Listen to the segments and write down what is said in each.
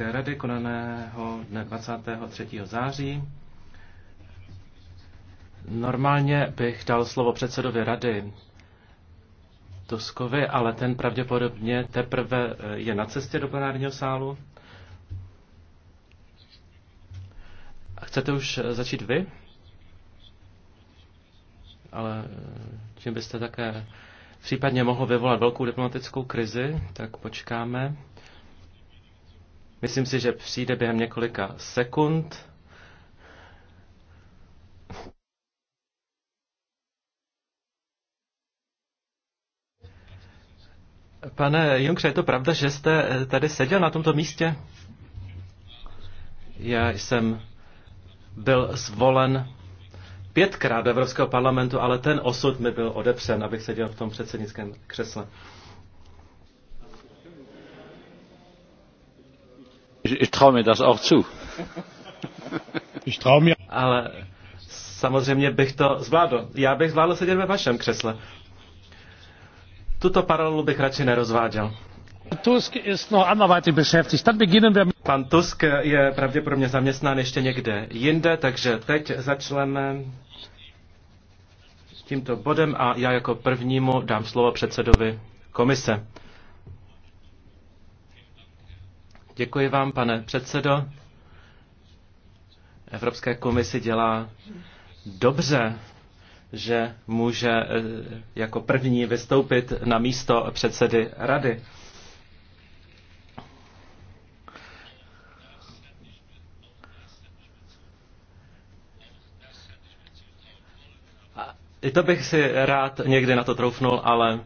Evropské rady konaného dne 23. září. Normálně bych dal slovo předsedovi rady Tuskovi, ale ten pravděpodobně teprve eh, je na cestě do plenárního sálu. A chcete už eh, začít vy? Ale čím eh, byste také případně mohl vyvolat velkou diplomatickou krizi, tak počkáme. Myslím si, že přijde během několika sekund. Pane Junkře, je to pravda, že jste eh, tady seděl na tomto místě? Já jsem byl zvolen pětkrát do Evropského parlamentu, ale ten osud mi byl odepřen, abych seděl v tom předsednickém křesle. Ich traue mir das auch zu. Ich traue mir. Ale samozřejmě bych to zvládl. Já bych zvládl sedět ve vašem křesle. Tuto paralelu bych radši nerozváděl. Tusk ist noch anderweitig beschäftigt. Dann beginnen wir Pan Tusk je pravděpodobně zaměstnán ještě někde jinde, takže teď začneme tímto bodem a já jako prvnímu dám slovo předsedovi komise. Děkuji vám, pane předsedo. Evropské komisi dělá dobře, že může eh, jako první vystoupit na místo předsedy rady. I to bych si rád někdy na to troufnul, ale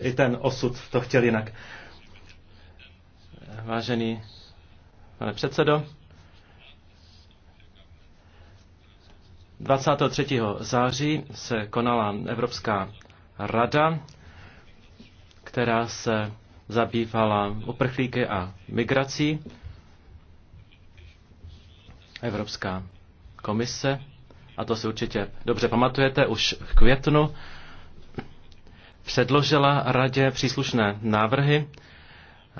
i ten osud to chtěl jinak. Vážený pane předsedo, 23. září se konala Evropská rada, která se zabývala uprchlíky a migrací. Evropská komise, a to si určitě dobře pamatujete, už v květnu předložila radě příslušné návrhy,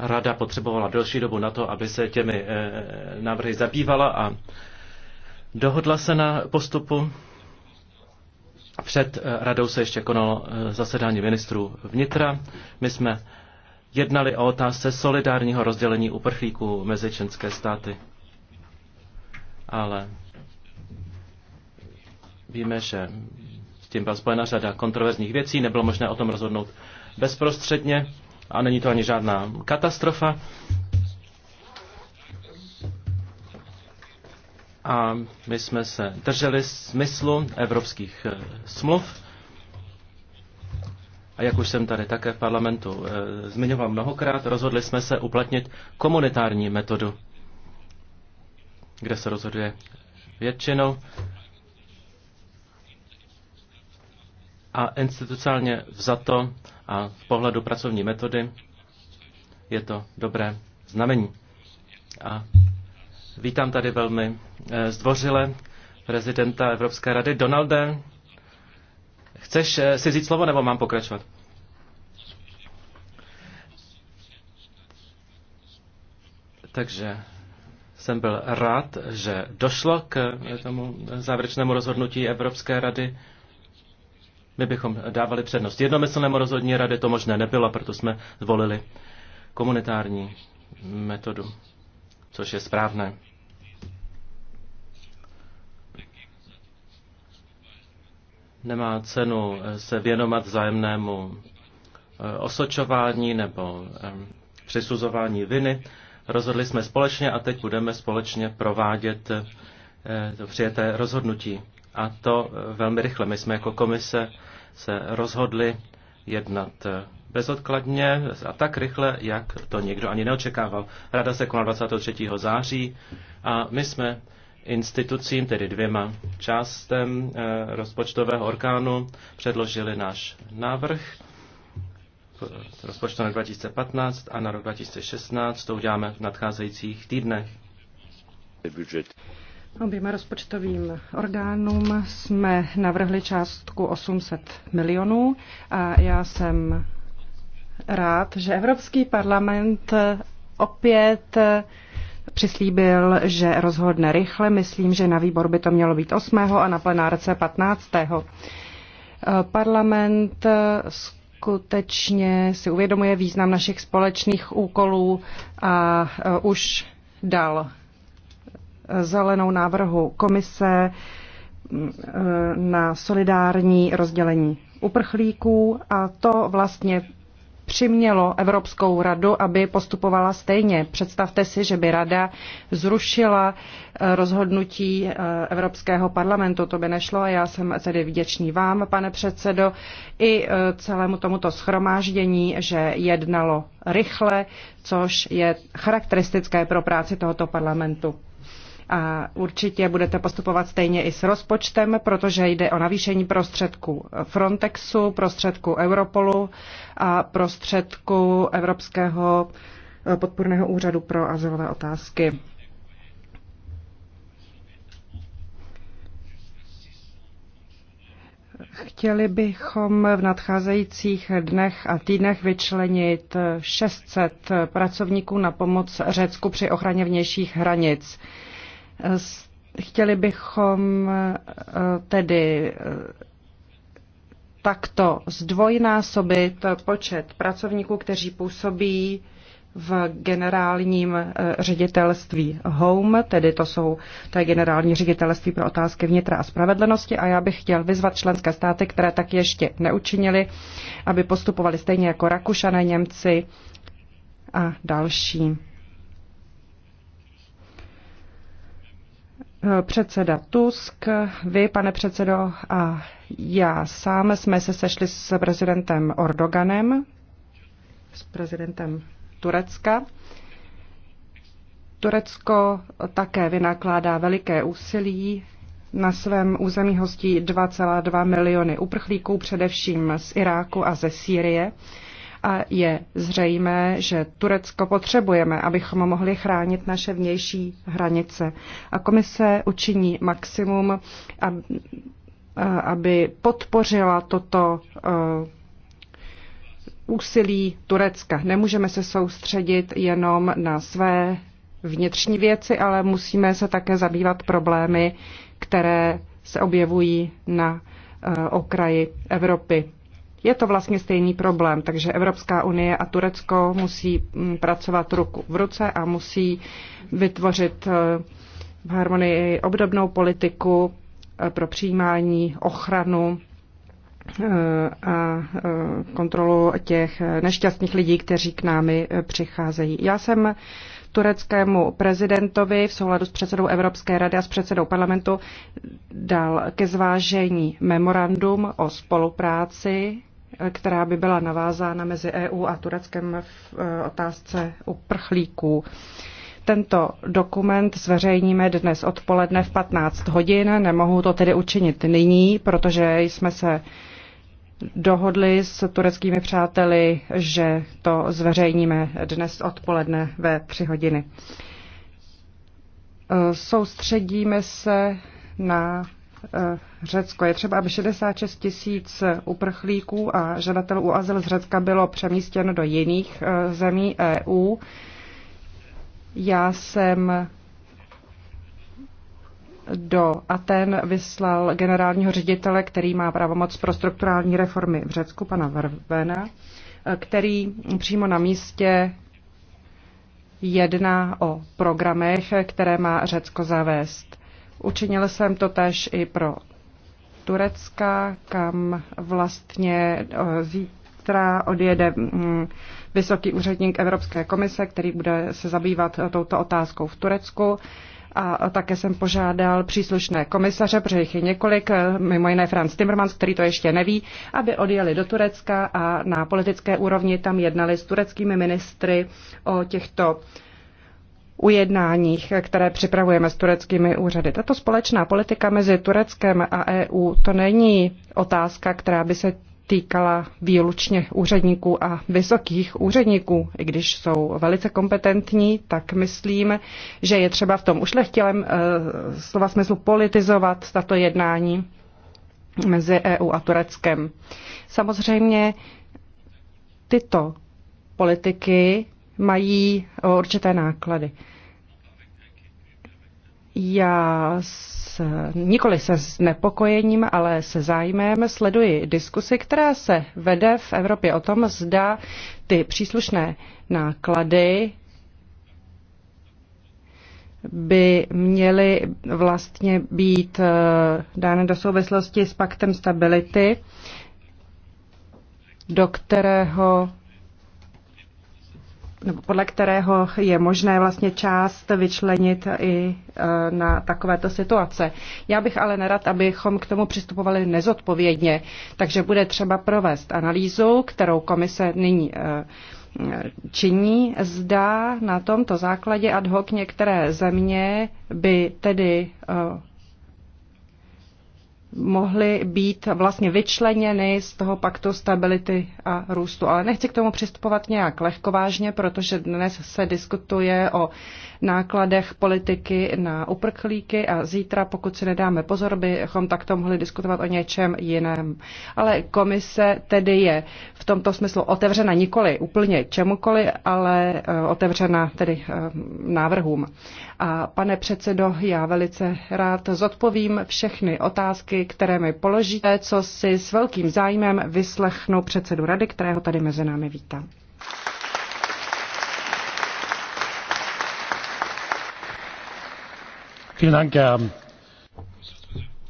Rada potřebovala delší dobu na to, aby se těmi eh, návrhy zabývala a dohodla se na postupu. Před eh, radou se ještě konalo eh, zasedání ministrů vnitra. My jsme jednali o otázce solidárního rozdělení uprchlíků mezi členské státy. Ale víme, že s tím byla spojena řada kontroverzních věcí, nebylo možné o tom rozhodnout bezprostředně a není to ani žádná katastrofa. A my jsme se drželi smyslu evropských eh, smluv. A jak už jsem tady také v parlamentu e, zmiňoval mnohokrát, rozhodli jsme se uplatnit komunitární metodu, kde se rozhoduje většinou a institucionálně vzato a v pohledu pracovní metody je to dobré znamení. A vítám tady velmi eh, zdvořile prezidenta Evropské rady. Donalde, chceš eh, si říct slovo nebo mám pokračovat? Takže jsem byl rád, že došlo k tomu závěrečnému rozhodnutí Evropské rady. My bychom dávali přednost jednomyslnému rozhodní rady, to možné nebylo, proto jsme zvolili komunitární metodu, což je správné. Nemá cenu se věnovat vzájemnému eh, osočování nebo eh, přisuzování viny. Rozhodli jsme společně a teď budeme společně provádět eh, to přijeté rozhodnutí. A to velmi rychle. My jsme jako komise se rozhodli jednat bezodkladně a tak rychle, jak to nikdo ani neočekával. Rada se konala 23. září a my jsme institucím, tedy dvěma částem eh, rozpočtového orgánu, předložili náš návrh rozpočtu na 2015 a na rok 2016. To uděláme v nadcházejících týdnech. Budget. Oběma rozpočtovým orgánům jsme navrhli částku 800 milionů a já jsem rád, že Evropský parlament opět přislíbil, že rozhodne rychle. Myslím, že na výbor by to mělo být 8. a na plenárce 15. Parlament skutečně si uvědomuje význam našich společných úkolů a už dal zelenou návrhu komise mm, na solidární rozdělení uprchlíků a to vlastně přimělo Evropskou radu, aby postupovala stejně. Představte si, že by rada zrušila eh, rozhodnutí eh, Evropského parlamentu. To by nešlo a já jsem tedy vděčný vám, pane předsedo, i eh, celému tomuto schromáždění, že jednalo rychle, což je charakteristické pro práci tohoto parlamentu. A určitě budete postupovat stejně i s rozpočtem, protože jde o navýšení prostředků Frontexu, prostředků Europolu a prostředků Evropského eh, podpůrného úřadu pro azylové otázky. Chtěli bychom v nadcházejících dnech a týdnech vyčlenit 600 pracovníků na pomoc Řecku při ochraně vnějších hranic. Eh, chtěli bychom eh, tedy eh, takto zdvojnásobit počet pracovníků, kteří působí v generálním ředitelství HOME, tedy to jsou to je generální ředitelství pro otázky vnitra a spravedlnosti a já bych chtěl vyzvat členské státy, které tak ještě neučinili, aby postupovali stejně jako Rakušané, Němci a další. Eh, předseda Tusk, vy, pane předsedo, a já sám jsme se sešli s prezidentem Ordoganem, s prezidentem Turecka. Turecko také vynakládá veliké úsilí. Na svém území hostí 2,2 miliony uprchlíků, především z Iráku a ze Sýrie a je zřejmé, že Turecko potřebujeme, abychom mohli chránit naše vnější hranice. A komise učiní maximum, aby podpořila toto e, úsilí Turecka. Nemůžeme se soustředit jenom na své vnitřní věci, ale musíme se také zabývat problémy, které se objevují na e, okraji Evropy. Je to vlastně stejný problém, takže Evropská unie a Turecko musí mm, pracovat ruku v ruce a musí vytvořit eh, v harmonii obdobnou politiku eh, pro přijímání, ochranu eh, a kontrolu těch nešťastných lidí, kteří k námi přicházejí. Já jsem tureckému prezidentovi v souladu s předsedou Evropské rady a s předsedou parlamentu dal ke zvážení memorandum o spolupráci která by byla navázána mezi EU a Tureckem v e, otázce uprchlíků. Tento dokument zveřejníme dnes odpoledne v 15 hodin. Nemohu to tedy učinit nyní, protože jsme se dohodli s tureckými přáteli, že to zveřejníme dnes odpoledne ve 3 hodiny. E, soustředíme se na Eh, Řecko. Je třeba, aby 66 tisíc uprchlíků a žadatelů o azyl z Řecka bylo přemístěno do jiných eh, zemí EU. Já jsem do Aten vyslal generálního ředitele, který má pravomoc pro strukturální reformy v Řecku, pana Vervena, eh, který přímo na místě jedná o programech, které má Řecko zavést. Učinil jsem to tež i pro Turecka, kam vlastně eh, zítra odjede mm, vysoký úředník Evropské komise, který bude se zabývat eh, touto otázkou v Turecku. A také jsem požádal příslušné komisaře, protože jich je několik, eh, mimo jiné Franz Timmermans, který to ještě neví, aby odjeli do Turecka a na politické úrovni tam jednali s tureckými ministry o těchto ujednáních, které připravujeme s tureckými úřady. Tato společná politika mezi Tureckem a EU to není otázka, která by se týkala výlučně úředníků a vysokých úředníků. I když jsou velice kompetentní, tak myslím, že je třeba v tom ušlechtilém eh, slova smyslu politizovat tato jednání mezi EU a Tureckem. Samozřejmě tyto politiky mají eh, určité náklady. Já s, nikoli se nepokojením, ale se zájmem sleduji diskusy, která se vede v Evropě o tom, zda ty příslušné náklady by měly vlastně být eh, dány do souvislosti s paktem stability, do kterého nebo podle kterého je možné vlastně část vyčlenit i e, na takovéto situace. Já bych ale nerad, abychom k tomu přistupovali nezodpovědně, takže bude třeba provést analýzu, kterou komise nyní e, činí. Zda na tomto základě ad hoc některé země by tedy e, mohly být vlastně vyčleněny z toho paktu stability a růstu. Ale nechci k tomu přistupovat nějak lehkovážně, protože dnes se diskutuje o nákladech politiky na uprchlíky a zítra, pokud si nedáme pozor, bychom takto mohli diskutovat o něčem jiném. Ale komise tedy je v tomto smyslu otevřena nikoli úplně čemukoli, ale eh, otevřena tedy eh, návrhům. A pane předsedo, já velice rád zodpovím všechny otázky, které mi položíte, co si s velkým zájmem vyslechnu předsedu rady, kterého tady mezi námi vítám.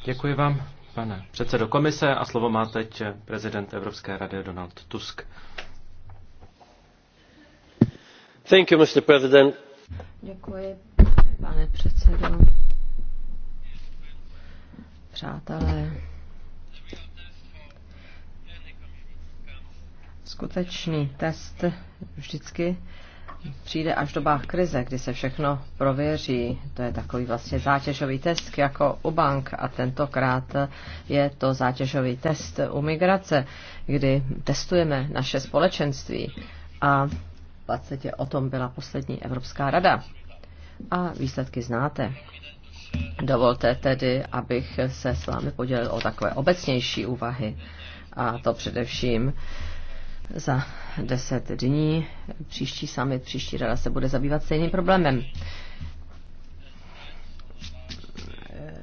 Děkuji vám, pane předsedo komise, a slovo má teď prezident Evropské rady Donald Tusk. Thank you, Mr. President. Děkuji, pane předsedo. Přátelé, skutečný test vždycky přijde až doba krize, kdy se všechno prověří. To je takový vlastně zátěžový test jako u bank a tentokrát je to zátěžový test u migrace, kdy testujeme naše společenství a v podstatě o tom byla poslední Evropská rada. A výsledky znáte. Dovolte tedy, abych se s vámi podělil o takové obecnější úvahy a to především za deset dní. Příští summit, příští rada se bude zabývat stejným problémem.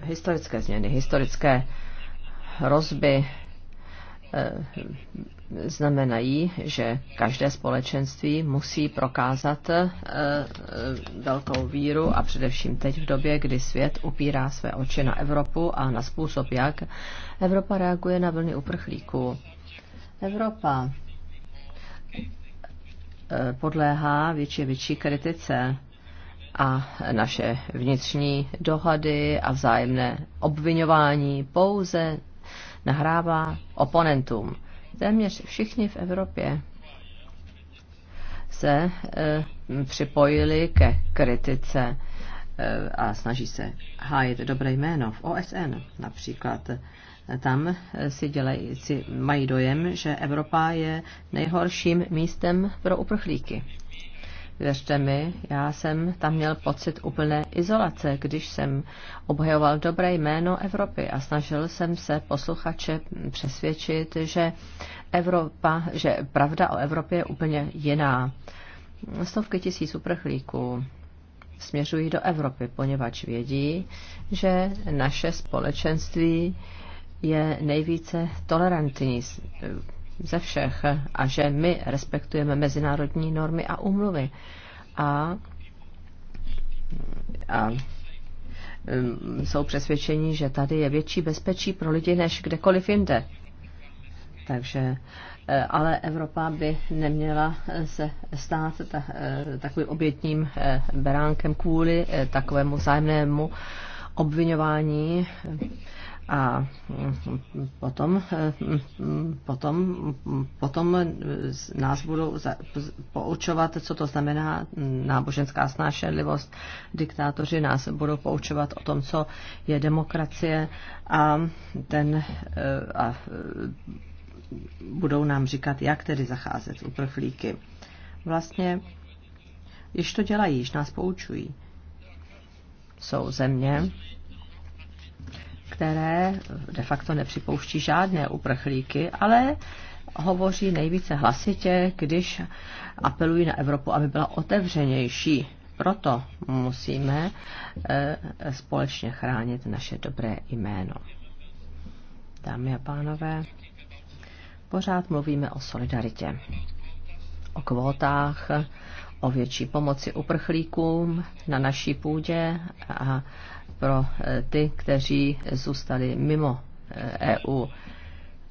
Historické změny, historické hrozby eh, znamenají, že každé společenství musí prokázat eh, eh, velkou víru a především teď v době, kdy svět upírá své oči na Evropu a na způsob, jak Evropa reaguje na vlny uprchlíků. Evropa podléhá větší větší kritice a naše vnitřní dohady a vzájemné obvinování pouze nahrává oponentům. Téměř všichni v Evropě se eh, připojili ke kritice eh, a snaží se hájit dobré jméno v OSN například tam si, dělají, si mají dojem, že Evropa je nejhorším místem pro uprchlíky. Věřte mi, já jsem tam měl pocit úplné izolace, když jsem obhajoval dobré jméno Evropy a snažil jsem se posluchače přesvědčit, že, Evropa, že pravda o Evropě je úplně jiná. Stovky tisíc uprchlíků směřují do Evropy, poněvadž vědí, že naše společenství je nejvíce tolerantní ze všech a že my respektujeme mezinárodní normy a umluvy. A, a mm, jsou přesvědčení, že tady je větší bezpečí pro lidi než kdekoliv jinde. Takže, e, ale Evropa by neměla se stát ta, e, takovým obětním e, beránkem kvůli takovému zájemnému obvinování a potom, potom, potom nás budou poučovat, co to znamená náboženská snášenlivost. Diktátoři nás budou poučovat o tom, co je demokracie a ten a budou nám říkat, jak tedy zacházet uprchlíky. Vlastně, již to dělají, již nás poučují. Jsou země, které de facto nepřipouští žádné uprchlíky, ale hovoří nejvíce hlasitě, když apelují na Evropu, aby byla otevřenější. Proto musíme e, společně chránit naše dobré jméno. Dámy a pánové, pořád mluvíme o solidaritě, o kvótách, o větší pomoci uprchlíkům na naší půdě a pro eh, ty, kteří zůstali mimo EU. Eh, e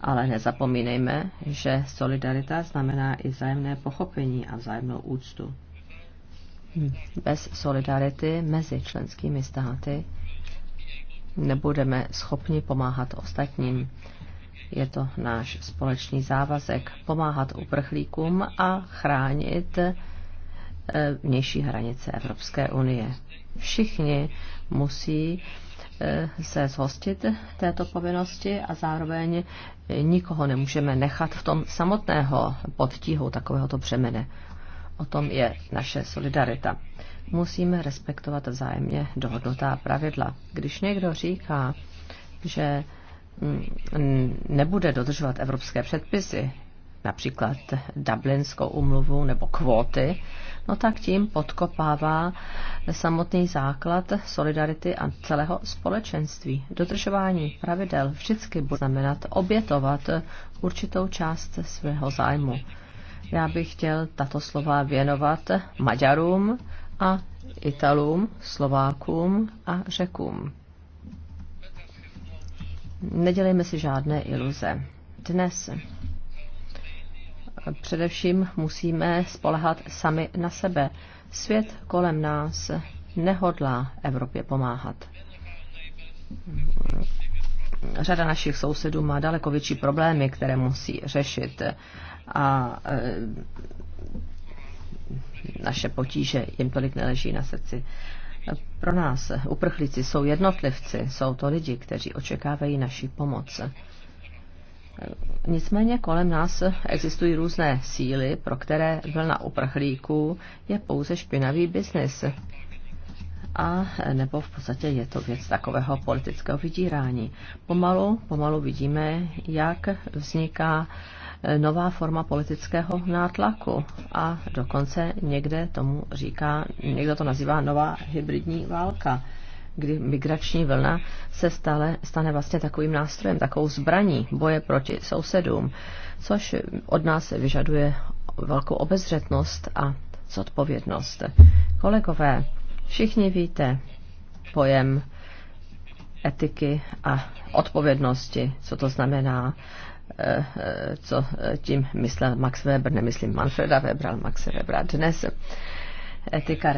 Ale nezapomínejme, že solidarita znamená i vzájemné pochopení a vzájemnou úctu. Hm. Bez solidarity mezi členskými státy nebudeme schopni pomáhat ostatním. Je to náš společný závazek pomáhat uprchlíkům a chránit eh, vnější hranice Evropské unie. Všichni musí eh, se zhostit této povinnosti a zároveň eh, nikoho nemůžeme nechat v tom samotného podtíhu takovéhoto břemene. O tom je naše solidarita. Musíme respektovat vzájemně dohodnutá pravidla. Když někdo říká, že mm, nebude dodržovat evropské předpisy, například Dublinskou umluvu nebo kvóty, no tak tím podkopává samotný základ solidarity a celého společenství. Dodržování pravidel vždycky bude znamenat obětovat určitou část svého zájmu. Já bych chtěl tato slova věnovat Maďarům a Italům, Slovákům a Řekům. Nedělejme si žádné iluze. Dnes především musíme spolehat sami na sebe. Svět kolem nás nehodlá Evropě pomáhat. Řada našich sousedů má daleko větší problémy, které musí řešit a e, naše potíže jim tolik neleží na srdci. Pro nás uprchlíci jsou jednotlivci, jsou to lidi, kteří očekávají naši pomoc. Nicméně kolem nás existují různé síly, pro které vlna uprchlíků je pouze špinavý biznis. A nebo v podstatě je to věc takového politického vydírání. Pomalu, pomalu vidíme, jak vzniká nová forma politického nátlaku a dokonce někde tomu říká, někdo to nazývá nová hybridní válka kdy migrační vlna se stále stane vlastně takovým nástrojem, takovou zbraní boje proti sousedům, což od nás vyžaduje velkou obezřetnost a zodpovědnost. Kolegové, všichni víte pojem etiky a odpovědnosti, co to znamená, eh, eh, co tím myslel Max Weber, nemyslím Manfreda Webera, ale Max Webera dnes. Etika,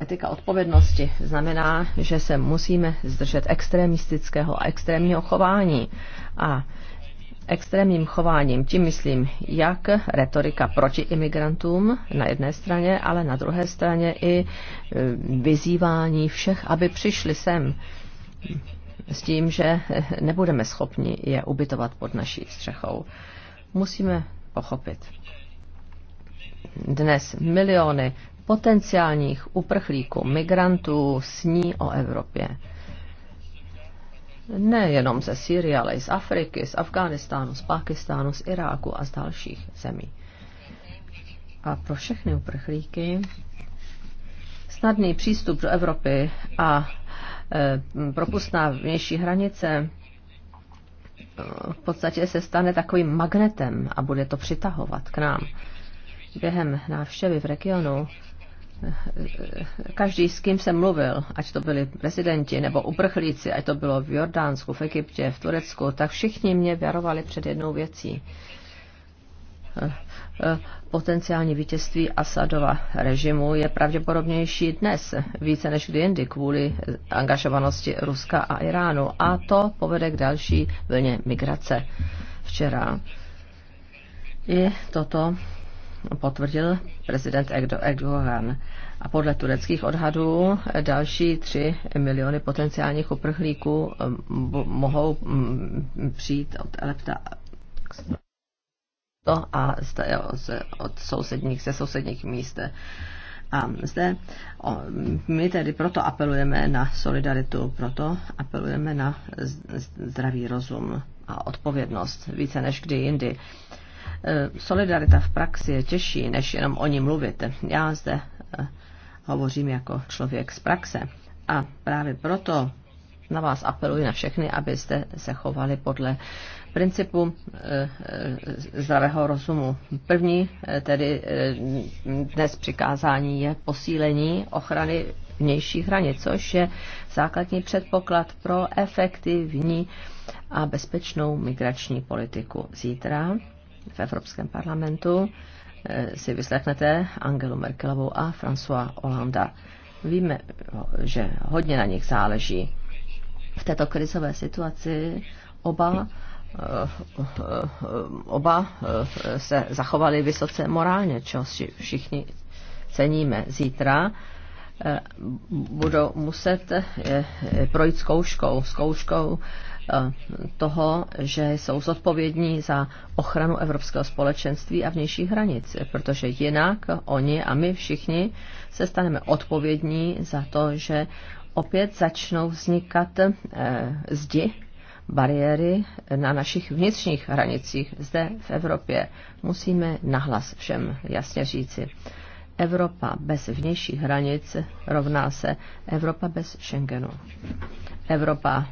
etika odpovědnosti znamená, že se musíme zdržet extremistického a extrémního chování. A extrémním chováním, tím myslím jak retorika proti imigrantům na jedné straně, ale na druhé straně i e, vyzývání všech, aby přišli sem s tím, že e, nebudeme schopni je ubytovat pod naší střechou. Musíme pochopit. Dnes miliony potenciálních uprchlíků, migrantů sní o Evropě. Nejenom ze Sýrie, ale i z Afriky, z Afghánistánu, z Pakistánu, z Iráku a z dalších zemí. A pro všechny uprchlíky snadný přístup do Evropy a e, propustná vnější hranice e, v podstatě se stane takovým magnetem a bude to přitahovat k nám. Během návštěvy v regionu každý, s kým jsem mluvil, ať to byli prezidenti nebo uprchlíci, ať to bylo v Jordánsku, v Egyptě, v Turecku, tak všichni mě věrovali před jednou věcí. Potenciální vítězství Asadova režimu je pravděpodobnější dnes, více než kdy jindy, kvůli angažovanosti Ruska a Iránu. A to povede k další vlně migrace. Včera i toto potvrdil prezident Erdogan. A podle tureckých odhadů eh, další 3 miliony potenciálních uprchlíků eh, mohou mm, přijít od Alepta a od sousedních, ze sousedních míst. A zde o, my tedy proto apelujeme na solidaritu, proto apelujeme na zdravý rozum a odpovědnost více než kdy jindy. Eh, solidarita v praxi je těžší, než jenom o ní mluvit. Já zde eh, hovořím jako člověk z praxe. A právě proto na vás apeluji na všechny, abyste se chovali podle principu eh, zdravého rozumu. První, tedy dnes přikázání je posílení ochrany vnějších hranic, což je základní předpoklad pro efektivní a bezpečnou migrační politiku. Zítra v Evropském parlamentu eh, si vyslechnete Angelu Merkelovou a François Hollanda. Víme, že hodně na nich záleží. V této krizové situaci oba eh, eh, oba se zachovali vysoce morálně, čeho si všichni ceníme. Zítra budou muset projít zkouškou, zkouškou Eh, toho, že jsou zodpovědní za ochranu Evropského společenství a vnějších hranic, protože jinak oni a my všichni se staneme odpovědní za to, že opět začnou vznikat eh, zdi, bariéry na našich vnitřních hranicích zde v Evropě. Musíme nahlas všem jasně říci. Evropa bez vnějších hranic rovná se Evropa bez Schengenu. Evropa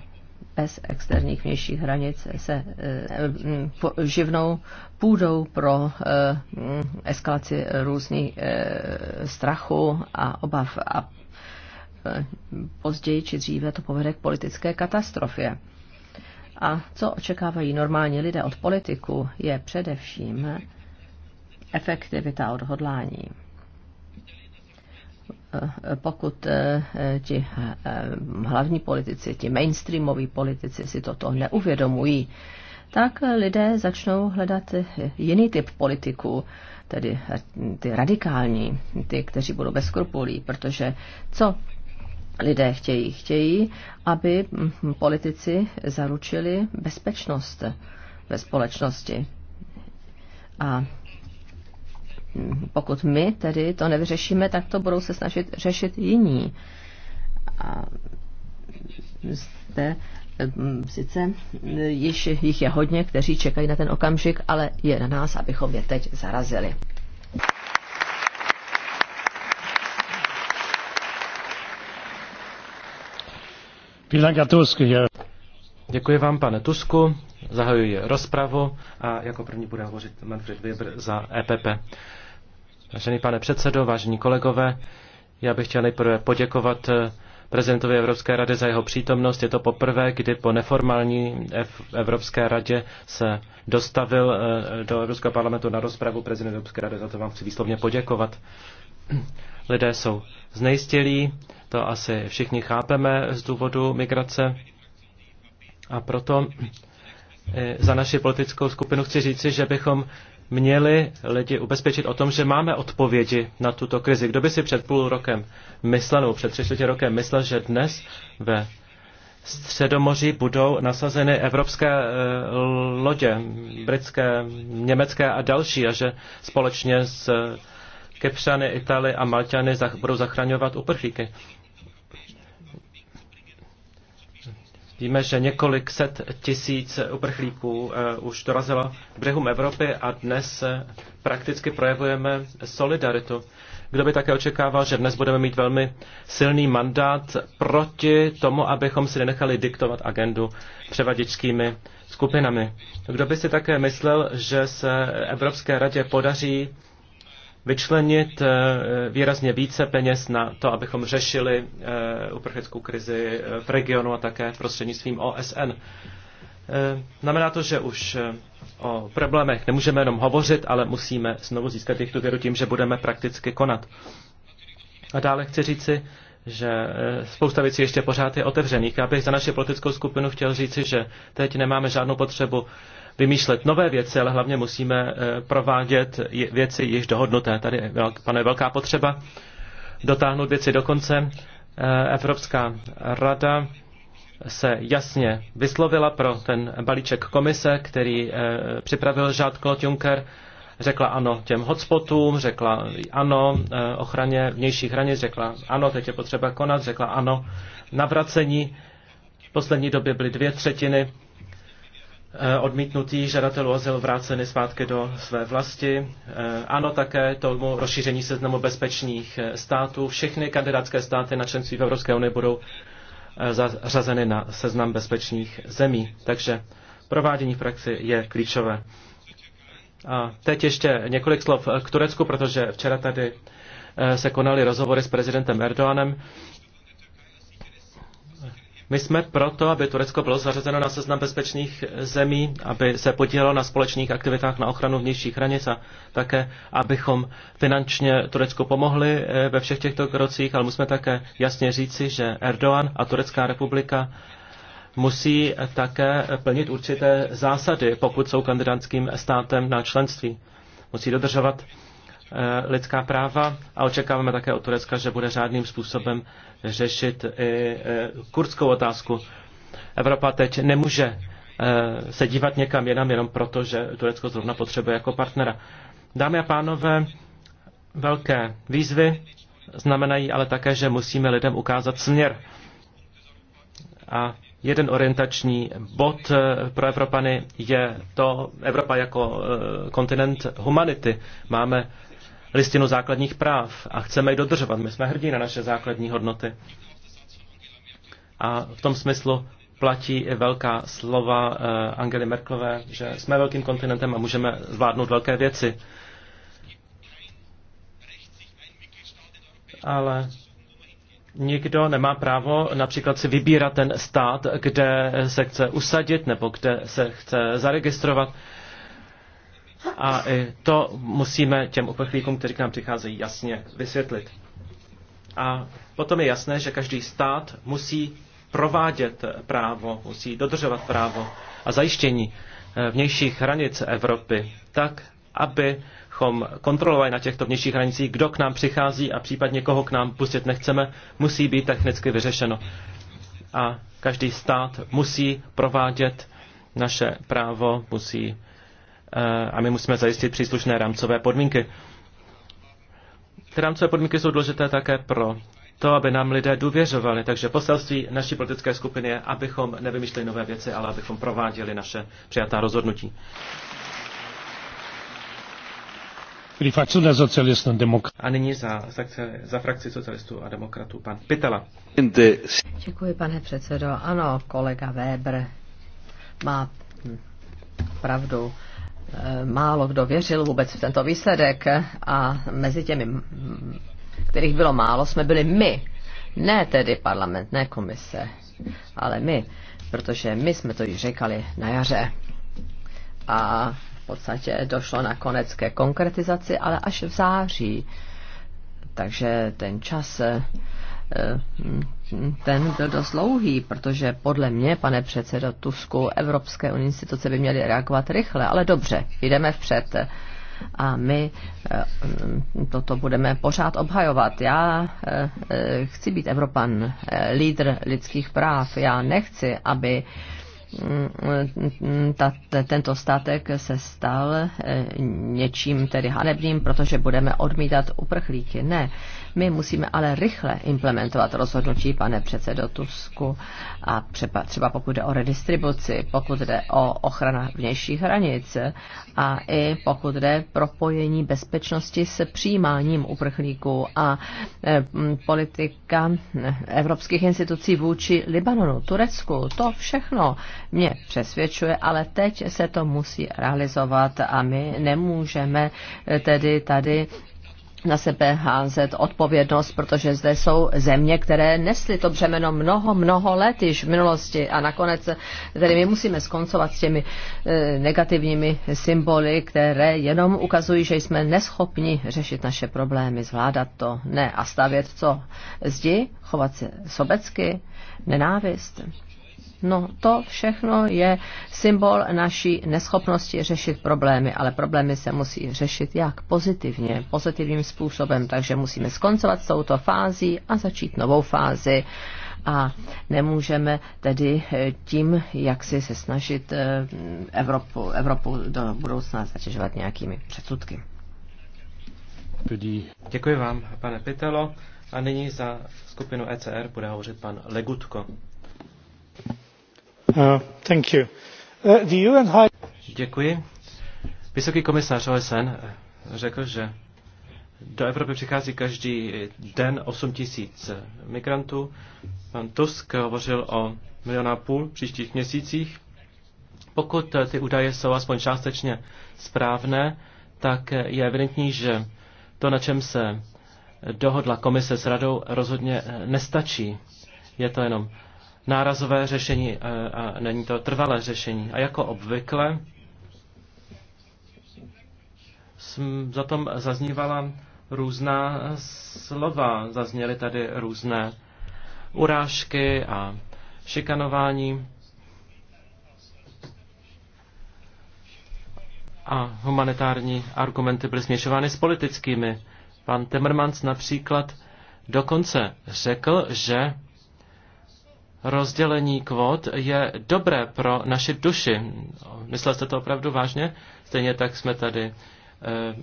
bez externích vnějších hranic se eh, eh, živnou půdou pro eh, eskalaci různých strachu a obav. A později či dříve to povede k politické katastrofě. A co očekávají normální lidé od politiku, je především efektivita odhodlání. Eh, pokud eh, eh, ti hlavní politici, ti mainstreamoví politici si toto neuvědomují, tak lidé začnou hledat jiný typ politiků, tedy ty radikální, ty, kteří budou bez skrupulí, protože co lidé chtějí? Chtějí, aby hm, politici zaručili bezpečnost ve společnosti. A pokud my tedy to nevyřešíme, tak to budou se snažit řešit jiní. A zde mm, sice eh, již jich je hodně, kteří čekají na ten okamžik, ale je na nás, abychom je teď zarazili. Děkuji vám, pane Tusku. Zahajuji rozpravu a jako první bude hovořit Manfred Weber za EPP. Vážený pane předsedo, vážení kolegové, já bych chtěl nejprve poděkovat eh, prezidentovi Evropské rady za jeho přítomnost. Je to poprvé, kdy po neformální Evropské radě se dostavil eh, do Evropského parlamentu na rozpravu prezident Evropské rady. Za to vám chci výslovně poděkovat. Lidé jsou znejistělí, to asi všichni chápeme z důvodu migrace. A proto eh, za naši politickou skupinu chci říci, že bychom měli lidi ubezpečit o tom, že máme odpovědi na tuto krizi. Kdo by si před půl rokem myslel, nebo před tři rokem myslel, že dnes ve Středomoří budou nasazeny evropské eh, lodě, britské, německé a další, a že společně s eh, Kypřany, Italy a Malťany budou zachraňovat uprchlíky. Víme, že několik set tisíc uprchlíků eh, už dorazilo k břehům Evropy a dnes eh, prakticky projevujeme solidaritu. Kdo by také očekával, že dnes budeme mít velmi silný mandát proti tomu, abychom si nenechali diktovat agendu převaděčskými skupinami. Kdo by si také myslel, že se Evropské radě podaří vyčlenit eh, výrazně více peněz na to, abychom řešili eh, uprchlickou krizi eh, v regionu a také prostřednictvím OSN. Znamená to, že už o problémech nemůžeme jenom hovořit, ale musíme znovu získat jejich důvěru tím, že budeme prakticky konat. A dále chci říci, že spousta věcí ještě pořád je otevřených. Já bych za naši politickou skupinu chtěl říci, že teď nemáme žádnou potřebu vymýšlet nové věci, ale hlavně musíme eh, provádět věci již dohodnuté. Tady panuje velká potřeba dotáhnout věci do konce. Eh, Evropská rada se jasně vyslovila pro ten balíček komise, který eh, připravil Jean-Claude Juncker. Řekla ano těm hotspotům, řekla ano ochraně vnějších hranic, řekla ano, teď je potřeba konat, řekla ano navracení. V poslední době byly dvě třetiny Eh, odmítnutí žadatelů azyl vráceny zpátky do své vlasti. Eh, ano, také tomu rozšíření seznamu bezpečných eh, států. Všechny kandidátské státy na členství v Evropské unii budou zařazeny na seznam bezpečných zemí. Takže provádění v praxi je klíčové. A teď ještě několik slov k Turecku, protože včera tady se konaly rozhovory s prezidentem Erdoanem. My jsme proto, aby Turecko bylo zařazeno na seznam bezpečných zemí, aby se podílelo na společných aktivitách na ochranu vnějších hranic a také, abychom finančně Turecku pomohli eh, ve všech těchto krocích, ale musíme také jasně říci, že Erdogan a Turecká republika musí také plnit určité zásady, pokud jsou kandidátským státem na členství. Musí dodržovat eh, lidská práva a očekáváme také od Turecka, že bude řádným způsobem řešit i e, kurdskou otázku. Evropa teď nemůže e, se dívat někam jinam jenom proto, že Turecko zrovna potřebuje jako partnera. Dámy a pánové, velké výzvy znamenají ale také, že musíme lidem ukázat směr. A jeden orientační bod e, pro Evropany je to Evropa jako kontinent humanity. Máme listinu základních práv a chceme ji dodržovat. My jsme hrdí na naše základní hodnoty. A v tom smyslu platí i velká slova eh, Angely Merklové, že jsme velkým kontinentem a můžeme zvládnout velké věci. Ale nikdo nemá právo například si vybírat ten stát, kde se chce usadit nebo kde se chce zaregistrovat a to musíme těm uprchlíkům, kteří k nám přicházejí, jasně vysvětlit. A potom je jasné, že každý stát musí provádět právo, musí dodržovat právo a zajištění eh, vnějších hranic Evropy tak, abychom kontrolovali na těchto vnějších hranicích, kdo k nám přichází a případně koho k nám pustit nechceme, musí být technicky vyřešeno. A každý stát musí provádět naše právo, musí Eh, a my musíme zajistit příslušné rámcové podmínky. Ty rámcové podmínky jsou důležité také pro to, aby nám lidé důvěřovali. Takže poselství naší politické skupiny je, abychom nevymýšleli nové věci, ale abychom prováděli naše přijatá rozhodnutí. A nyní za, za, za frakci socialistů a demokratů pan Pitela. Děkuji, pane předsedo. Ano, kolega Weber má pravdu. Eh, málo kdo věřil vůbec v tento výsledek a mezi těmi, kterých bylo málo, jsme byli my. Ne tedy parlament, ne komise, ale my, protože my jsme to již říkali na jaře. A v podstatě došlo nakonec ke konkretizaci, ale až v září. Takže ten čas eh, ten byl dost dlouhý, protože podle mě, pane předsedo Tusku, Evropské unie instituce by měly reagovat rychle, ale dobře, jdeme vpřed. A my eh, toto budeme pořád obhajovat. Já eh, chci být Evropan, eh, lídr lidských práv. Já nechci, aby mm, ta, tento statek se stal něčím tedy hanebným, protože budeme odmítat uprchlíky. Ne, my musíme ale rychle implementovat rozhodnutí, pane předsedo Tusku, a třeba, třeba pokud jde o redistribuci, pokud jde o ochrana vnějších hranic a i pokud jde propojení bezpečnosti s přijímáním uprchlíků a e, politika evropských institucí vůči Libanonu, Turecku, to všechno mě přesvědčuje, ale teď se to musí realizovat a my nemůžeme tedy tady na sebe házet odpovědnost, protože zde jsou země, které nesly to břemeno mnoho, mnoho let již v minulosti a nakonec tedy my musíme skoncovat s těmi e, negativními symboly, které jenom ukazují, že jsme neschopni řešit naše problémy, zvládat to, ne a stavět co zdi, chovat se sobecky, nenávist. No to všechno je symbol naší neschopnosti řešit problémy, ale problémy se musí řešit jak pozitivně, pozitivním způsobem, takže musíme skoncovat s touto fází a začít novou fázi a nemůžeme tedy eh, tím, jak si se snažit eh, Evropu, Evropu do budoucna zatěžovat nějakými předsudky. Děkuji vám, pane Pitelo. A nyní za skupinu ECR bude hovořit pan Legutko. Uh, uh, Děkuji. Vysoký komisař OSN řekl, že do Evropy přichází každý den 8 tisíc migrantů. Pan Tusk hovořil o miliona půl v příštích měsících. Pokud ty údaje jsou aspoň částečně správné, tak je evidentní, že to, na čem se dohodla komise s radou, rozhodně nestačí. Je to jenom nárazové řešení a není to trvalé řešení. A jako obvykle jsem za tom zaznívala různá slova, zazněly tady různé urážky a šikanování. A humanitární argumenty byly směšovány s politickými. Pan Temmermans například dokonce řekl, že rozdělení kvot je dobré pro naši duši. Myslel jste to opravdu vážně? Stejně tak jsme tady e,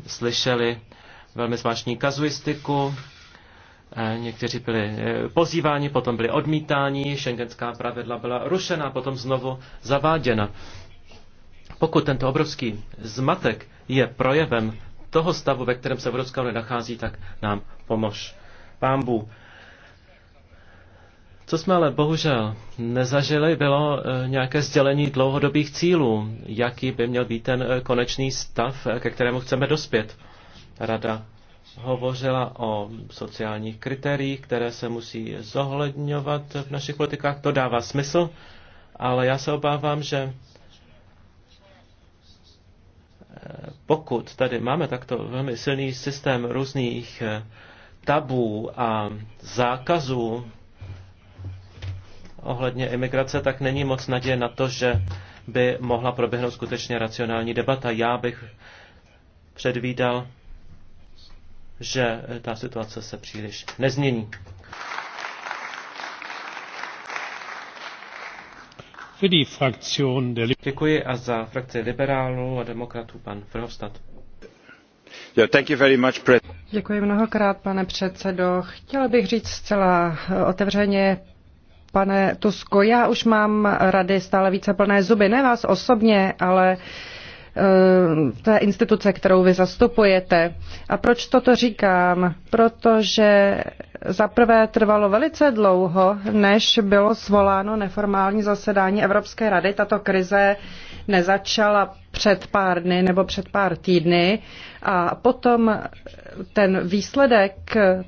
slyšeli velmi zvláštní kazuistiku. E, někteří byli e, pozýváni, potom byli odmítáni, šengenská pravidla byla rušena, potom znovu zaváděna. Pokud tento obrovský zmatek je projevem toho stavu, ve kterém se Evropská unie nachází, tak nám pomož. Pán Bůh. Co jsme ale bohužel nezažili, bylo eh, nějaké sdělení dlouhodobých cílů, jaký by měl být ten eh, konečný stav, eh, ke kterému chceme dospět. Rada hovořila o sociálních kritériích, které se musí zohledňovat v našich politikách. To dává smysl, ale já se obávám, že pokud tady máme takto velmi silný systém různých tabů a zákazů, ohledně imigrace, tak není moc naděje na to, že by mohla proběhnout skutečně racionální debata. Já bych předvídal, že ta situace se příliš nezmění. Děkuji a za frakci liberálů a demokratů pan Verhofstadt. Děkuji mnohokrát, pane předsedo. Chtěla bych říct zcela otevřeně, Pane Tusko, já už mám rady stále více plné zuby, ne vás osobně, ale eh, té instituce, kterou vy zastupujete. A proč toto říkám? Protože zaprvé trvalo velice dlouho, než bylo svoláno neformální zasedání Evropské rady. Tato krize nezačala před pár dny nebo před pár týdny. A potom ten výsledek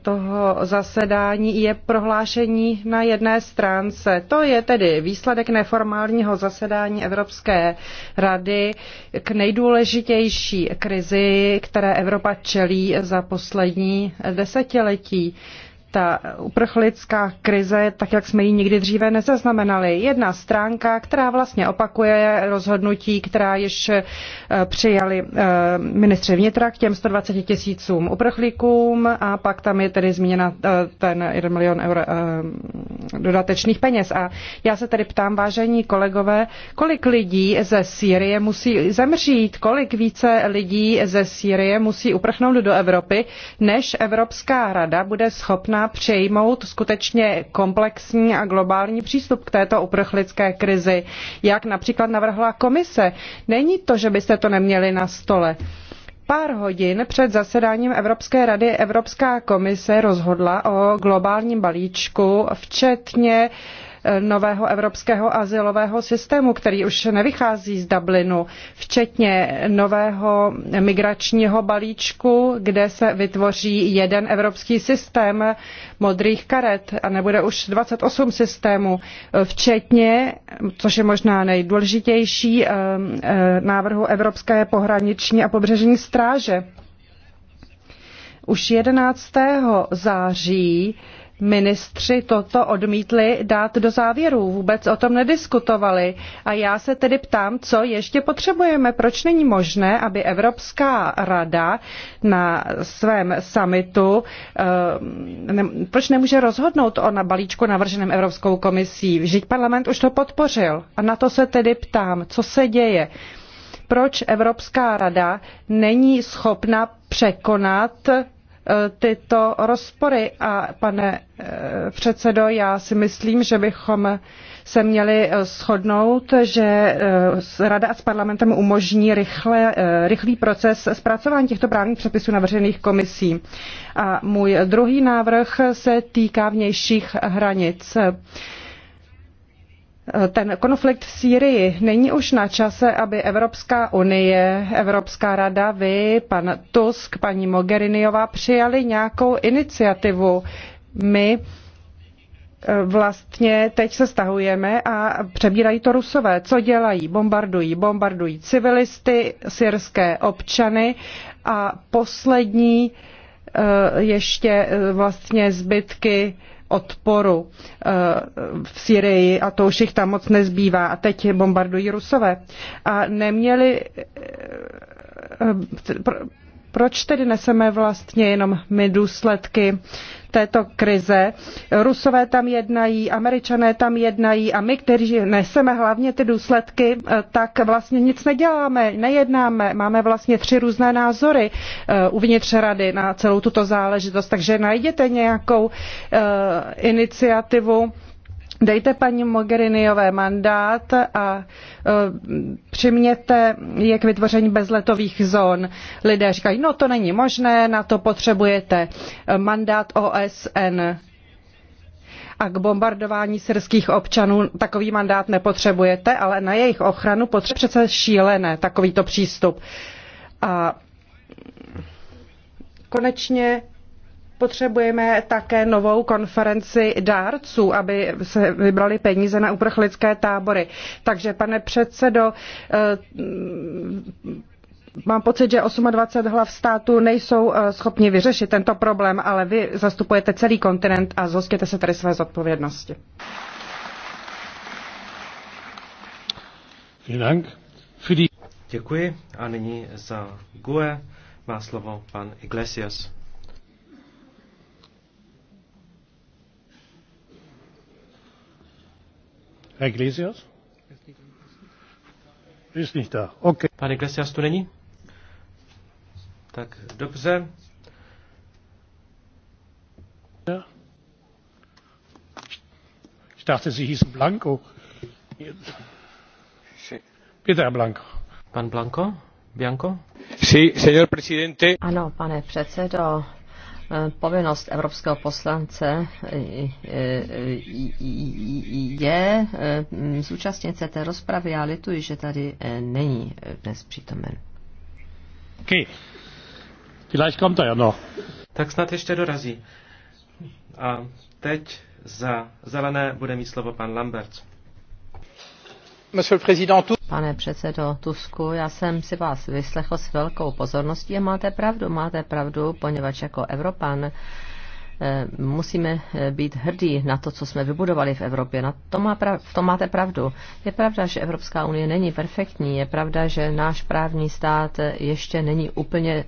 toho zasedání je prohlášení na jedné stránce. To je tedy výsledek neformálního zasedání Evropské rady k nejdůležitější krizi, které Evropa čelí za poslední desetiletí. Ta uprchlická krize, tak jak jsme ji nikdy dříve nezaznamenali, jedna stránka, která vlastně opakuje rozhodnutí, která již eh, přijali eh, ministři vnitra k těm 120 tisícům uprchlíkům a pak tam je tedy zmíněna eh, ten 1 milion eur dodatečných peněz. A já se tedy ptám, vážení kolegové, kolik lidí ze Sýrie musí zemřít, kolik více lidí ze Sýrie musí uprchnout do Evropy, než Evropská rada bude schopná přejmout skutečně komplexní a globální přístup k této uprchlické krizi, jak například navrhla komise. Není to, že byste to neměli na stole. Pár hodin před zasedáním Evropské rady Evropská komise rozhodla o globálním balíčku, včetně nového evropského asilového systému, který už nevychází z Dublinu, včetně nového migračního balíčku, kde se vytvoří jeden evropský systém modrých karet a nebude už 28 systémů, včetně, což je možná nejdůležitější, eh, eh, návrhu Evropské pohraniční a pobřežní stráže. Už 11. září ministři toto odmítli dát do závěrů, vůbec o tom nediskutovali. A já se tedy ptám, co ještě potřebujeme, proč není možné, aby Evropská rada na svém summitu, eh, ne, proč nemůže rozhodnout o balíčku navrženém Evropskou komisí. Vždyť parlament už to podpořil. A na to se tedy ptám, co se děje proč Evropská rada není schopna překonat Eh, tyto rozpory. A pane eh, předsedo, já si myslím, že bychom se měli eh, shodnout, že Rada s parlamentem umožní rychle, rychlý proces zpracování těchto právních předpisů veřejných komisí. A můj druhý návrh se týká vnějších hranic ten konflikt v Sýrii není už na čase, aby Evropská unie, Evropská rada, vy, pan Tusk, paní Mogheriniová přijali nějakou iniciativu. My eh, vlastně teď se stahujeme a přebírají to rusové. Co dělají? Bombardují. Bombardují civilisty, syrské občany a poslední eh, ještě eh, vlastně zbytky odporu eh, v Syrii a to už jich tam moc nezbývá a teď bombardují Rusové. A neměli eh, eh, proč tedy neseme vlastně jenom my důsledky této krize? Rusové tam jednají, američané tam jednají a my, kteří neseme hlavně ty důsledky, eh, tak vlastně nic neděláme, nejednáme. Máme vlastně tři různé názory eh, uvnitř rady na celou tuto záležitost, takže najděte nějakou eh, iniciativu, Dejte paní Mogheriniové mandát a e, přiměte je k vytvoření bezletových zón. Lidé říkají, no to není možné, na to potřebujete e, mandát OSN a k bombardování syrských občanů takový mandát nepotřebujete, ale na jejich ochranu potřebujete přece šílené takovýto přístup. A konečně Potřebujeme také novou konferenci dárců, aby se vybrali peníze na uprchlické tábory. Takže, pane předsedo, eh, mám pocit, že 28 hlav států nejsou eh, schopni vyřešit tento problém, ale vy zastupujete celý kontinent a zhostěte se tedy své zodpovědnosti. Děkuji a nyní za GUE má slovo pan Iglesias. pane Iglesias? Ist nicht da. Okay. Pan Já. tu není? Tak dobře. Ja. Ich dachte, Sie Blanco. Bitte, Blanco. Pan Blanco? Bianco? Sí, señor presidente. Ano, pane předsedo, Eh, povinnost evropského poslance eh, eh, je zúčastnit se té rozpravy. Já lituji, že tady není dnes přítomen. Okay. Vielleicht kommt er ja noch. Tak snad ještě dorazí. A teď za zelené bude mít slovo pan Lambert. Pane předsedo Tusku, já jsem si vás vyslechl s velkou pozorností a máte pravdu, máte pravdu, poněvadž jako Evropan eh, musíme eh, být hrdí na to, co jsme vybudovali v Evropě. Na to má prav, v tom máte pravdu. Je pravda, že Evropská unie není perfektní, je pravda, že náš právní stát eh, ještě není úplně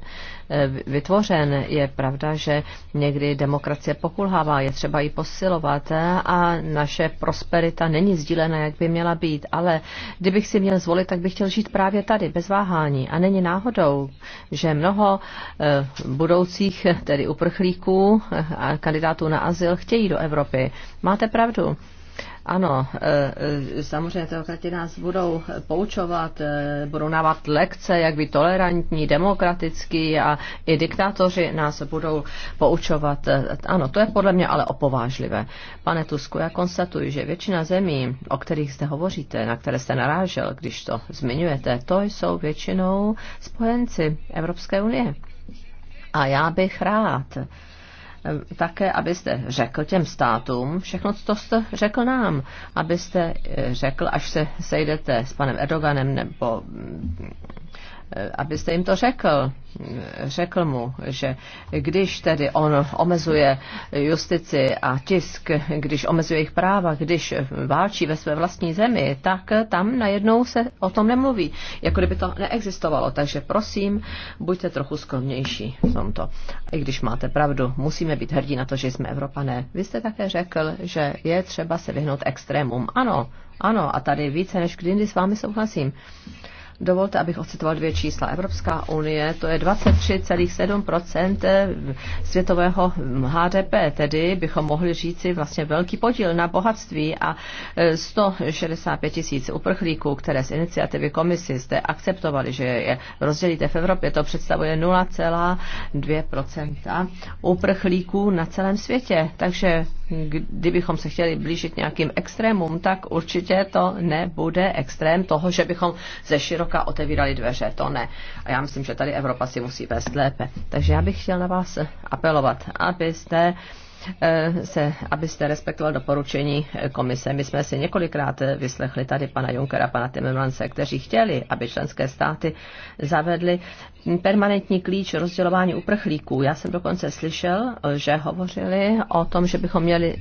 Eh, vytvořen. Je pravda, že někdy demokracie pokulhává, je třeba ji posilovat eh, a naše prosperita není sdílena, jak by měla být. Ale kdybych si měl zvolit, tak bych chtěl žít právě tady, bez váhání. A není náhodou, že mnoho eh, budoucích tedy uprchlíků a kandidátů na azyl chtějí do Evropy. Máte pravdu. Ano, e, e, samozřejmě teokrati nás budou poučovat, e, budou návat lekce, jak by tolerantní, demokratický a i diktátoři nás budou poučovat. Ano, to je podle mě ale opovážlivé. Pane Tusku, já konstatuji, že většina zemí, o kterých zde hovoříte, na které jste narážel, když to zmiňujete, to jsou většinou spojenci Evropské unie. A já bych rád, také, abyste řekl těm státům všechno, co jste řekl nám, abyste řekl, až se sejdete s panem Erdoganem nebo Eh, abyste jim to řekl. Řekl mu, že když tedy on omezuje justici a tisk, když omezuje jejich práva, když válčí ve své vlastní zemi, tak tam najednou se o tom nemluví, jako kdyby to neexistovalo. Takže prosím, buďte trochu skromnější v tomto. I když máte pravdu, musíme být hrdí na to, že jsme Evropané. Vy jste také řekl, že je třeba se vyhnout extrémům. Ano, ano, a tady více než kdy s vámi souhlasím. Dovolte, abych ocitoval dvě čísla. Evropská unie to je 23,7 světového HDP, tedy bychom mohli říci vlastně velký podíl na bohatství a 165 e, tisíc uprchlíků, které z iniciativy komisy jste akceptovali, že je rozdělíte v Evropě, to představuje 0,2 uprchlíků na celém světě. Takže kdybychom se chtěli blížit nějakým extrémům, tak určitě to nebude extrém toho, že bychom ze široka otevírali dveře. To ne. A já myslím, že tady Evropa si musí vést lépe. Takže já bych chtěl na vás apelovat, abyste Eh, se, abyste respektoval doporučení komise. My jsme si několikrát eh, vyslechli tady pana Junkera, pana Timmermanse, kteří chtěli, aby členské státy zavedly permanentní klíč rozdělování uprchlíků. Já jsem dokonce slyšel, eh, že hovořili o tom, že bychom měli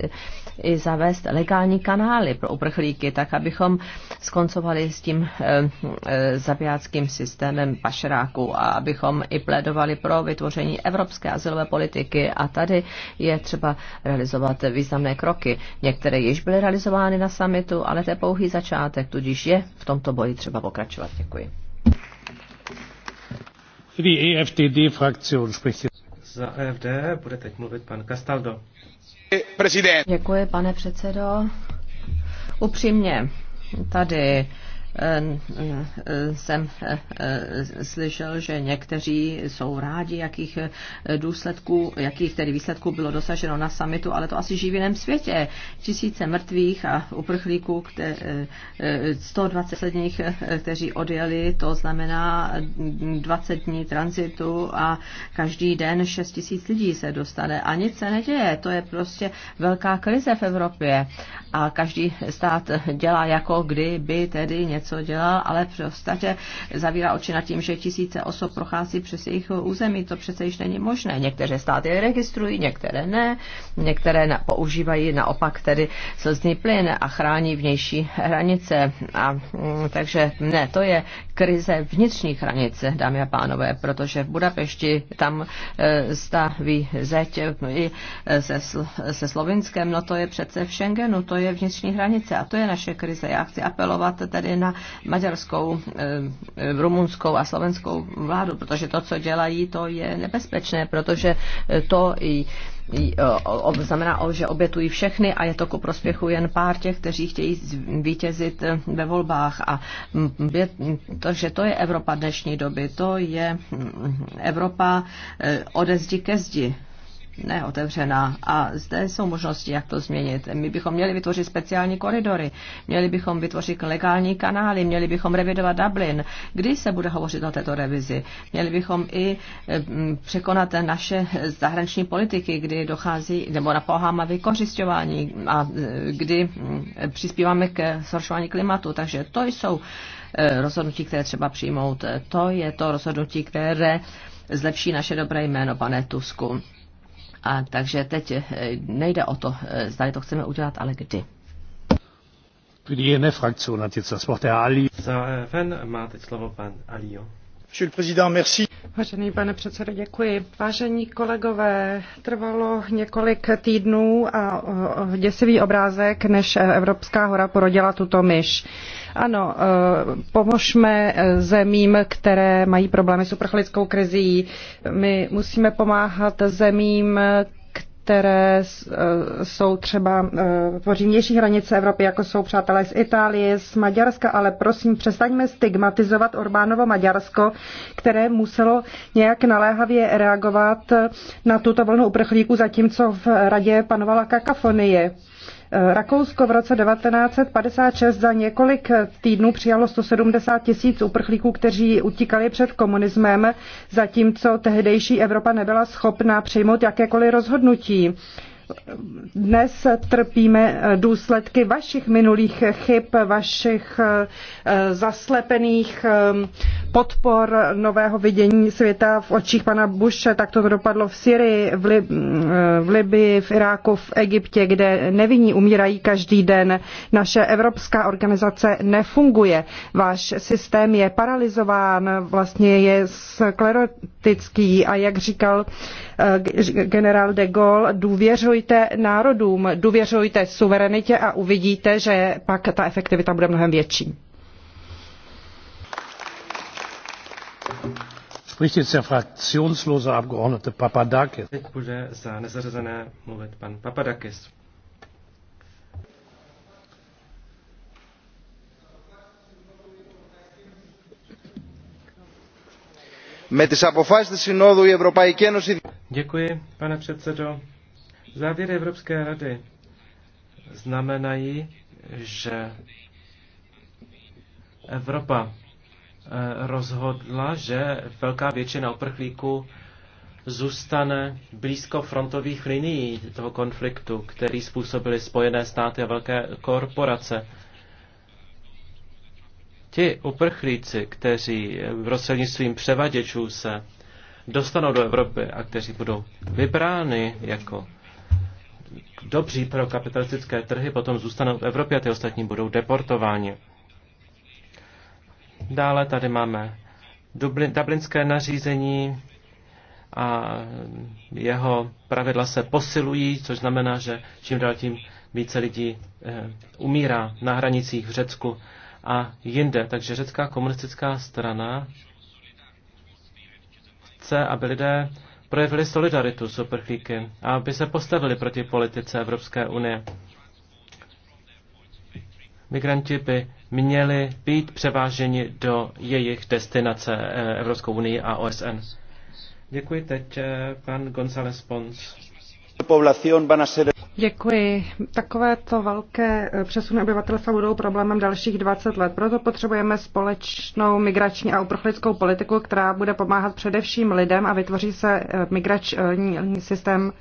i zavést legální kanály pro uprchlíky, tak abychom skoncovali s tím zabijáckým systémem pašeráků a abychom i plédovali pro vytvoření evropské asilové politiky. A tady je třeba realizovat významné kroky. Některé již byly realizovány na summitu, ale to je pouhý začátek, tudíž je v tomto boji třeba pokračovat. Děkuji. E za EFD bude teď mluvit pan Castaldo. Děkuji, pane předsedo. Upřímně, tady jsem eh, slyšel, že někteří jsou rádi, jakých eh, důsledků, jakých tedy výsledků bylo dosaženo na samitu, ale to asi žijí v jiném světě. Tisíce mrtvých a uprchlíků, 120 eh, dní, kteří odjeli, to znamená 20 dní tranzitu a každý den 6 tisíc lidí se dostane a nic se neděje. To je prostě velká krize v Evropě a každý stát dělá jako kdyby tedy něco něco dělal, ale v podstatě zavírá oči nad tím, že tisíce osob prochází přes jejich území. To přece již není možné. Některé státy je registrují, některé ne, některé na, používají naopak tedy slzný plyn a chrání vnější hranice. A, mm, takže ne, to je krize vnitřních hranic, dámy a pánové, protože v Budapešti tam e, staví zeď i e, se, se Slovinskem, no to je přece v Schengenu, to je vnitřní hranice a to je naše krize. Já chci apelovat tedy na maďarskou, eh, rumunskou a slovenskou vládu, protože to, co dělají, to je nebezpečné, protože eh, to i znamená, že obětují všechny a je to ku prospěchu jen pár těch, kteří chtějí vítězit eh, ve volbách. A mm, takže to je Evropa dnešní doby, to je mm, Evropa ode zdi ke zdi neotevřená. A zde jsou možnosti, jak to změnit. My bychom měli vytvořit speciální koridory, měli bychom vytvořit legální kanály, měli bychom revidovat Dublin. Kdy se bude hovořit o této revizi? Měli bychom i eh, překonat naše zahraniční politiky, kdy dochází, nebo poháma vykořišťování a eh, kdy mm, přispíváme k zhoršování klimatu. Takže to jsou eh, rozhodnutí, které třeba přijmout. To je to rozhodnutí, které zlepší naše dobré jméno, pane Tusku. A takže teď eh, nejde o to, eh, zda to chceme udělat, ale kdy. Für die inf e fraktion hat jetzt das Wort Herr Ali. Za e FN má teď slovo pan Vážený pane předsedo, děkuji. Vážení kolegové, trvalo několik týdnů a děsivý obrázek, než Evropská hora porodila tuto myš. Ano, eh, pomožme eh, zemím, které mají problémy s uprchlickou krizí. My musíme pomáhat zemím, které eh, jsou třeba tvoří vnější hranice Evropy, jako jsou přátelé z Itálie, z Maďarska, ale prosím, přestaňme stigmatizovat Orbánovo Maďarsko, které muselo nějak naléhavě reagovat na tuto vlnu uprchlíků, zatímco v radě panovala kakafonie. Rakousko v roce 1956 za několik týdnů přijalo 170 tisíc uprchlíků, kteří utíkali před komunismem, zatímco tehdejší Evropa nebyla schopna přijmout jakékoliv rozhodnutí dnes trpíme důsledky vašich minulých chyb, vašich eh, zaslepených eh, podpor nového vidění světa v očích pana Bushe. Tak to dopadlo v Syrii, v, Lib- eh, v Libii, v Iráku, v Egyptě, kde nevinní umírají každý den. Naše evropská organizace nefunguje. Váš systém je paralizován, vlastně je sklerotický a jak říkal Eh, generál de Gaulle, důvěřujte národům, důvěřujte suverenitě a uvidíte, že pak ta efektivita bude mnohem větší. Spricht jetzt der fraktionslose Abgeordnete Papadakis. Teď bude za nezařazené mluvit pan Papadakis. Με τις αποφάσεις της Συνόδου η Ευρωπαϊκή Ένωση... Děkuji, pane předsedo. Závěry Evropské rady znamenají, že Evropa eh, rozhodla, že velká většina uprchlíků zůstane blízko frontových linií toho konfliktu, který způsobily Spojené státy a velké korporace ti uprchlíci, kteří v prostřednictvím převaděčů se dostanou do Evropy a kteří budou vybrány jako dobří pro kapitalistické trhy, potom zůstanou v Evropě a ty ostatní budou deportováni. Dále tady máme Dublin, dublinské nařízení a jeho pravidla se posilují, což znamená, že čím dál tím více lidí eh, umírá na hranicích v Řecku a jinde. Takže řecká komunistická strana chce, aby lidé projevili solidaritu s uprchlíky a aby se postavili proti politice Evropské unie. Migranti by měli být převáženi do jejich destinace eh, Evropskou unii a OSN. Děkuji teď eh, pan González Pons. Población van a ser Děkuji. Takovéto velké eh, přesuny obyvatelstva budou problémem dalších 20 let. Proto potřebujeme společnou migrační a uprchlickou politiku, která bude pomáhat především lidem a vytvoří se eh, migrační eh, systém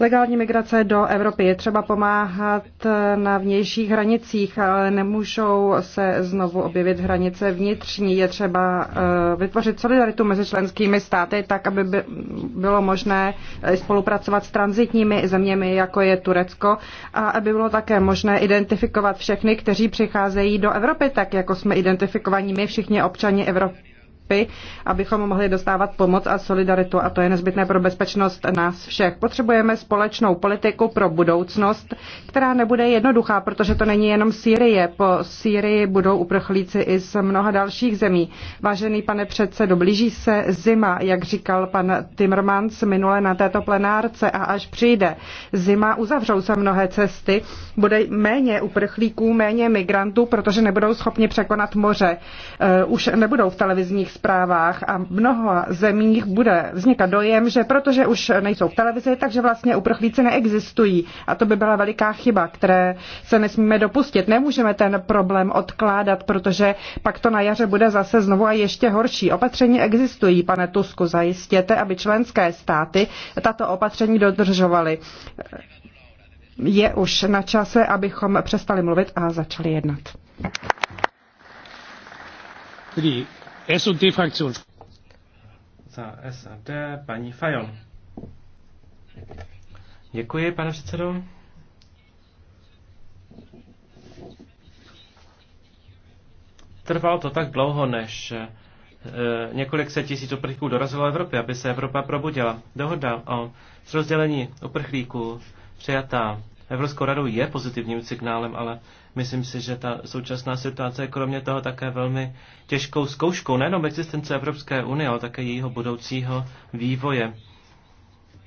Legální migrace do Evropy je třeba pomáhat na vnějších hranicích, ale nemůžou se znovu objevit hranice vnitřní. Je třeba eh, vytvořit solidaritu mezi členskými státy tak, aby bylo možné eh, spolupracovat s transitními zeměmi, jako je Turecko, a aby bylo také možné identifikovat všechny, kteří přicházejí do Evropy, tak jako jsme identifikovaní my všichni občani Evropy Evropy, abychom mohli dostávat pomoc a solidaritu a to je nezbytné pro bezpečnost nás všech. Potřebujeme společnou politiku pro budoucnost, která nebude jednoduchá, protože to není jenom Sýrie. Po Sýrii budou uprchlíci i z mnoha dalších zemí. Vážený pane předsedo, blíží se zima, jak říkal pan Timmermans minule na této plenárce a až přijde zima, uzavřou se mnohé cesty, bude méně uprchlíků, méně migrantů, protože nebudou schopni překonat moře. Eh, už nebudou v televizních zprávách a mnoho zemích bude vznikat dojem, že protože už nejsou v televizi, takže vlastně uprchlíci neexistují. A to by byla veliká chyba, které se nesmíme dopustit. Nemůžeme ten problém odkládat, protože pak to na jaře bude zase znovu a ještě horší. Opatření existují, pane Tusku, zajistěte, aby členské státy tato opatření dodržovaly. Je už na čase, abychom přestali mluvit a začali jednat. S&D fraktion. Za SAD paní Fajon. Děkuji, pane předsedo. Trvalo to tak dlouho, než eh, několik set tisíc uprchlíků dorazilo do Evropy, aby se Evropa probudila. Dohoda o rozdělení uprchlíků přijatá Evropskou radou je pozitivním signálem, ale Myslím si, že ta současná situace je kromě toho také velmi těžkou zkouškou nejenom existence Evropské unie, ale také jejího budoucího vývoje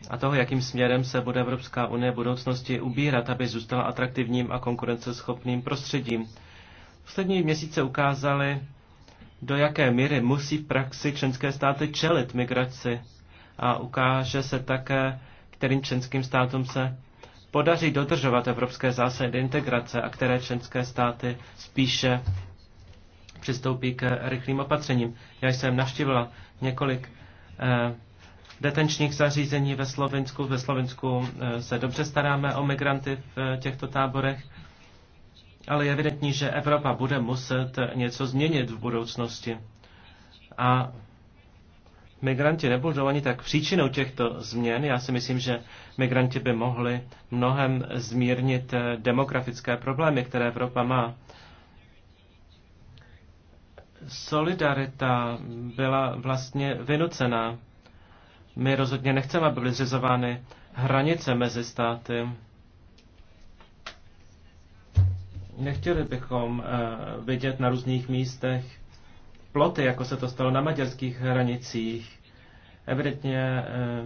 a toho, jakým směrem se bude Evropská unie v budoucnosti ubírat, aby zůstala atraktivním a konkurenceschopným prostředím. Poslední měsíce ukázaly, do jaké míry musí v praxi členské státy čelit migraci a ukáže se také, kterým členským státům se podaří dodržovat evropské zásady integrace a které členské státy spíše přistoupí k rychlým opatřením. Já jsem navštívila několik eh, detenčních zařízení ve Slovensku. Ve Slovensku eh, se dobře staráme o migranty v eh, těchto táborech, ale je evidentní, že Evropa bude muset něco změnit v budoucnosti. A migranti nebudou ani tak příčinou těchto změn. Já si myslím, že migranti by mohli mnohem zmírnit eh, demografické problémy, které Evropa má. Solidarita byla vlastně vynucená. My rozhodně nechceme, aby byly zřizovány hranice mezi státy. Nechtěli bychom eh, vidět na různých místech ploty, jako se to stalo na maďarských hranicích. Evidentně eh,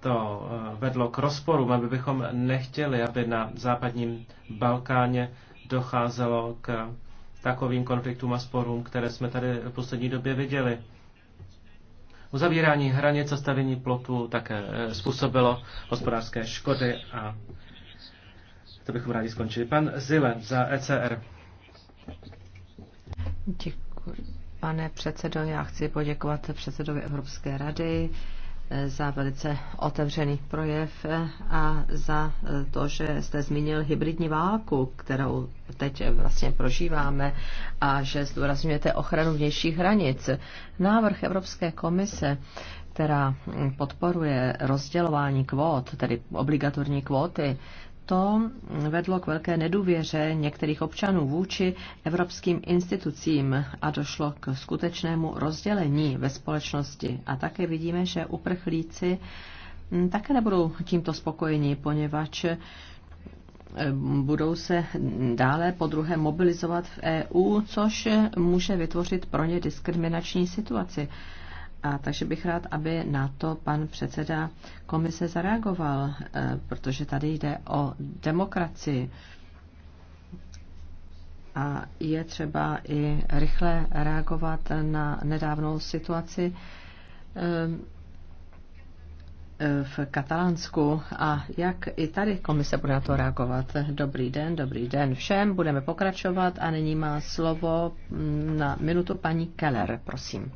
to eh, vedlo k rozporům, aby bychom nechtěli, aby na západním Balkáně docházelo k takovým konfliktům a sporům, které jsme tady v poslední době viděli. Uzavírání hranic a stavění plotu také eh, způsobilo hospodářské škody a to bychom rádi skončili. Pan Zile za ECR. Děkuji pane předsedo. Já chci poděkovat předsedovi Evropské rady eh, za velice otevřený projev a za eh, to, že jste zmínil hybridní válku, kterou teď vlastně prožíváme a že zdůrazňujete ochranu vnějších hranic. Návrh Evropské komise která podporuje rozdělování kvót, tedy obligatorní kvóty, to vedlo k velké nedůvěře některých občanů vůči evropským institucím a došlo k skutečnému rozdělení ve společnosti. A také vidíme, že uprchlíci hm, také nebudou tímto spokojeni, poněvadž hm, budou se dále po druhé mobilizovat v EU, což může vytvořit pro ně diskriminační situaci. A takže bych rád, aby na to pan předseda komise zareagoval, eh, protože tady jde o demokracii. A je třeba i rychle reagovat na nedávnou situaci eh, v Katalánsku a jak i tady komise bude na to reagovat. Dobrý den, dobrý den všem, budeme pokračovat a nyní má slovo mm, na minutu paní Keller, prosím.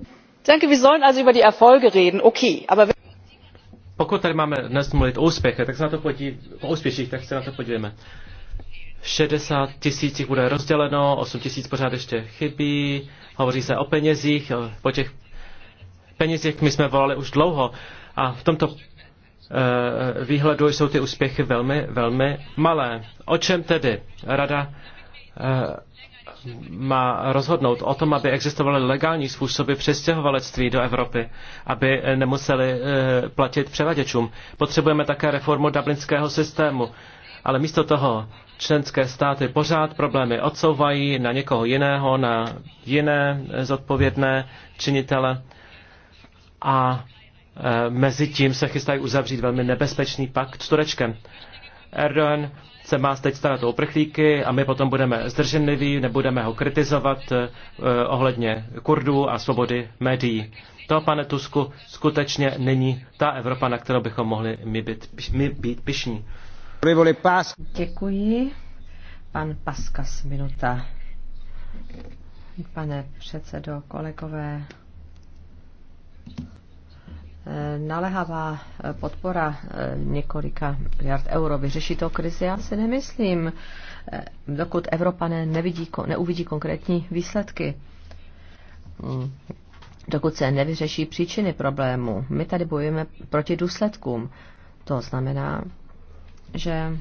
Pokud tady máme dnes mluvit o úspěchech, tak se na to podívejme, o úspěších, tak se na to podívejme. 60 tisíc jich bude rozděleno, 8 tisíc pořád ještě chybí, hovoří se o penězích, po těch penězích my jsme volali už dlouho a v tomto eh, výhledu jsou ty úspěchy velmi, velmi malé. O čem tedy rada eh, má rozhodnout o tom, aby existovaly legální způsoby přestěhovalectví do Evropy, aby eh, nemuseli eh, platit převaděčům. Potřebujeme také reformu dublinského systému, ale místo toho členské státy pořád problémy odsouvají na někoho jiného, na jiné eh, zodpovědné činitele a mezi tím se chystají uzavřít velmi nebezpečný pakt s Turečkem. Erdogan se má teď starat o uprchlíky a my potom budeme zdrženliví, nebudeme ho kritizovat eh, ohledně Kurdů a svobody médií. To, pane Tusku, skutečně není ta Evropa, na kterou bychom mohli my být, my být pišní. Děkuji. Pan Paskas, minuta. Pane předsedo, kolegové, Eh, nalehavá eh, podpora eh, několika miliard euro vyřeší to krizi? Já si nemyslím, dokud Evropané nevidí, neuvidí konkrétní výsledky. Hmm. Dokud se nevyřeší příčiny problému, my tady bojujeme proti důsledkům. To znamená, že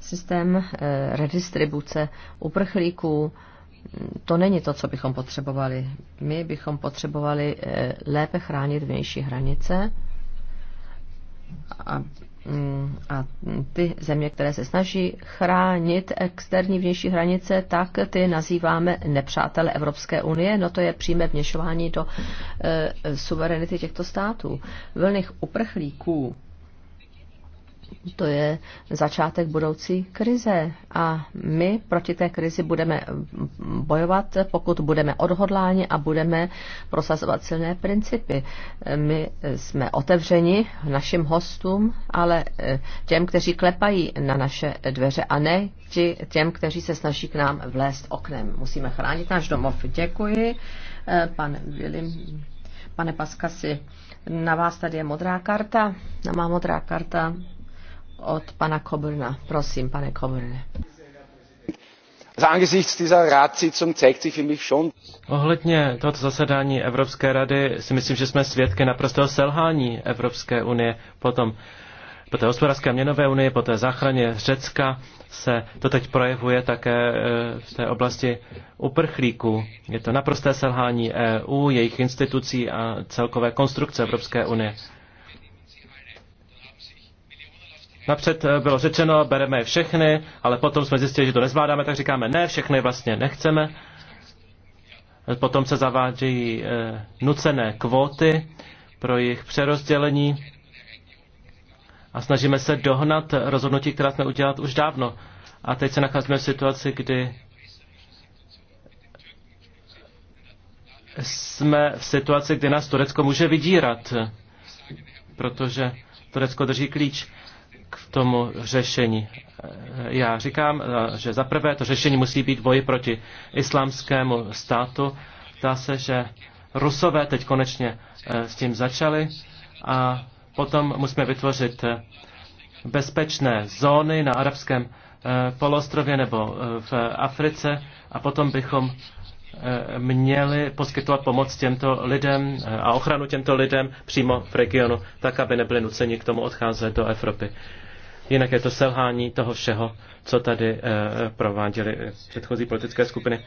systém redistribuce uprchlíků, to není to, co bychom potřebovali. My bychom potřebovali eh, lépe chránit vnější hranice a, mm, a ty země, které se snaží chránit externí vnější hranice, tak ty nazýváme nepřátelé Evropské unie. No to je přímé vněšování do e, suverenity těchto států. Vlných uprchlíků to je začátek budoucí krize a my proti té krizi budeme bojovat, pokud budeme odhodláni a budeme prosazovat silné principy. My jsme otevřeni našim hostům, ale eh, těm, kteří klepají na naše dveře a ne těm, kteří se snaží k nám vlézt oknem. Musíme chránit náš domov. Děkuji, eh, pan Vilim, pane Paskasi. Na vás tady je modrá karta, na má modrá karta od pana Kobrna. Prosím, pane Kobrne. Ohledně tohoto zasedání Evropské rady si myslím, že jsme svědky naprostého selhání Evropské unie. Potom po té hospodářské měnové unii, po té záchraně Řecka se to teď projevuje také eh, v té oblasti uprchlíků. Je to naprosté selhání EU, jejich institucí a celkové konstrukce Evropské unie. Napřed eh, bylo řečeno, bereme je všechny, ale potom jsme zjistili, že to nezvládáme, tak říkáme, ne, všechny vlastně nechceme. Potom se zavádějí eh, nucené kvóty pro jejich přerozdělení a snažíme se dohnat rozhodnutí, která jsme udělat už dávno. A teď se nacházíme v situaci, kdy jsme v situaci, kdy nás Turecko může vydírat, protože Turecko drží klíč k tomu řešení. Já říkám, eh, že za prvé to řešení musí být boji proti islámskému státu. Zdá se, že Rusové teď konečně eh, s tím začali a potom musíme vytvořit eh, bezpečné zóny na arabském polostrově nebo v Africe a potom bychom měli poskytovat pomoc těmto lidem a ochranu těmto lidem přímo v regionu, tak aby nebyli nuceni k tomu odcházet do Evropy. Jinak je to selhání toho všeho, co tady eh, prováděly eh, předchozí politické skupiny.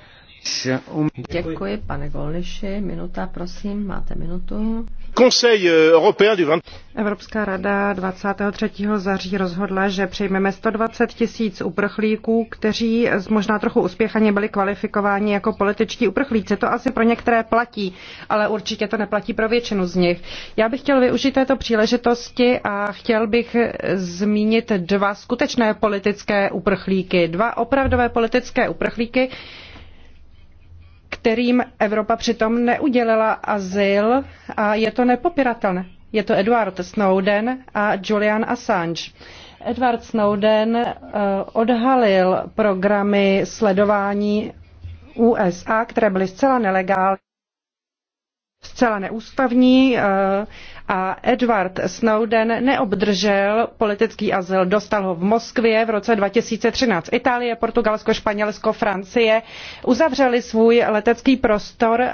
Děkuji, pane Golniši. Minuta, prosím, máte minutu. Euh, Evropská rada 23. září rozhodla, že přejmeme 120 tisíc uprchlíků, kteří možná trochu uspěchaně byli kvalifikováni jako političtí uprchlíci. To asi pro některé platí, ale určitě to neplatí pro většinu z nich. Já bych chtěl využít této příležitosti a chtěl bych eh, zmínit dva skutečné politické uprchlíky, dva opravdové politické uprchlíky, kterým Evropa přitom neudělila azyl a je to nepopiratelné. Je to Edward Snowden a Julian Assange. Edward Snowden eh, odhalil programy sledování USA, které byly zcela nelegální, zcela neústavní, eh, a Edward Snowden neobdržel politický azyl. Dostal ho v Moskvě v roce 2013. Itálie, Portugalsko, Španělsko, Francie uzavřeli svůj letecký prostor eh,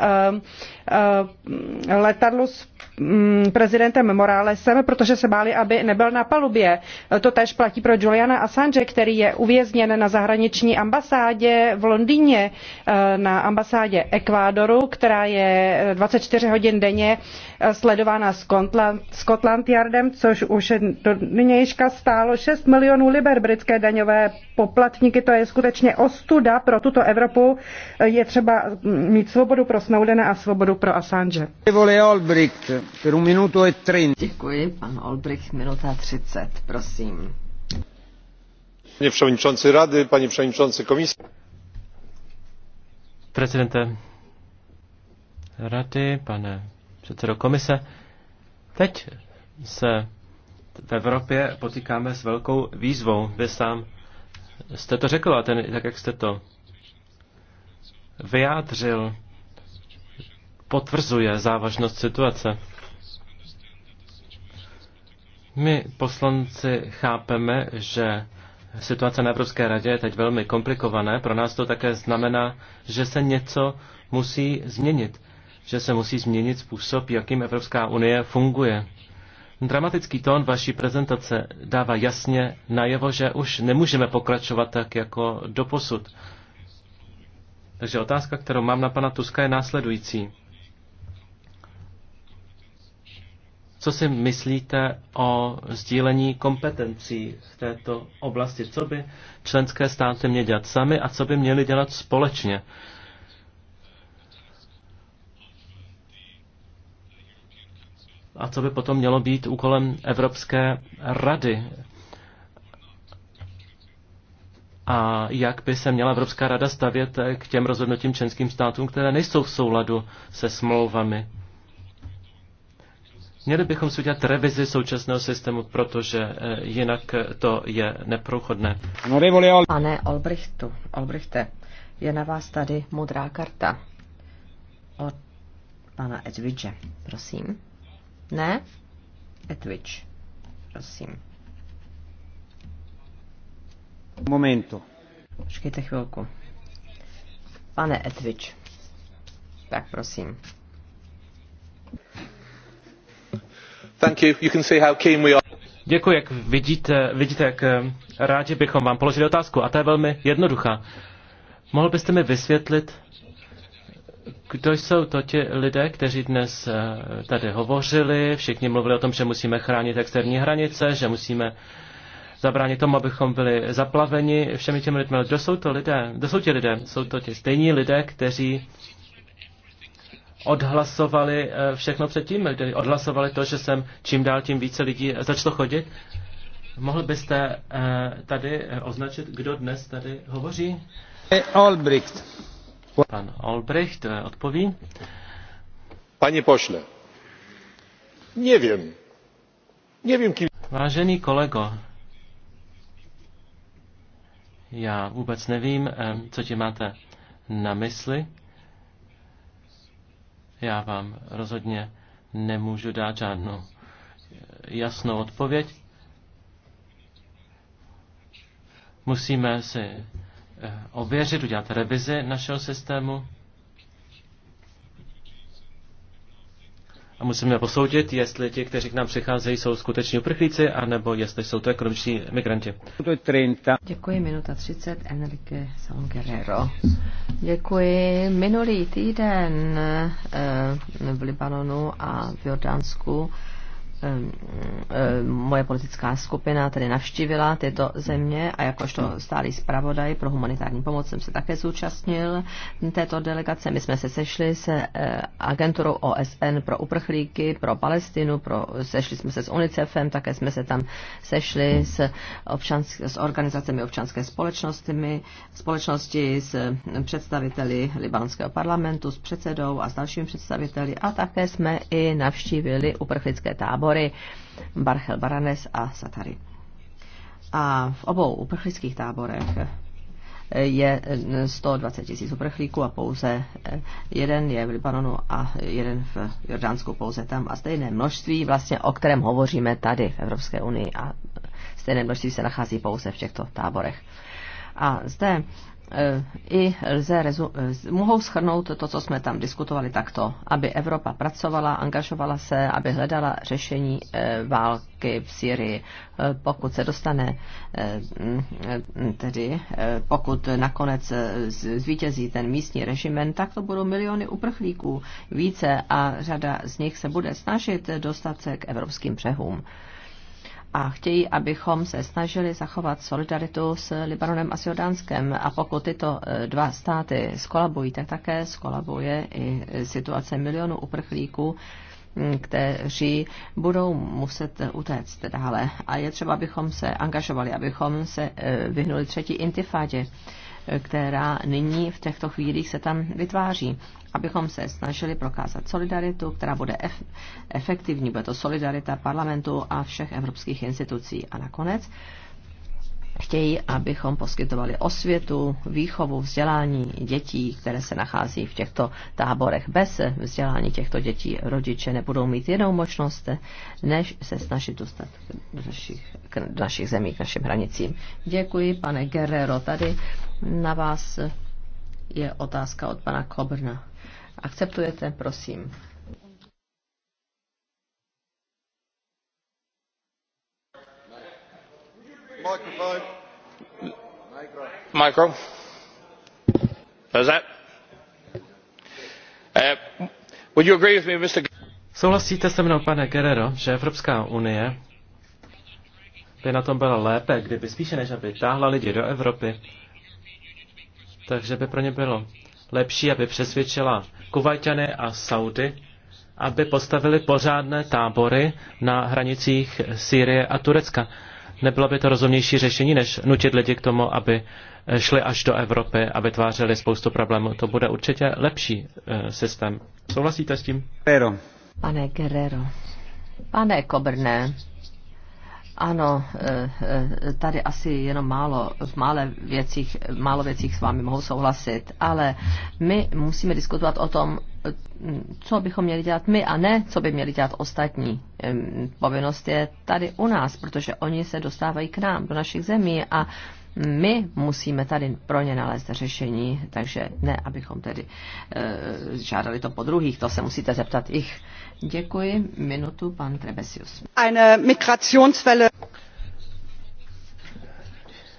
eh, letadlu s mm, prezidentem Moralesem, protože se báli, aby nebyl na palubě. To tež platí pro Juliana Assange, který je uvězněn na zahraniční ambasádě v Londýně, eh, na ambasádě Ekvádoru, která je 24 hodin denně sledována z kon Scotland Yardem, což už do nynějška stálo 6 milionů liber britské daňové poplatníky. To je skutečně ostuda pro tuto Evropu. Je třeba mít svobodu pro Snowdena a svobodu pro Assange. E Děkuji, pan Olbrich, minuta 30, prosím. Pane předsedající Rady, Panie předsedající komise. Prezidente Rady, pane předsedo komise. Teď se v Evropě potýkáme s velkou výzvou. Vy sám jste to řekl, a ten, tak jak jste to vyjádřil, potvrzuje závažnost situace. My poslanci chápeme, že situace na Evropské radě je teď velmi komplikované. Pro nás to také znamená, že se něco musí změnit že se musí změnit způsob, jakým Evropská unie funguje. Dramatický tón vaší prezentace dává jasně najevo, že už nemůžeme pokračovat tak jako doposud. Takže otázka, kterou mám na pana Tuska, je následující. Co si myslíte o sdílení kompetencí v této oblasti? Co by členské státy měly dělat sami a co by měly dělat společně a co by potom mělo být úkolem Evropské rady. A jak by se měla Evropská rada stavět k těm rozhodnutím členským státům, které nejsou v souladu se smlouvami. Měli bychom si udělat revizi současného systému, protože eh, jinak to je neprůchodné. Pane Olbrichtu, Olbrichte, je na vás tady modrá karta od pana Edvidže. Prosím. Ne? Etwitch. Prosím. Momentu. Počkejte chvilku. Pane Etwitch. Tak prosím. Thank you. You can see how keen we are. Děkuji, jak vidíte, vidíte, jak eh, rádi bychom vám položili otázku. A ta je velmi jednoduchá. Mohl byste mi vysvětlit, kdo jsou to ti lidé, kteří dnes eh, tady hovořili? Všichni mluvili o tom, že musíme chránit externí hranice, že musíme zabránit tomu, abychom byli zaplaveni všemi těmi lidmi. Kdo jsou to lidé? Kdo jsou ti lidé? Jsou to ti stejní lidé, kteří odhlasovali eh, všechno předtím, kteří odhlasovali to, že jsem, čím dál tím více lidí začalo chodit. Mohl byste eh, tady označit, kdo dnes tady hovoří? Olbricht. Pan Albrecht eh, odpoví. Pani pošle, nevím. Nevím, kým... Vážený kolego, já vůbec nevím, eh, co ti máte na mysli. Já vám rozhodně nemůžu dát žádnou eh, jasnou odpověď. Musíme si Eh, ověřit, udělat revizi našeho systému. A musíme posoudit, jestli ti, kteří k nám přicházejí, jsou skuteční uprchlíci, anebo jestli jsou to ekonomiční migranti. Děkuji, minuta 30, Enrique San Guerrero. Děkuji. Minulý týden eh, v Libanonu a v Jordánsku moje politická skupina tedy navštívila tyto země a jakožto stálý zpravodaj pro humanitární pomoc jsem se také zúčastnil této delegace. My jsme se sešli se eh, agenturou OSN pro uprchlíky, pro Palestinu, pro, sešli jsme se s UNICEFem, také jsme se tam sešli s, občansk, s organizacemi občanské společnostmi, společnosti, s představiteli libanského parlamentu, s předsedou a s dalšími představiteli a také jsme i navštívili uprchlické tábory tábory Barchel Baranes a Satary. A v obou uprchlických táborech je 120 tisíc uprchlíků a pouze eh, jeden je v Libanonu a jeden v Jordánsku, pouze tam. A stejné množství, vlastně, o kterém hovoříme tady v Evropské unii a stejné množství se nachází pouze v těchto táborech. A zde Eh, i lze, eh, mohou schrnout to, co jsme tam diskutovali takto, aby Evropa pracovala, angažovala se, aby hledala řešení eh, války v Syrii, pokud se dostane, mm, tedy pokud nakonec zvítězí ten místní režim, tak to budou miliony uprchlíků více a řada z nich se bude snažit dostat se k evropským břehům a chtějí, abychom se snažili zachovat solidaritu s Libanonem a Jordánskem. A pokud tyto e, dva státy skolabují, tak také skolabuje i situace milionů uprchlíků, kteří budou muset utéct dále. A je třeba, abychom se angažovali, abychom se e, vyhnuli třetí intifádě, e, která nyní v těchto chvílích se tam vytváří abychom se snažili prokázat solidaritu, která bude ef- efektivní. Bude to solidarita parlamentu a všech evropských institucí. A nakonec chtějí, abychom poskytovali osvětu, výchovu, vzdělání dětí, které se nachází v těchto táborech. Bez vzdělání těchto dětí rodiče nebudou mít jinou možnost, než se snažit dostat k našich, k našich zemí, k našim hranicím. Děkuji, pane Guerrero, tady na vás je otázka od pana Kobrna. Akceptujete, prosím? Micro. Uh, Souhlasíte se mnou, pane Guerrero, že Evropská unie by na tom byla lépe, kdyby spíše než aby táhla lidi do Evropy, takže by pro ně bylo lepší, aby přesvědčila Kuvajťany a Saudy, aby postavili pořádné tábory na hranicích Sýrie a Turecka. Nebylo by to rozumnější řešení, než nutit lidi k tomu, aby šli až do Evropy a vytvářeli spoustu problémů. To bude určitě lepší e, systém. Souhlasíte s tím? Pero. Pane Guerrero. Pane Kobrné, ano, eh, eh, tady asi jenom málo, v mále věcích, málo věcích s vámi mohu souhlasit, ale my musíme diskutovat o tom, co bychom měli dělat my a ne, co by měli dělat ostatní. Povinnost je tady u nás, protože oni se dostávají k nám, do našich zemí a my musíme tady pro ně nalézt řešení, takže ne, abychom tedy e, žádali to po druhých, to se musíte zeptat jich. Děkuji. Minutu, pan Trebesius. Eine Migrationswelle.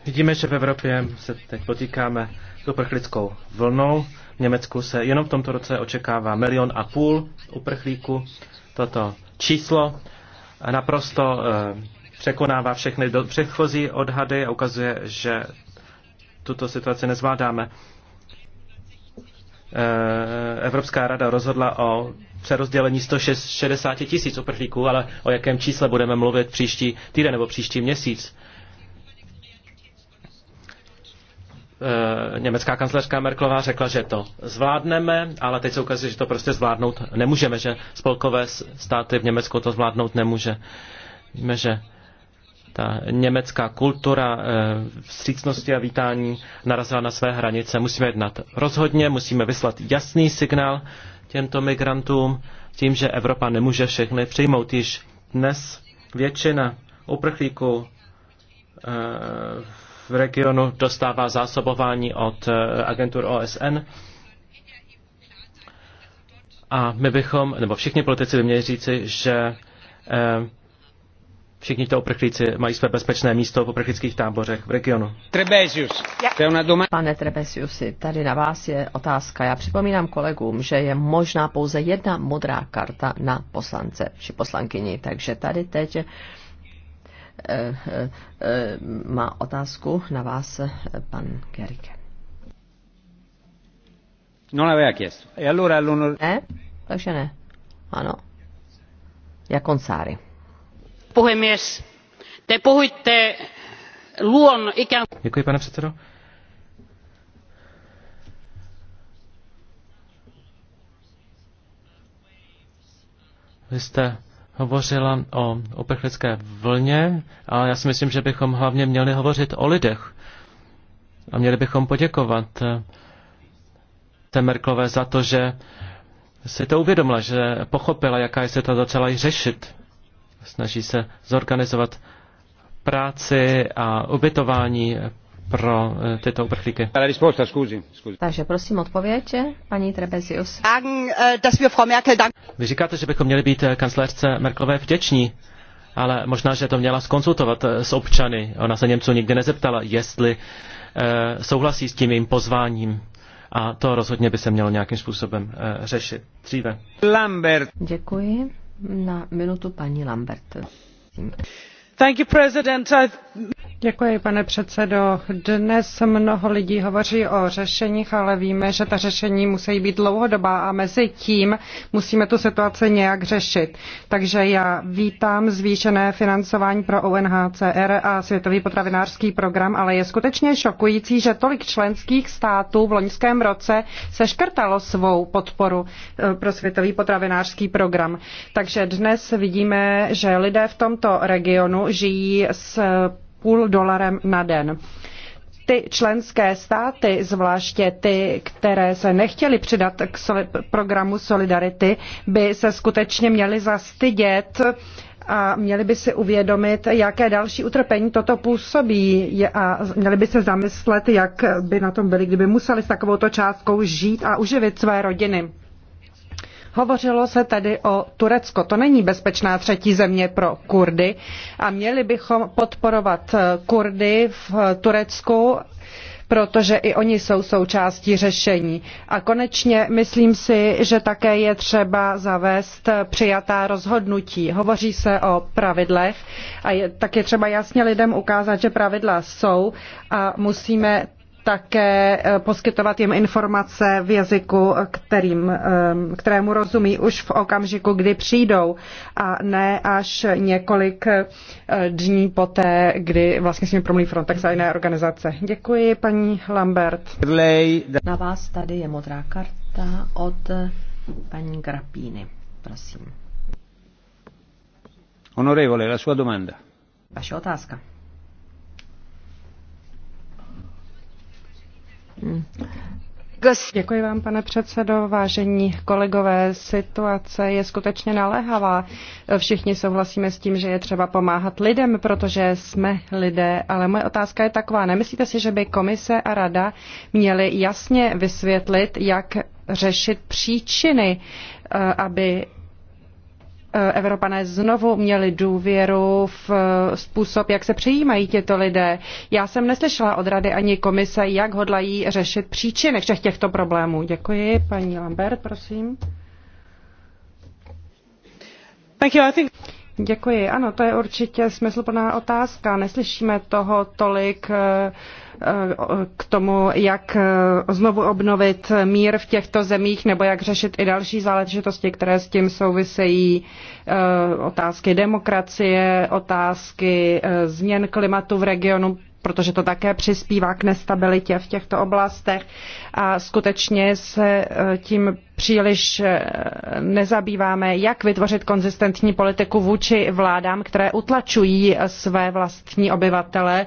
Vidíme, že v Evropě se teď potýkáme s uprchlickou vlnou. V Německu se jenom v tomto roce očekává milion a půl uprchlíků. Toto číslo naprosto eh, překonává všechny do předchozí odhady a ukazuje, že tuto situaci nezvládáme. Eh, Evropská rada rozhodla o přerozdělení 160 tisíc uprchlíků, ale o jakém čísle budeme mluvit příští týden nebo příští měsíc. Eh, německá kancelářka Merklová řekla, že to zvládneme, ale teď se ukazuje, že to prostě zvládnout nemůžeme, že spolkové státy v Německu to zvládnout nemůže. Víme, že ta německá kultura eh, vstřícnosti a vítání narazila na své hranice. Musíme jednat rozhodně, musíme vyslat jasný signál těmto migrantům tím, že Evropa nemůže všechny přijmout. Již dnes většina uprchlíků eh, v regionu dostává zásobování od eh, agentur OSN. A my bychom, nebo všichni politici by měli říci, že eh, všichni to uprchlíci mají své bezpečné místo v uprchlických tábořech v regionu. Trebesius. Pane Trebesiusi, tady na vás je otázka. Já připomínám kolegům, že je možná pouze jedna modrá karta na poslance či poslankyni, takže tady teď eh, eh, eh, má otázku na vás pan Gerike. Non aveva chiesto. E allora all'onore... Ne? Takže ne. Ano. Jakoncári puhemies te puhuitte luon ikään Děkuji, pane předsedo. Vy jste hovořila o uprchlické vlně a já si myslím, že bychom hlavně měli hovořit o lidech. A měli bychom poděkovat eh, té Merklové za to, že si to uvědomila, že pochopila, jaká je situace začala ji řešit. Snaží se zorganizovat práci a ubytování pro eh, tyto uprchlíky. Takže prosím odpověď, eh, paní Trebezius. Eh, Vy říkáte, že bychom měli být kancelářce Merklové vděční, ale možná, že to měla skonsultovat s občany. Ona se Němců nikdy nezeptala, jestli souhlasí s tím jejím pozváním. A to rozhodně by se mělo nějakým způsobem řešit dříve. Lambert. Děkuji na minutu paní Lambert. Děkuji, pane předsedo. Dnes mnoho lidí hovoří o řešeních, ale víme, že ta řešení musí být dlouhodobá a mezi tím musíme tu situaci nějak řešit. Takže já vítám zvýšené financování pro UNHCR a Světový potravinářský program, ale je skutečně šokující, že tolik členských států v loňském roce seškrtalo svou podporu eh, pro Světový potravinářský program. Takže dnes vidíme, že lidé v tomto regionu žijí s půl dolarem na den. Ty členské státy, zvláště ty, které se nechtěly přidat k programu Solidarity, by se skutečně měly zastydět a měli by si uvědomit, jaké další utrpení toto působí a měli by se zamyslet, jak by na tom byli, kdyby museli s takovouto částkou žít a uživit své rodiny. Hovořilo se tady o Turecko. To není bezpečná třetí země pro Kurdy a měli bychom podporovat eh, Kurdy v eh, Turecku protože i oni jsou součástí řešení. A konečně myslím si, že také je třeba zavést eh, přijatá rozhodnutí. Hovoří se o pravidlech a je, tak je třeba jasně lidem ukázat, že pravidla jsou a musíme také eh, poskytovat jim informace v jazyku, kterým, eh, kterému rozumí už v okamžiku, kdy přijdou a ne až několik eh, dní poté, kdy vlastně s nimi promluví Frontex a jiné organizace. Děkuji, paní Lambert. Na vás tady je modrá karta od paní Grapíny. Prosím. Honorevole, la sua domanda. Vaše otázka. Děkuji vám, pane předsedo. Vážení kolegové, situace je skutečně naléhavá. Všichni souhlasíme s tím, že je třeba pomáhat lidem, protože jsme lidé, ale moje otázka je taková. Nemyslíte si, že by komise a rada měly jasně vysvětlit, jak řešit příčiny, eh, aby Eh, Evropané znovu měli důvěru v eh, způsob, jak se přijímají těto lidé. Já jsem neslyšela od rady ani komise, jak hodlají řešit příčiny všech těchto problémů. Děkuji. Paní Lambert, prosím. Thank you. I think... Děkuji. Ano, to je určitě smysluplná otázka. Neslyšíme toho tolik eh, Eh, k tomu, jak eh, znovu obnovit mír v těchto zemích nebo jak řešit i další záležitosti, které s tím souvisejí, eh, otázky demokracie, otázky změn klimatu v regionu, protože to také přispívá k nestabilitě v těchto oblastech a skutečně se tím příliš nezabýváme, jak vytvořit konzistentní politiku vůči vládám, které utlačují své vlastní obyvatele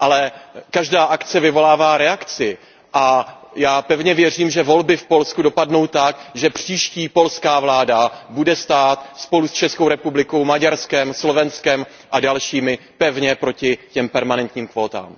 ale každá akce vyvolává reakci a já pevně věřím že volby v polsku dopadnou tak že příští polská vláda bude stát spolu s českou republikou maďarskem slovenskem a dalšími pevně proti těm permanentním kvótám.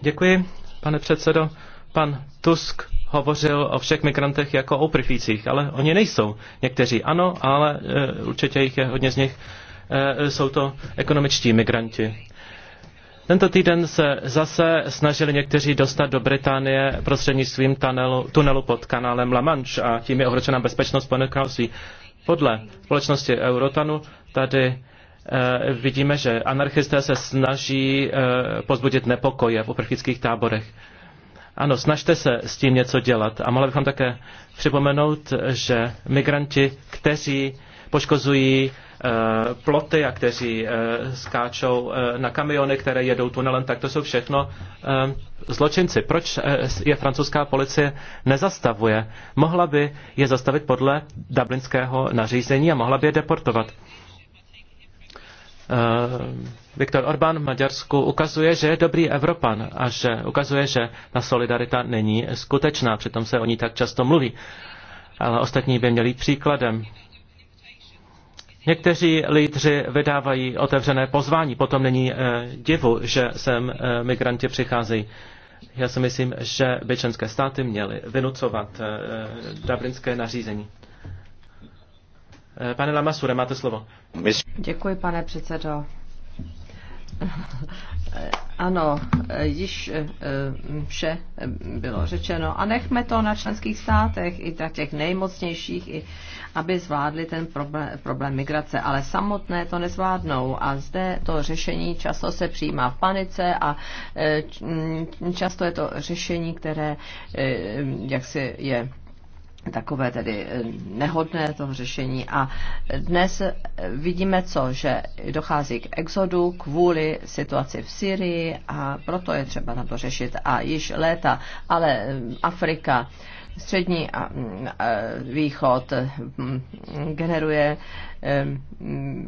Děkuji. pane předsedo. Pan Tusk hovořil o všech migrantech jako o uprchlících, ale oni nejsou. Někteří ano, ale e, určitě jich je hodně z nich. E, jsou to ekonomičtí migranti. Tento týden se zase snažili někteří dostat do Británie prostřednictvím tunelu, tunelu pod kanálem La Manche a tím je ohročena bezpečnost Spojeného království. Podle společnosti Eurotanu tady e, vidíme, že anarchisté se snaží e, pozbudit nepokoje v uprchlických táborech. Ano, snažte se s tím něco dělat. A mohli bychom také připomenout, že migranti, kteří poškozují eh, ploty a kteří eh, skáčou eh, na kamiony, které jedou tunelem, tak to jsou všechno zločinci. Proč je francouzská policie nezastavuje? Mohla by je zastavit podle dublinského nařízení a mohla by je deportovat. Eh, Viktor Orbán v Maďarsku ukazuje, že je dobrý Evropan a že ukazuje, že ta solidarita není skutečná, přitom se o ní tak často mluví. Ale ostatní by měli příkladem. Někteří lídři vydávají otevřené pozvání, potom není eh, divu, že sem eh, migranti přicházejí. Já si myslím, že by členské státy měly vynucovat dublinské nařízení. Eh, pane Lamasure, máte slovo. Děkuji, pane předsedo. Eh, ano, eh, již vše bylo řečeno. A nechme to na členských státech, i tak těch nejmocnějších, i aby zvládli ten problém, problém migrace. Ale samotné to nezvládnou. A zde to řešení často se přijímá v panice a často je to řešení, které jaksi je takové tedy eh, nehodné toho řešení. A dnes eh, vidíme co, že dochází k exodu kvůli situaci v Syrii a proto je třeba na to řešit. A již léta, ale eh, Afrika, střední a, mm, východ mm, generuje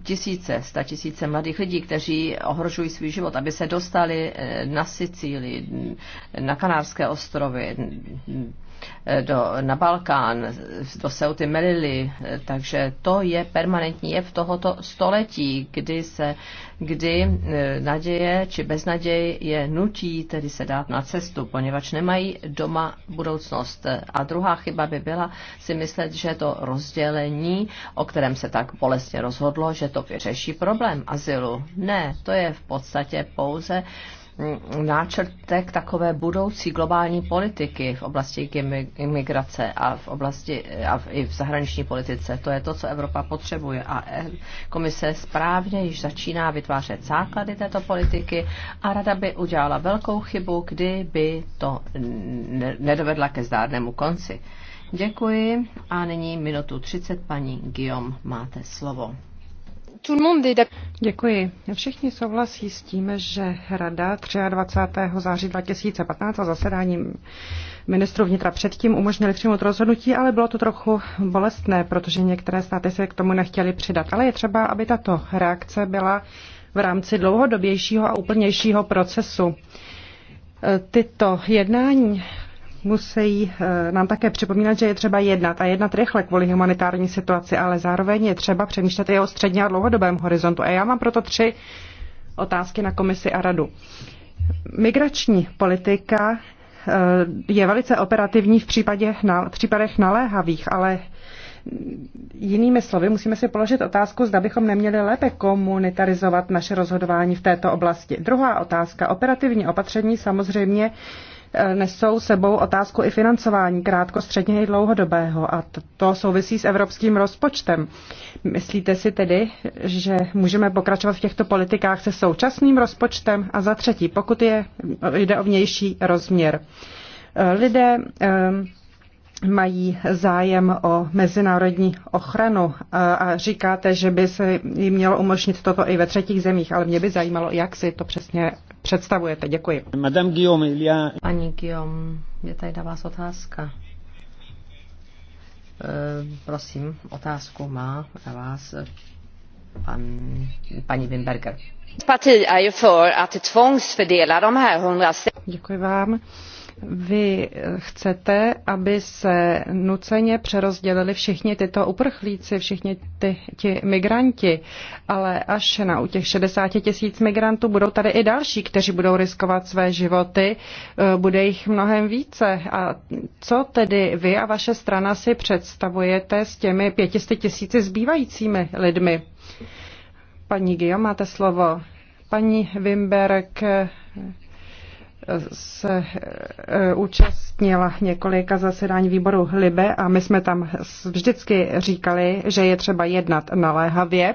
tisíce, sta tisíce mladých lidí, kteří ohrožují svůj život, aby se dostali na Sicílii, na Kanárské ostrovy, Eh, do, na Balkán, do Seuty Melily, eh, takže to je permanentní jev tohoto století, kdy se, kdy eh, naděje či beznaděj je nutí tedy se dát na cestu, poněvadž nemají doma budoucnost. A druhá chyba by byla si myslet, že to rozdělení, o kterém se tak bolestně rozhodlo, že to vyřeší problém azylu. Ne, to je v podstatě pouze náčrtek takové budoucí globální politiky v oblasti imigrace a v oblasti a v, i v zahraniční politice. To je to, co Evropa potřebuje a e- komise správně již začíná vytvářet základy této politiky a rada by udělala velkou chybu, kdyby to nedovedla ke zdárnému konci. Děkuji a nyní minutu 30 paní Guillaume máte slovo. Děkuji. Všichni souhlasí s tím, že Rada 23. září 2015 a zasedáním ministru vnitra předtím umožnili přijmout rozhodnutí, ale bylo to trochu bolestné, protože některé státy se k tomu nechtěly přidat. Ale je třeba, aby tato reakce byla v rámci dlouhodobějšího a úplnějšího procesu. E, tyto jednání musí eh, nám také připomínat, že je třeba jednat a jednat rychle kvůli humanitární situaci, ale zároveň je třeba přemýšlet i o středně a dlouhodobém horizontu. A já mám proto tři otázky na komisi a radu. Migrační politika eh, je velice operativní v, případě, v případech naléhavých, ale Jinými slovy, musíme si položit otázku, zda bychom neměli lépe komunitarizovat naše rozhodování v této oblasti. Druhá otázka, operativní opatření samozřejmě Eh, nesou sebou otázku i financování krátkostředně i dlouhodobého a to souvisí s evropským rozpočtem. Myslíte si tedy, že můžeme pokračovat v těchto politikách se současným rozpočtem? A za třetí, pokud je, jde o vnější rozměr. Eh, lidé eh, mají zájem o mezinárodní ochranu a říkáte, že by se jim mělo umožnit toto i ve třetích zemích, ale mě by zajímalo, jak si to přesně představujete. Děkuji. Madame Guillaume, já... Paní Guillaume, je tady na vás otázka. E, prosím, otázku má na vás pan, paní Wimberger. 100... Děkuji vám. Vy chcete, aby se nuceně přerozdělili všichni tyto uprchlíci, všichni ty, ti migranti, ale až na u těch 60 tisíc migrantů budou tady i další, kteří budou riskovat své životy, e, bude jich mnohem více. A co tedy vy a vaše strana si představujete s těmi 500 tisíci zbývajícími lidmi? Paní Gio, máte slovo. Paní Wimberg, se eh, účastnila několika zasedání výboru Libe a my jsme tam vždycky říkali, že je třeba jednat naléhavě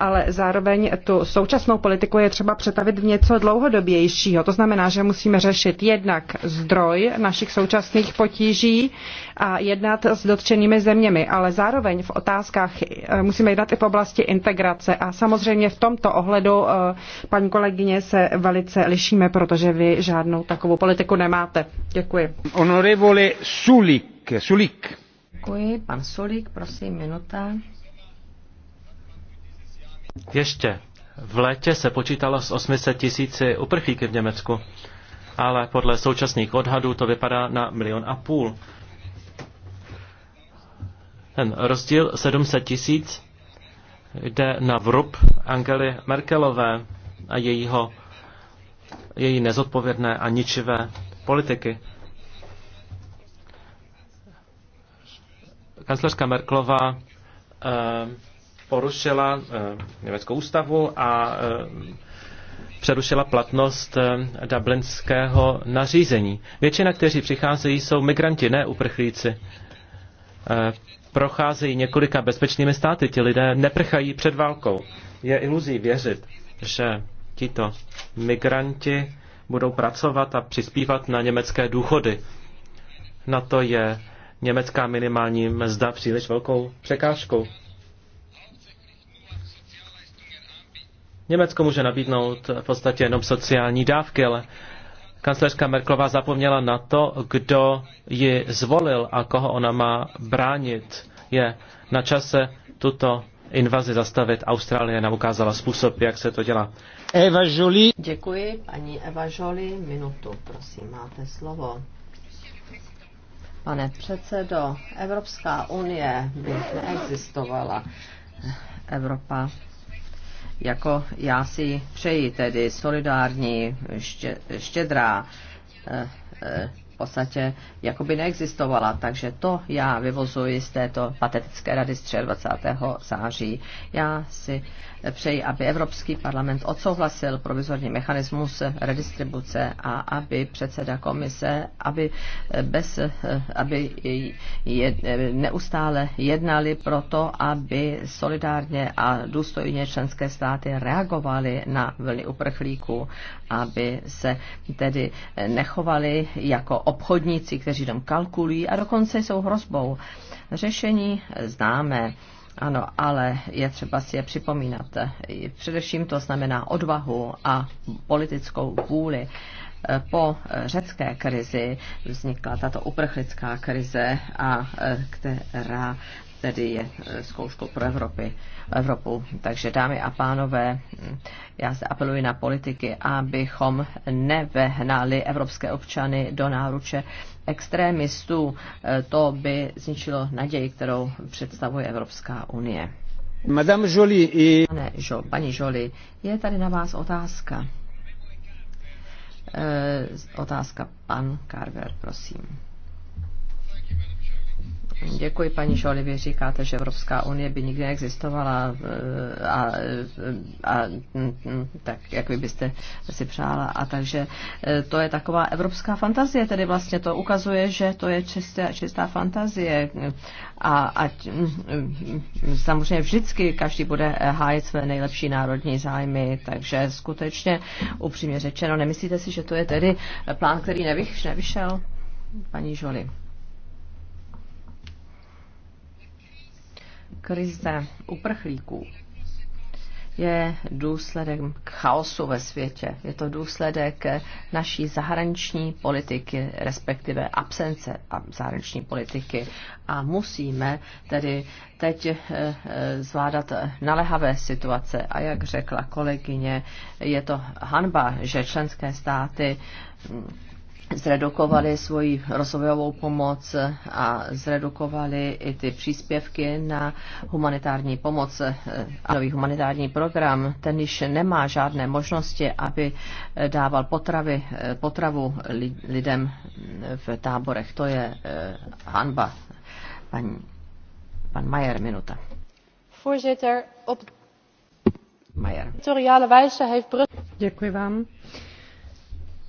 ale zároveň tu současnou politiku je třeba přetavit v něco dlouhodobějšího. To znamená, že musíme řešit jednak zdroj našich současných potíží a jednat s dotčenými zeměmi, ale zároveň v otázkách eh, musíme jednat i v oblasti integrace. A samozřejmě v tomto ohledu, eh, paní kolegyně, se velice lišíme, protože vy žádnou takovou politiku nemáte. Děkuji. Honorevole Sulik. Sulik. Děkuji. Pan Sulik, prosím, minuta. Ještě v létě se počítalo s 800 tisíci uprchlíky v Německu, ale podle současných odhadů to vypadá na milion a půl. Ten rozdíl 700 tisíc jde na vrub Angely Merkelové a jejího, její nezodpovědné a ničivé politiky. Kancelářka Merklová eh, porušila eh, německou ústavu a eh, přerušila platnost eh, dublinského nařízení. Většina, kteří přicházejí, jsou migranti, ne uprchlíci. Procházejí několika bezpečnými státy, ti lidé neprchají před válkou. Je iluzí věřit, že tito migranti budou pracovat a přispívat na německé důchody. Na to je německá minimální mzda příliš velkou překážkou. Německo může nabídnout v podstatě jenom sociální dávky, ale kancelářka Merklová zapomněla na to, kdo ji zvolil a koho ona má bránit. Je na čase tuto invazi zastavit. Austrálie nám ukázala způsob, jak se to dělá. Eva Jolie. Děkuji, paní Eva Jolie. Minutu, prosím, máte slovo. Pane předsedo, Evropská unie by neexistovala. Evropa jako já si přeji, tedy solidární, štědrá, eh, eh, v podstatě jakoby neexistovala. Takže to já vyvozuji z této patetické rady z 23. září. Já si přeji, aby Evropský parlament odsouhlasil provizorní mechanismus redistribuce a aby předseda komise, aby, bez, aby je, neustále jednali pro to, aby solidárně a důstojně členské státy reagovaly na vlny uprchlíků, aby se tedy nechovali jako obchodníci, kteří tam kalkulují a dokonce jsou hrozbou. Řešení známe. Ano, ale je třeba si je připomínat. Především to znamená odvahu a politickou vůli. Po řecké krizi vznikla tato uprchlická krize, a e, která tedy je eh, zkouškou pro Evropy, Evropu. Takže dámy a pánové, já se apeluji na politiky, abychom nevehnali evropské občany do náruče extrémistů. Eh, to by zničilo naději, kterou představuje Evropská unie. Madame Jolie, i... Pane, jo, paní Jolie, je tady na vás otázka. E, otázka pan Carver, prosím. Děkuji, paní Žoli. Vy říkáte, že Evropská unie by nikdy neexistovala eh, a, eh, a mm, mm, tak, jak vy byste si přála. A takže eh, to je taková evropská fantazie, tedy vlastně to ukazuje, že to je čistá, čistá fantazie. A, a mm, samozřejmě vždycky každý bude hájit své nejlepší národní zájmy, takže skutečně upřímně řečeno, nemyslíte si, že to je tedy plán, který nevyšel? Paní Žoli. Krize uprchlíků je důsledek chaosu ve světě. Je to důsledek naší zahraniční politiky, respektive absence zahraniční politiky. A musíme tedy teď eh, eh, zvládat nalehavé situace. A jak řekla kolegyně, je to hanba, že členské státy zredukovali svoji rozvojovou pomoc a zredukovali i ty příspěvky na humanitární pomoc. Eh, a nový humanitární program, ten již nemá žádné možnosti, aby dával potravy, eh, potravu lidem v táborech. To je eh, hanba. Pan, pan Majer, minuta. Voorzitter, op Majer. Děkuji vám.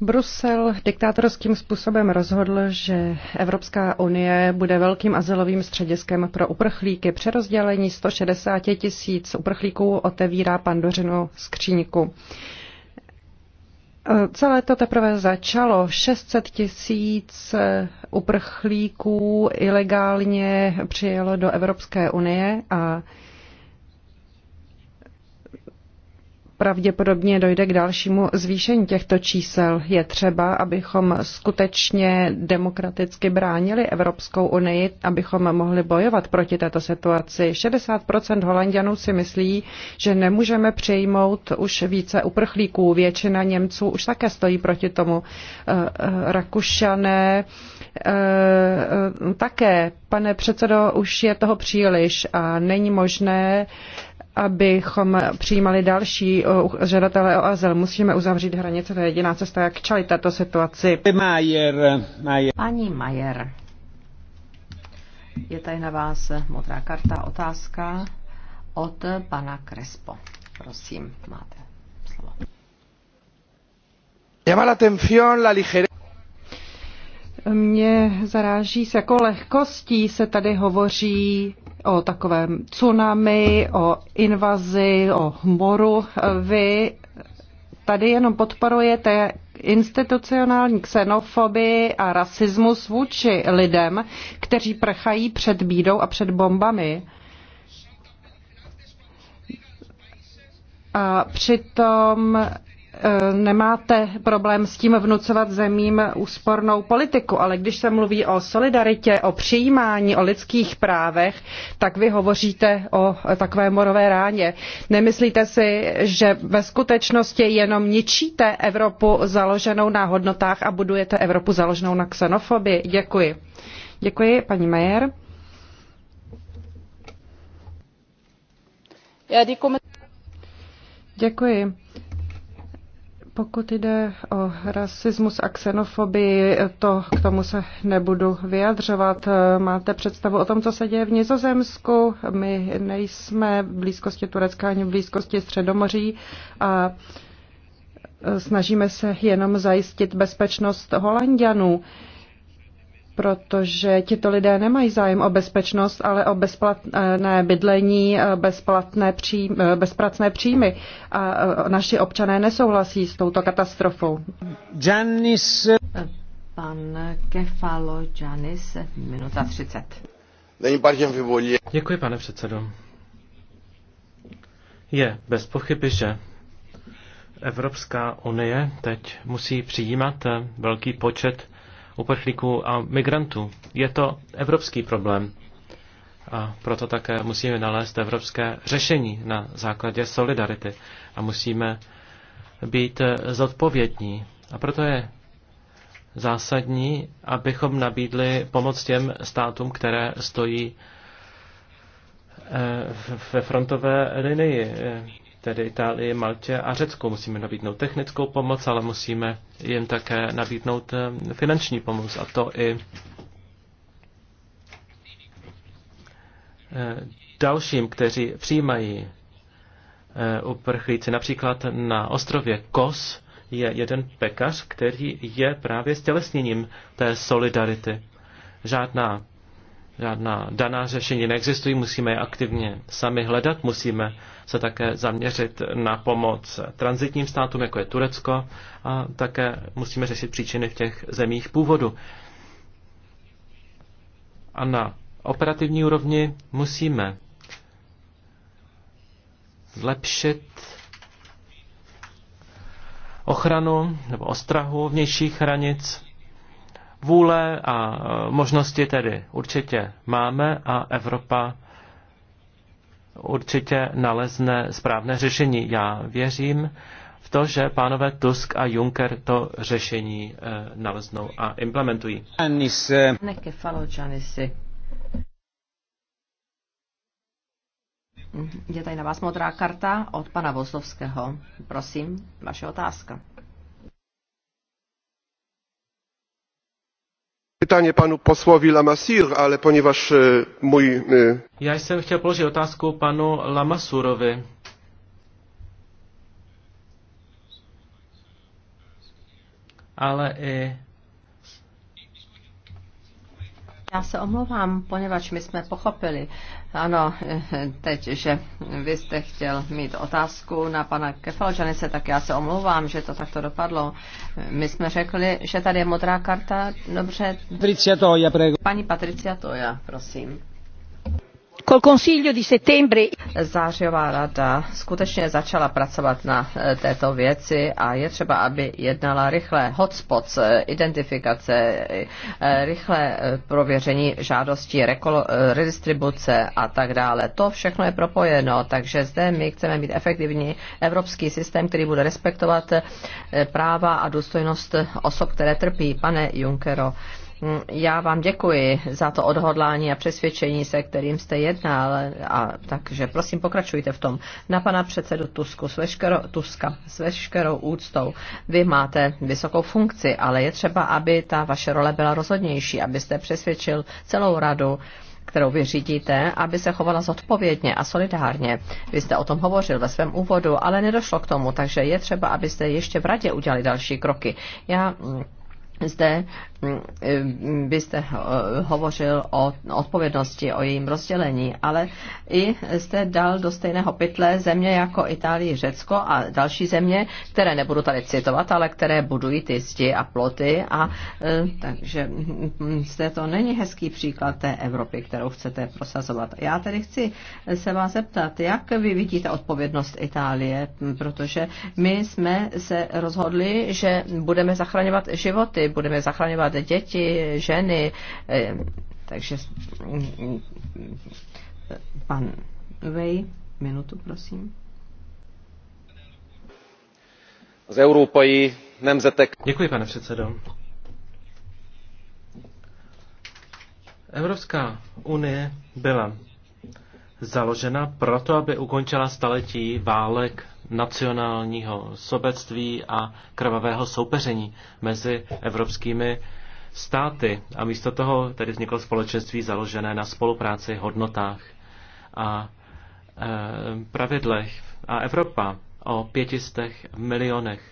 Brusel diktátorským způsobem rozhodl, že Evropská unie bude velkým azylovým střediskem pro uprchlíky. Přerozdělení 160 tisíc uprchlíků otevírá pandořinu skříňku. Celé to teprve začalo. 600 tisíc uprchlíků ilegálně přijelo do Evropské unie a pravděpodobně dojde k dalšímu zvýšení těchto čísel. Je třeba, abychom skutečně demokraticky bránili Evropskou unii, abychom mohli bojovat proti této situaci. 60 Holandianů si myslí, že nemůžeme přijmout už více uprchlíků. Většina Němců už také stojí proti tomu. Eh, eh, Rakušané eh, také, pane předsedo, už je toho příliš a není možné abychom přijímali další eh, žadatele o azyl. Musíme uzavřít hranice, to je jediná cesta, jak čali tato situaci. Majer, Majer. Paní Majer, je tady na vás modrá karta, otázka od pana Krespo. Prosím, máte slovo. la Mě zaráží, s jakou lehkostí se tady hovoří o takovém tsunami, o invazi, o moru. Vy tady jenom podporujete institucionální xenofobii a rasismus vůči lidem, kteří prchají před bídou a před bombami. A přitom Eh, nemáte problém s tím vnucovat zemím úspornou politiku, ale když se mluví o solidaritě, o přijímání, o lidských právech, tak vy hovoříte o takové morové ráně. Nemyslíte si, že ve skutečnosti jenom ničíte Evropu založenou na hodnotách a budujete Evropu založenou na xenofobii? Děkuji. Děkuji, paní Majer. Děkuji. Pokud jde o rasismus a xenofobii, to k tomu se nebudu vyjadřovat. Máte představu o tom, co se děje v Nizozemsku? My nejsme v blízkosti Turecka ani v blízkosti Středomoří a snažíme se jenom zajistit bezpečnost Holandianů protože tito lidé nemají zájem o bezpečnost, ale o bezplatné bydlení, bezplatné příjmy, bezpracné příjmy. A naši občané nesouhlasí s touto katastrofou. Janis. Pan Kefalo Janis, minuta 30. Děkuji, pane předsedo. Je bez pochyby, že Evropská unie teď musí přijímat velký počet uprchlíků a migrantů. Je to evropský problém. A proto také musíme nalézt evropské řešení na základě solidarity a musíme být zodpovědní. A proto je zásadní, abychom nabídli pomoc těm státům, které stojí eh, ve frontové linii tedy Itálii, Maltě a Řecku. Musíme nabídnout technickou pomoc, ale musíme jim také nabídnout eh, finanční pomoc a to i eh, dalším, kteří přijímají eh, uprchlíci. Například na ostrově Kos je jeden pekař, který je právě stělesněním té solidarity. Žádná Žádná daná řešení neexistují, musíme je aktivně sami hledat, musíme se také zaměřit na pomoc transitním státům, jako je Turecko, a také musíme řešit příčiny v těch zemích původu. A na operativní úrovni musíme zlepšit ochranu nebo ostrahu vnějších hranic Vůle a e, možnosti tedy určitě máme a Evropa určitě nalezne správné řešení. Já věřím v to, že pánové Tusk a Juncker to řešení e, naleznou a implementují. Je tady na vás modrá karta od pana Vozlovského. Prosím, vaše otázka. pytanie panu posłowi Lamassure, ale ponieważ e, mój... E, Já jsem chciał položit otázku panu Lamassurovi. Ale i... Já se omlouvám, poněvadž my jsme pochopili, ano, teď, že vy jste chtěl mít otázku na pana Kefalžanice, tak já se omlouvám, že to takto dopadlo. My jsme řekli, že tady je modrá karta, dobře. Patricia Toja, prego. Paní Patricia Toja, prosím. Zářijová rada skutečně začala pracovat na eh, této věci a je třeba, aby jednala rychle. Hotspots, eh, identifikace, eh, rychle prověření žádostí, redistribuce a tak dále. To všechno je propojeno, takže zde my chceme mít efektivní evropský systém, který bude respektovat práva a důstojnost osob, které trpí. Pane Junkero, já vám děkuji za to odhodlání a přesvědčení, se kterým jste jednal. A, takže prosím, pokračujte v tom. Na pana předsedu Tusku s veškerou, Tuska s veškerou úctou. Vy máte vysokou funkci, ale je třeba, aby ta vaše role byla rozhodnější, abyste přesvědčil celou radu, kterou vy řídíte, aby se chovala zodpovědně a solidárně. Vy jste o tom hovořil ve svém úvodu, ale nedošlo k tomu, takže je třeba, abyste ještě v radě udělali další kroky. Já mm, zde Mm, byste eh, hovořil o odpovědnosti, o jejím rozdělení, ale i jste dal do stejného pytle země jako Itálie, Řecko a další země, které nebudu tady citovat, ale které budují ty zdi a ploty a eh, takže hm, jste to není hezký příklad té Evropy, kterou chcete prosazovat. Já tedy chci se vás zeptat, jak vy vidíte odpovědnost Itálie, hm, protože my jsme se rozhodli, že budeme zachraňovat životy, budeme zachraňovat například děti, ženy, eh, takže mm, mm, pan Vej, minutu prosím. Z Evropy nemzetek... Děkuji, pane předsedo. Evropská unie byla založena proto, aby ukončila staletí válek nacionálního sobectví a krvavého soupeření mezi evropskými státy a místo toho tedy vzniklo společenství založené na spolupráci, hodnotách a e, pravidlech. A Evropa o pětistech milionech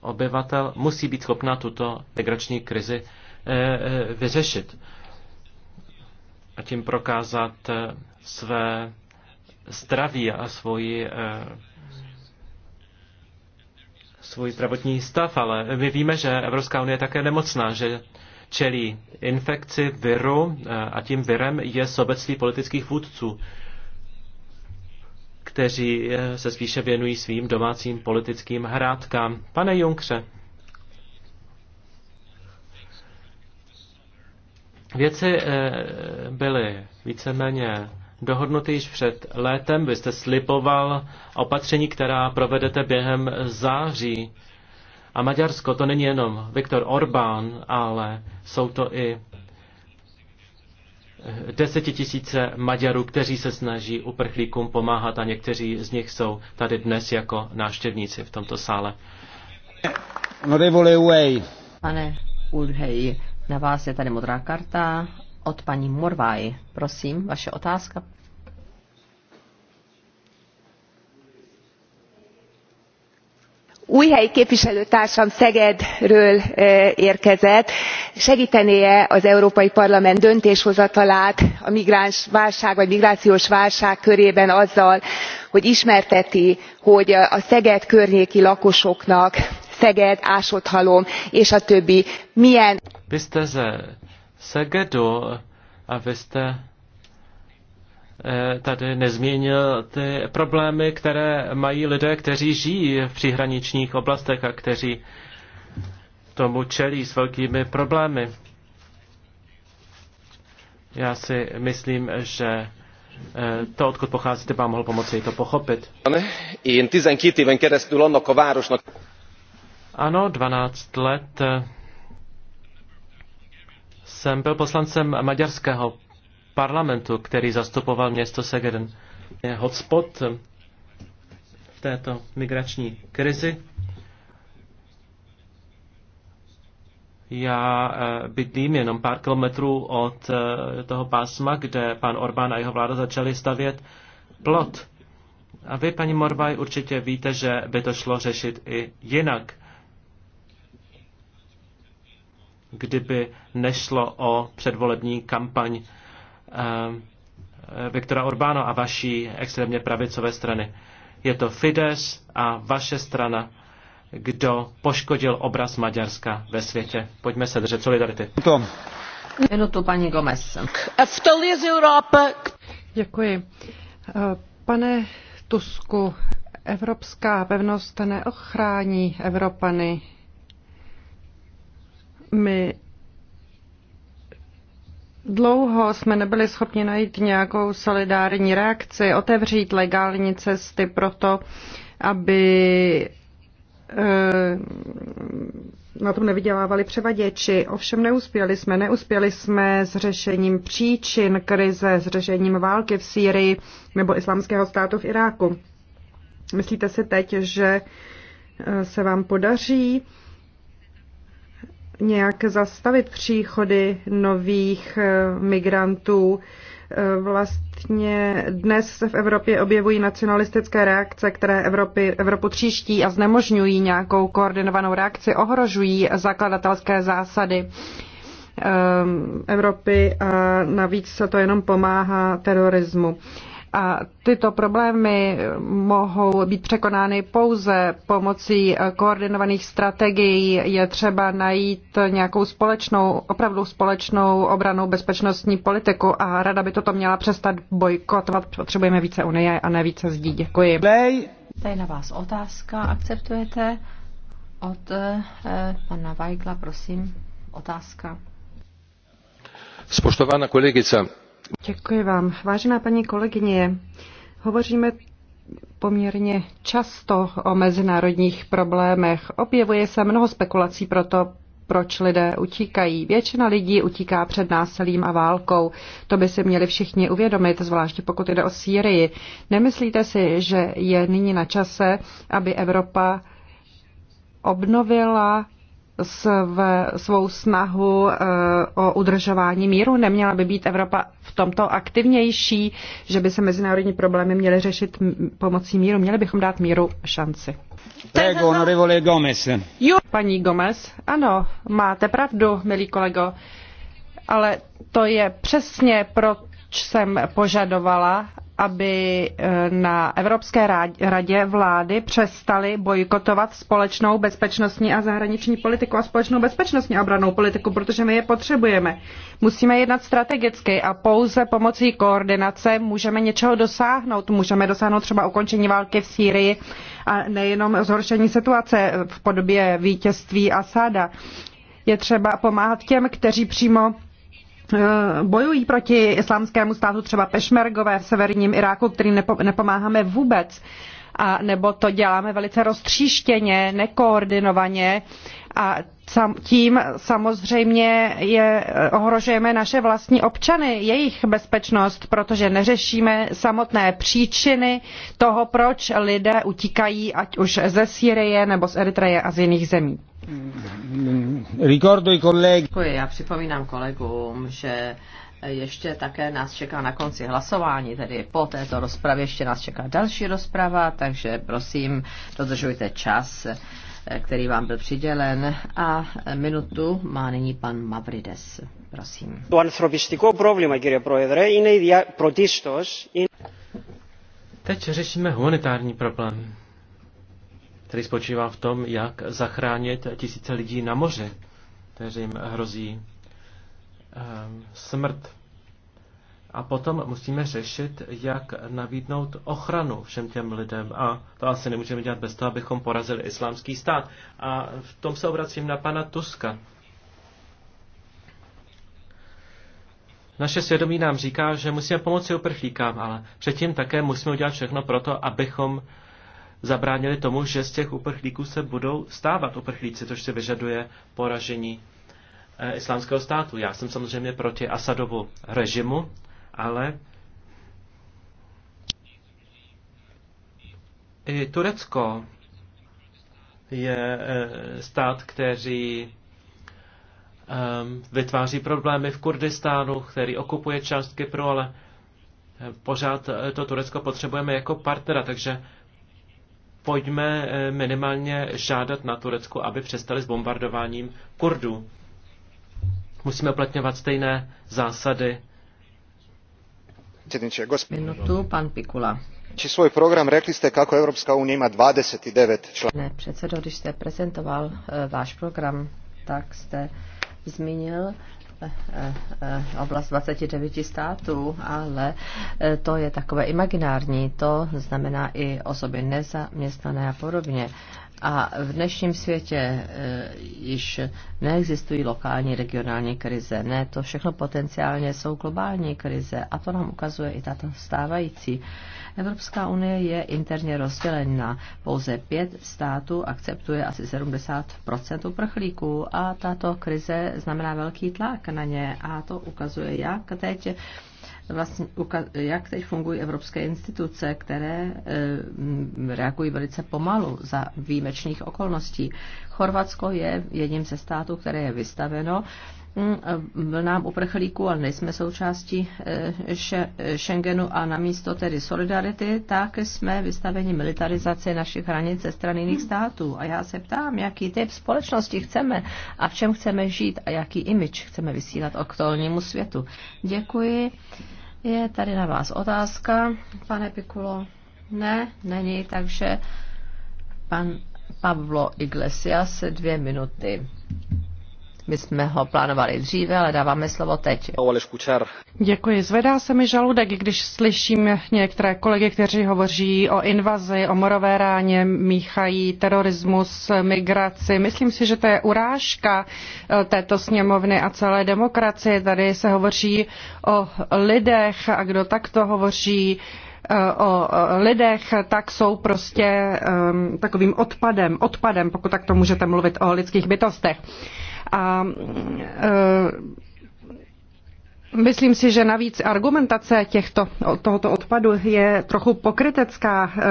obyvatel musí být schopna tuto migrační krizi e, e, vyřešit a tím prokázat své zdraví a svoji svůj zdravotní stav, ale my víme, že Evropská unie je také nemocná, že čelí infekci viru eh, a tím virem je sobectví politických vůdců, kteří eh, se spíše věnují svým domácím politickým hrádkám. Pane Junkře, věci eh, byly víceméně dohodnuty již před létem. Vy jste sliboval opatření, která provedete během září. A Maďarsko to není jenom Viktor Orbán, ale jsou to i desetitisíce Maďarů, kteří se snaží uprchlíkům pomáhat a někteří z nich jsou tady dnes jako návštěvníci v tomto sále. Pane Ulhej, na vás je tady modrá karta od paní Morvaj. Prosím, vaše otázka. újhelyi képviselőtársam szegedről érkezett segtené e az európai parlament döntéshozatalát a migráns válság vagy migrációs válság körében azzal hogy ismerteti hogy a szeged környéki lakosoknak szeged Ásotthalom és a többi milyen. Biztos, uh... Segedu a vy jste eh, tady nezmínil ty problémy, které mají lidé, kteří žijí v příhraničních oblastech a kteří tomu čelí s velkými problémy. Já si myslím, že eh, to, odkud pocházíte, vám mohl pomoci to pochopit. Ano, 12 let eh, jsem byl poslancem maďarského parlamentu, který zastupoval město Segeden. Je hotspot v této migrační krizi. Já eh, bydlím jenom pár kilometrů od eh, toho pásma, kde pan Orbán a jeho vláda začali stavět plot. A vy, paní Morvaj, určitě víte, že by to šlo řešit i jinak. kdyby nešlo o předvolební kampaň eh, Viktora Orbána a vaší extrémně pravicové strany. Je to Fides a vaše strana, kdo poškodil obraz Maďarska ve světě. Pojďme se držet solidarity. Minutu, paní Gomez. Děkuji. Eh, pane Tusku, evropská pevnost neochrání Evropany my Dlouho jsme nebyli schopni najít nějakou solidární reakci, otevřít legální cesty pro to, aby eh, na tom nevydělávali převaděči. Ovšem neuspěli jsme. Neuspěli jsme s řešením příčin krize, s řešením války v Sýrii nebo islámského státu v Iráku. Myslíte si teď, že eh, se vám podaří nějak zastavit příchody nových eh, migrantů. Eh, vlastně dnes se v Evropě objevují nacionalistické reakce, které Evropy, Evropu tříští a znemožňují nějakou koordinovanou reakci, ohrožují zakladatelské zásady. Eh, Evropy a navíc se to jenom pomáhá terorismu. A tyto problémy mohou být překonány pouze pomocí koordinovaných strategií. Je třeba najít nějakou společnou, opravdu společnou obranou bezpečnostní politiku a rada by toto měla přestat bojkotovat. Potřebujeme více unie a ne více zdí. Děkuji. Tady na vás otázka. Akceptujete od eh, pana Vajgla, prosím. Otázka. Spoštovana kolegica, Děkuji vám. Vážená paní kolegyně, hovoříme poměrně často o mezinárodních problémech. Objevuje se mnoho spekulací pro to, proč lidé utíkají. Většina lidí utíká před násilím a válkou. To by si měli všichni uvědomit, zvláště pokud jde o Sýrii. Nemyslíte si, že je nyní na čase, aby Evropa obnovila své, svou snahu eh, o udržování míru? Neměla by být Evropa v tomto aktivnější, že by se mezinárodní problémy měly řešit pomocí míru? Měli bychom dát míru šanci. Prego, honorevole Gomez. Paní Gomez, ano, máte pravdu, milý kolego, ale to je přesně proč jsem požadovala, aby eh, na Evropské radě vlády přestali bojkotovat společnou bezpečnostní a zahraniční politiku a společnou bezpečnostní a obranou politiku, protože my je potřebujeme. Musíme jednat strategicky a pouze pomocí koordinace můžeme něčeho dosáhnout. Můžeme dosáhnout třeba ukončení války v Sýrii a nejenom zhoršení situace v podobě vítězství Asada. Je třeba pomáhat těm, kteří přímo Eh, bojují proti islámskému státu, třeba pešmergové v severním Iráku, kterým nepomáháme vůbec, a nebo to děláme velice roztříštěně, nekoordinovaně a tím samozřejmě je, ohrožujeme naše vlastní občany, jejich bezpečnost, protože neřešíme samotné příčiny toho, proč lidé utíkají, ať už ze Sýrie nebo z Eritreje a z jiných zemí. Děkuji, já připomínám kolegům, že ještě také nás čeká na konci hlasování, tedy po této rozpravě ještě nás čeká další rozprava, takže prosím, dodržujte čas který vám byl přidělen. A minutu má nyní pan Mavrides. Prosím. To kýrie je protistos... Teď řešíme humanitární problém, který spočívá v tom, jak zachránit tisíce lidí na moři, kterým hrozí eh, smrt. A potom musíme řešit, jak nabídnout ochranu všem těm lidem. A to asi nemůžeme dělat bez toho, abychom porazili islámský stát. A v tom se obracím na pana Tuska. Naše svědomí nám říká, že musíme pomoci uprchlíkám, ale předtím také musíme udělat všechno pro to, abychom zabránili tomu, že z těch uprchlíků se budou stávat uprchlíci, což se vyžaduje poražení eh, islámského státu. Já jsem samozřejmě proti Asadovu režimu, ale i Turecko je eh, stát, který ehm, vytváří problémy v Kurdistánu, který okupuje část Kypru, ale eh, pořád eh, to Turecko potřebujeme jako partnera, takže pojďme minimálně žádat na Turecku, aby přestali s bombardováním Kurdů. Musíme uplatňovat stejné zásady predsjedniče Minutu, pan Pikula. Či svoj program rekli ste kako Evropska unija ima 29 članů. Ne, předsedo, když jste prezentoval uh, váš program, tak jste zmínil eh, eh, oblast 29 států, ale to je takové imaginární, to znamená i osoby nezaměstnané a podobně. A v dnešním světě e, již neexistují lokální regionální krize. Ne, to všechno potenciálně jsou globální krize a to nám ukazuje i tato stávající. Evropská unie je interně rozdělená. Pouze pět států akceptuje asi 70 uprchlíků a tato krize znamená velký tlak na ně a to ukazuje, jak teď vlastně, jak teď fungují evropské instituce, které eh, reagují velice pomalu za výjimečných okolností. Chorvatsko je jedním ze států, které je vystaveno hm, vlnám uprchlíků, ale nejsme součástí eh, Schengenu a namísto tedy solidarity, tak jsme vystaveni militarizaci našich hranic ze strany jiných států. A já se ptám, jaký typ společnosti chceme a v čem chceme žít a jaký imič chceme vysílat aktuálnímu světu. Děkuji. Je tady na vás otázka, pane Pikulo? Ne, není, takže pan Pablo Iglesias dvě minuty. My jsme ho plánovali dříve, ale dáváme slovo teď. Děkuji. Zvedá se mi žaludek, když slyším některé kolegy, kteří hovoří o invazi, o morové ráně, míchají terorismus, migraci. Myslím si, že to je urážka eh, této sněmovny a celé demokracie. Tady se hovoří o lidech a kdo takto hovoří, eh, o eh, lidech, tak jsou prostě um, takovým odpadem, odpadem, pokud tak to můžete mluvit o lidských bytostech. A e, Myslím si, že navíc argumentace těchto, tohoto odpadu je trochu pokrytecká. E,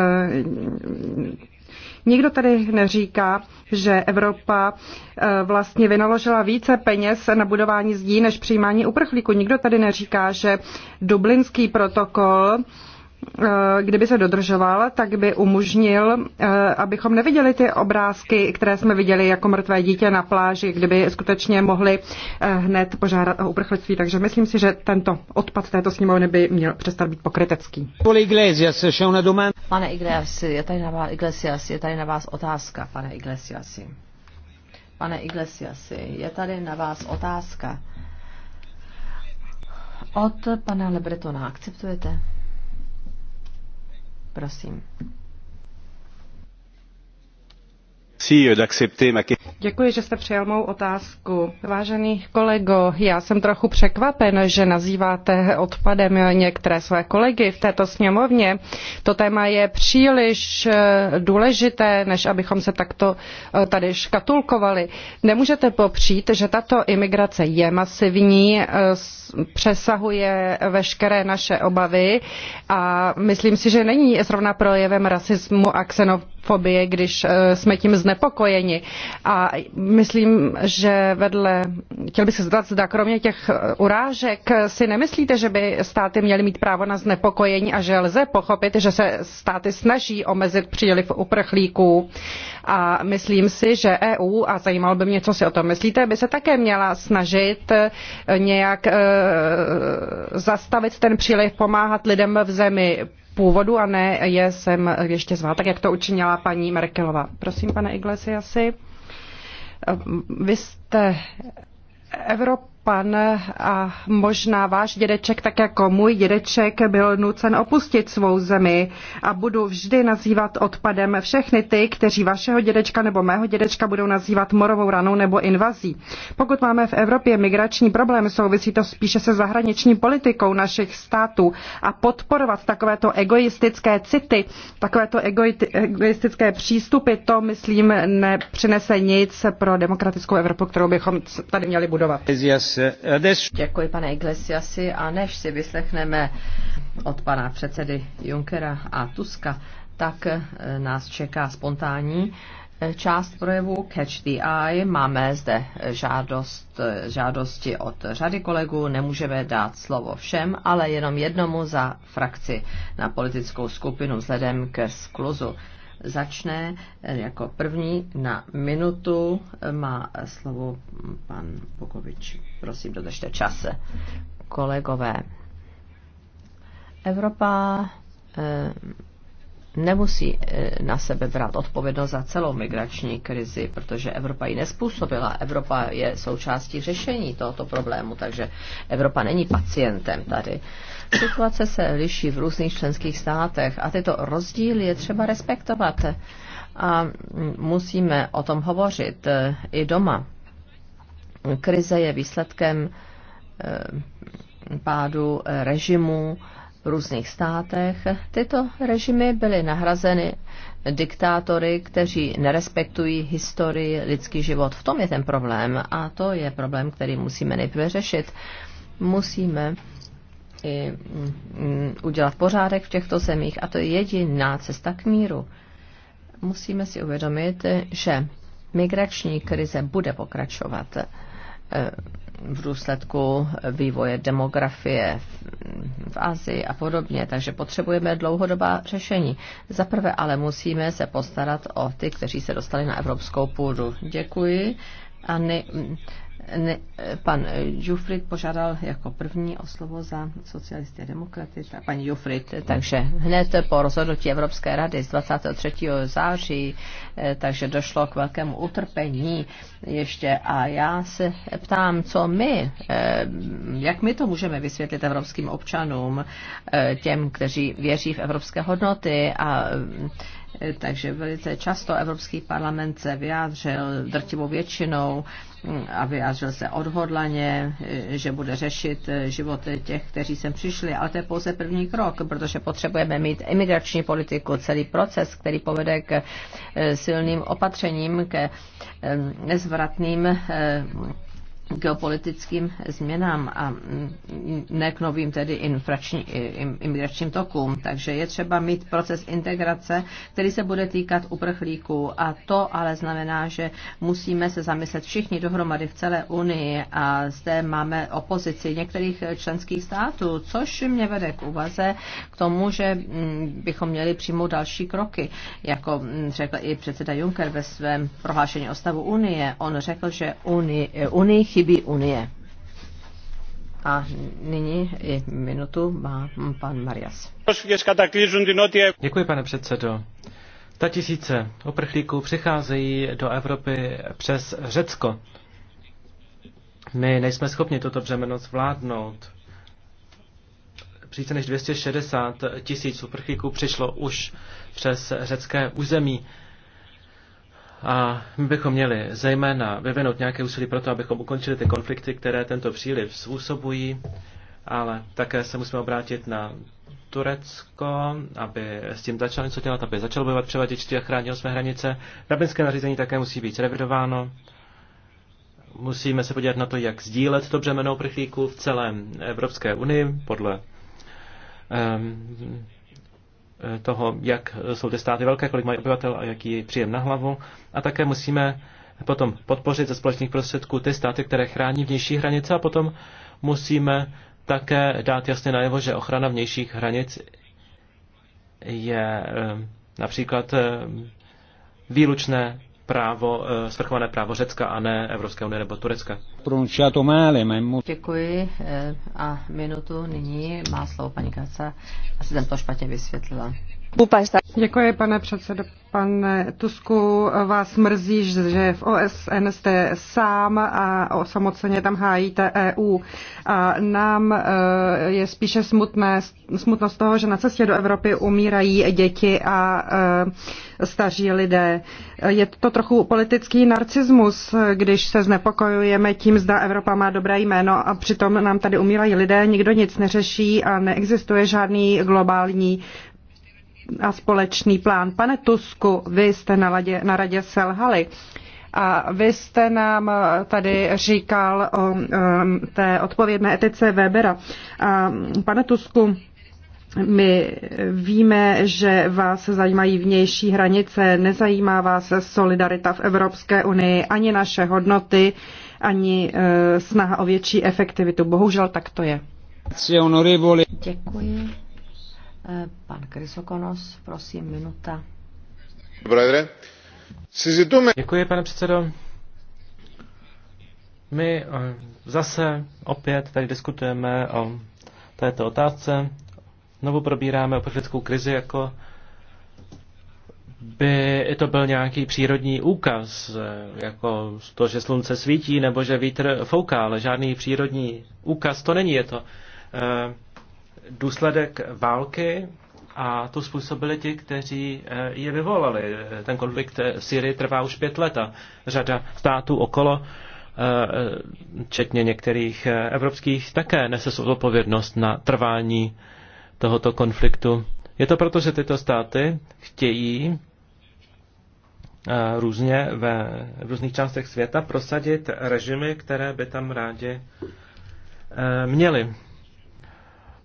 nikdo tady neříká, že Evropa e, vlastně vynaložila více peněz na budování zdí než přijímání uprchlíků. Nikdo tady neříká, že Dublinský protokol Eh, kdyby se dodržoval, tak by umožnil, eh, abychom neviděli ty obrázky, které jsme viděli jako mrtvé dítě na pláži, kdyby skutečně mohli eh, hned požádat o uprchlictví. Takže myslím si, že tento odpad této sněmovny by měl přestat být pokrytecký. Pane Iglesias, je tady na vás, Iglesias, je tady na vás otázka, pane Iglesias. Pane Iglesias, je tady na vás otázka. Od pana Lebretona akceptujete? Prosím. Eh, Děkuji, že jste přijal mou otázku. Vážený kolego, já jsem trochu překvapen, že nazýváte odpadem některé své kolegy v této sněmovně. To téma je příliš eh, důležité, než abychom se takto eh, tady škatulkovali. Nemůžete popřít, že tato imigrace je masivní, přesahuje veškeré naše obavy a myslím si, že není zrovna projevem rasismu a xenofobie, když jsme tím zna znepokojeni. A myslím, že vedle, chtěl bych se zeptat, zda kromě těch eh, urážek si nemyslíte, že by státy měly mít právo na znepokojení a že lze pochopit, že se státy snaží omezit příliv uprchlíků. A myslím si, že EU, a zajímalo by mě, co si o tom myslíte, by se také měla snažit eh, nějak eh, zastavit ten příliv, pomáhat lidem v zemi původu a ne je sem ještě zvát, tak jak to učinila paní Merkelová. Prosím, pane Iglesiasi, vy jste Evropa pan a možná váš dědeček, tak jako můj dědeček, byl nucen opustit svou zemi a budu vždy nazývat odpadem všechny ty, kteří vašeho dědečka nebo mého dědečka budou nazývat morovou ranou nebo invazí. Pokud máme v Evropě migrační problém, souvisí to spíše se zahraniční politikou našich států a podporovat takovéto egoistické city, takovéto egoistické přístupy, to myslím nepřinese nic pro demokratickou Evropu, kterou bychom tady měli budovat. yes. Eh, Děkuji, pane Iglesiasi. A než si vyslechneme od pana předsedy Junckera a Tuska, tak eh, nás čeká spontánní eh, část projevu Catch the Eye. Máme zde žádost, žádosti od řady kolegů, nemůžeme dát slovo všem, ale jenom jednomu za frakci na politickou skupinu vzhledem ke skluzu začne eh, jako první na minutu. Eh, má slovo pan Pokovič. Prosím, dodržte čase, Kolegové, Evropa eh, nemusí na sebe brát odpovědnost za celou migrační krizi, protože Evropa ji nespůsobila. Evropa je součástí řešení tohoto problému, takže Evropa není pacientem tady. Situace se liší v různých členských státech a tyto rozdíly je třeba respektovat a musíme o tom hovořit e, i doma. Krize je výsledkem e, pádu režimu v různých státech. Tyto režimy byly nahrazeny diktátory, kteří nerespektují historii, lidský život. V tom je ten problém a to je problém, který musíme nejprve řešit. Musíme i mm, udělat pořádek v těchto zemích a to je jediná cesta k míru. Musíme si uvědomit, že migrační krize bude pokračovat e, v důsledku vývoje demografie v Asii a podobně, takže potřebujeme dlouhodobá řešení. Za prvé ale musíme se postarat o ty, kteří se dostali na evropskou půdu. Děkuji. A ne, ne, pan Jufrid požádal jako první o slovo za socialisty a demokraty, ta paní Jufrid, takže hned po rozhodnutí Evropské rady z 23. září, eh, takže došlo k velkému utrpení ještě a já se ptám, co my, eh, jak my to můžeme vysvětlit evropským občanům, eh, těm, kteří věří v evropské hodnoty a takže velice často Evropský parlament se vyjádřil drtivou většinou a vyjádřil se odhodlaně, že bude řešit životy těch, kteří sem přišli. Ale to je pouze první krok, protože potřebujeme mít imigrační politiku, celý proces, který povede k eh, silným opatřením, ke eh, nezvratným eh, geopolitickým změnám a ne k novým tedy imigračním tokům. Takže je třeba mít proces integrace, který se bude týkat uprchlíků a to ale znamená, že musíme se zamyslet všichni dohromady v celé Unii a zde máme opozici některých členských států, což mě vede k úvaze k tomu, že mm, bychom měli přijmout další kroky. Jako mm, řekl i předseda Juncker ve svém prohlášení o stavu Unie, on řekl, že Unii, Unii chybí Unie. A nyní i minutu má pan Marias. Děkuji, pane předsedo. Ta tisíce oprchlíků přicházejí do Evropy přes Řecko. My nejsme schopni toto břemeno zvládnout. Více než 260 tisíc uprchlíků přišlo už přes řecké území. A my bychom měli zejména vyvinout nějaké úsilí pro to, abychom ukončili ty konflikty, které tento příliv způsobují, ale také se musíme obrátit na Turecko, aby s tím začal něco dělat, aby začal bojovat převaděčství a chránil své hranice. Dublinské nařízení také musí být revidováno. Musíme se podívat na to, jak sdílet to břemeno prchlíků v celém Evropské unii podle um, Eh, toho, jak jsou ty státy velké, kolik mají obyvatel a jaký je příjem na hlavu. A také musíme potom podpořit ze společných prostředků ty státy, které chrání vnější hranice a potom musíme také dát jasně najevo, že ochrana vnějších hranic je eh, například eh, výlučné právo, eh, svrchované právo Řecka a ne Evropské unie nebo Turecka. Děkuji eh, a minutu nyní má slovo paní Kaca. Asi jsem to špatně vysvětlila. Děkuji, pane předsedo. Pane Tusku, vás mrzí, že v OSN jste sám a osamoceně tam hájíte EU. A nám eh, je spíše smutné, smutno z toho, že na cestě do Evropy umírají děti a eh, staří lidé. Je to trochu politický narcismus, když se znepokojujeme tím, zda Evropa má dobré jméno a přitom nám tady umírají lidé, nikdo nic neřeší a neexistuje žádný globální a společný plán. Pane Tusku, vy jste na, ladě, na radě selhali. A vy jste nám eh, tady říkal o eh, té odpovědné etice Webera. A pane Tusku, my víme, že vás zajímají vnější hranice, nezajímá vás solidarita v Evropské unii, ani naše hodnoty, ani eh, snaha o větší efektivitu. Bohužel tak to je. Děkuji. Eh, pan Krysokonos, prosím, minuta. Děkuji, pane předsedo. My eh, zase opět tady diskutujeme o této otázce. Znovu probíráme uprchlickou krizi jako by to byl nějaký přírodní úkaz, eh, jako to, že slunce svítí nebo že vítr fouká, ale žádný přírodní úkaz to není. Je to důsledek války a to způsobili ti, kteří eh, je vyvolali. Ten konflikt v Syrii trvá už pět let a řada států okolo, eh, včetně některých eh, evropských, také nese svou odpovědnost na trvání tohoto konfliktu. Je to proto, že tyto státy chtějí různě ve v různých částech světa prosadit režimy, které by tam rádi měli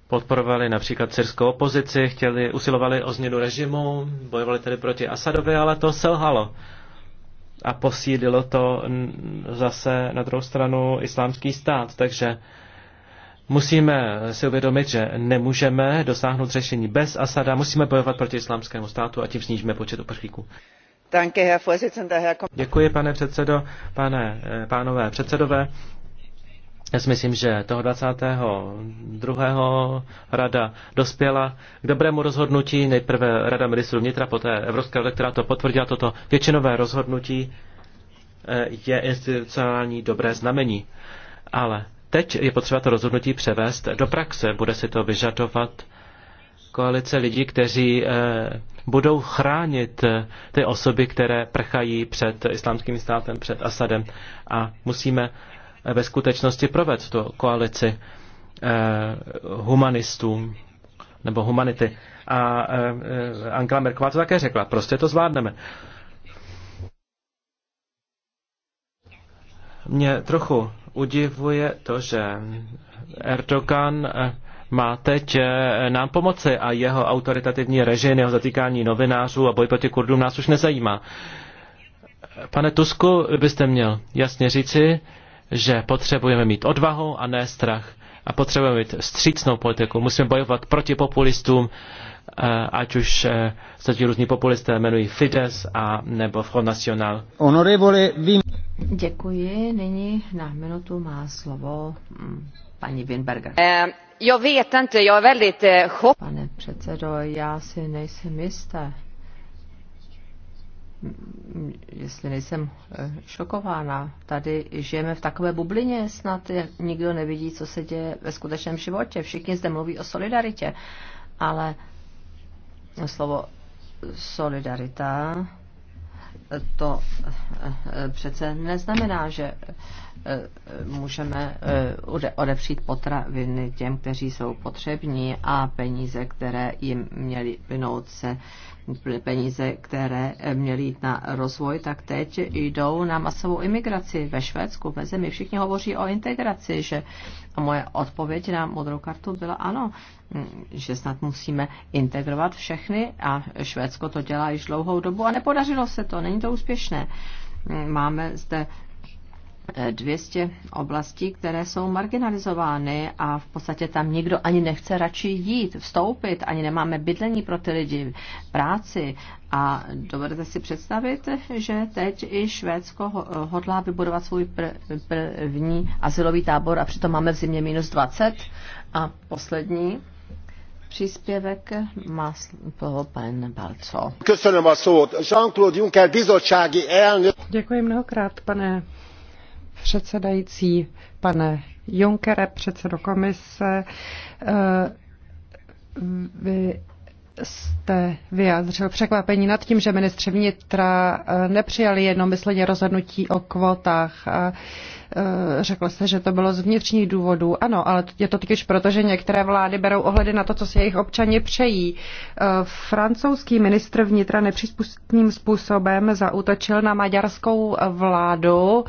podporovali například syrskou opozici, chtěli, usilovali o změnu režimu, bojovali tedy proti Asadovi, ale to selhalo. A posídilo to zase na druhou stranu islámský stát, takže musíme si uvědomit, že nemůžeme dosáhnout řešení bez Asada, musíme bojovat proti islámskému státu a tím snížíme počet uprchlíků. Děkuji, pane předsedo, pane, eh, pánové předsedové. Já si myslím, že toho 22. rada dospěla k dobrému rozhodnutí, nejprve Rada ministrů vnitra, poté Evropská rada, která to potvrdila, toto většinové rozhodnutí eh, je institucionální dobré znamení. Ale teď je potřeba to rozhodnutí převést do praxe. Bude si to vyžadovat koalice lidí, kteří eh, budou chránit eh, ty osoby, které prchají před islámským státem, před Asadem. A musíme ve skutečnosti proved tu koalici eh, humanistů nebo humanity. A eh, Angela Merklová to také řekla, prostě to zvládneme. Mě trochu udivuje to, že Erdogan eh, má teď nám pomoci a jeho autoritativní režim, jeho zatýkání novinářů a boj proti Kurdům nás už nezajímá. Pane Tusku, byste měl jasně říci, že potřebujeme mít odvahu a ne strach a potřebujeme mít střícnou politiku. Musíme bojovat proti populistům, eh, ať už eh, se ti různí populisté jmenují Fides a nebo Front National. Děkuji. Nyní na minutu má slovo mm, paní Winberger. Eh, já Pane předsedo, já si nejsem jistá jestli nejsem eh, šokována, tady žijeme v takové bublině, snad nikdo nevidí, co se děje ve skutečném životě. Všichni zde mluví o solidaritě, ale slovo solidarita eh, to eh, přece neznamená, že můžeme odepřít potraviny těm, kteří jsou potřební a peníze, které jim měly vynout se peníze, které měly jít na rozvoj, tak teď jdou na masovou imigraci ve Švédsku, ve zemi. Všichni hovoří o integraci, že a moje odpověď na modrou kartu byla ano, že snad musíme integrovat všechny a Švédsko to dělá již dlouhou dobu a nepodařilo se to, není to úspěšné. Máme zde 200 oblastí, které jsou marginalizovány a v podstatě tam nikdo ani nechce radši jít, vstoupit, ani nemáme bydlení pro ty lidi, práci. A dovedete si představit, že teď i Švédsko hodlá vybudovat svůj první asilový tábor a přitom máme v zimě minus 20. A poslední příspěvek má slovo pan Balco. Děkuji mnohokrát, pane předsedající, pane Junkere, předsedo komise, eh, vy jste vyjádřil překvapení nad tím, že ministři vnitra eh, nepřijali jednomyslně rozhodnutí o kvotách. A eh, řekl jste, že to bylo z vnitřních důvodů. Ano, ale je to totiž proto, že některé vlády berou ohledy na to, co si jejich občani přejí. Francouzský ministr vnitra nepřípustným způsobem zautočil na maďarskou vládu,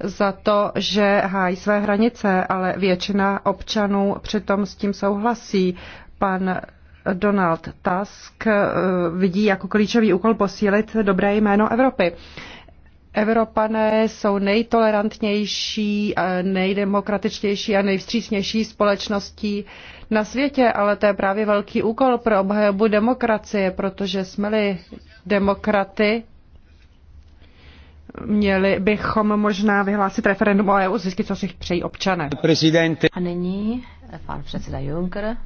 za to, že hájí své hranice, ale většina občanů přitom s tím souhlasí. Pan Donald Tusk eh, vidí jako klíčový úkol posílit dobré jméno Evropy. Evropané jsou nejtolerantnější, eh, nejdemokratičtější a nejvstřícnější společností na světě, ale to je právě velký úkol pro obhajobu demokracie, protože jsme-li demokraty, měli bychom možná vyhlásit referendum o EU, zjistit, co si přejí občané. Prezidente. A nyní pan předseda Juncker,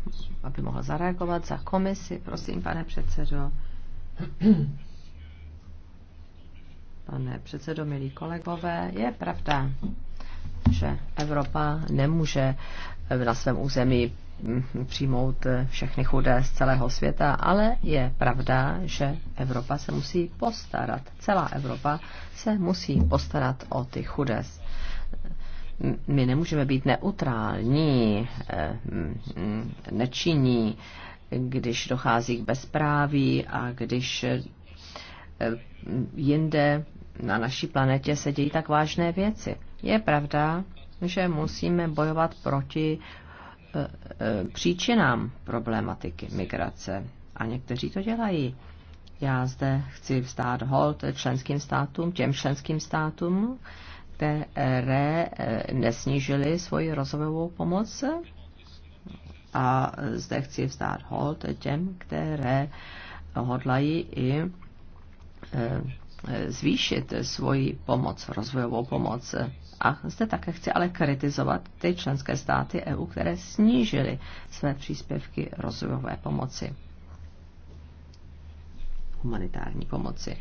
aby mohl zareagovat za komisi. Prosím, pane předsedo. Pane předsedo, milí kolegové, je pravda, že Evropa nemůže na svém území přijmout eh, všechny chudé z celého světa, ale je pravda, že Evropa se musí postarat, celá Evropa se musí postarat o ty chudé. My nemůžeme být neutrální, eh, nečinní, když dochází k bezpráví a když eh, jinde na naší planetě se dějí tak vážné věci. Je pravda, že musíme bojovat proti Eh, příčinám problematiky migrace. A někteří to dělají. Já zde chci vstát hold členským státům, těm členským státům, které eh, nesnížily svoji rozvojovou pomoc. A zde chci vstát hold těm, které hodlají i eh, Eh, zvýšit svoji pomoc, rozvojovou pomoc. A zde také chci ale kritizovat ty členské státy EU, které snížily své příspěvky rozvojové pomoci, humanitární pomoci.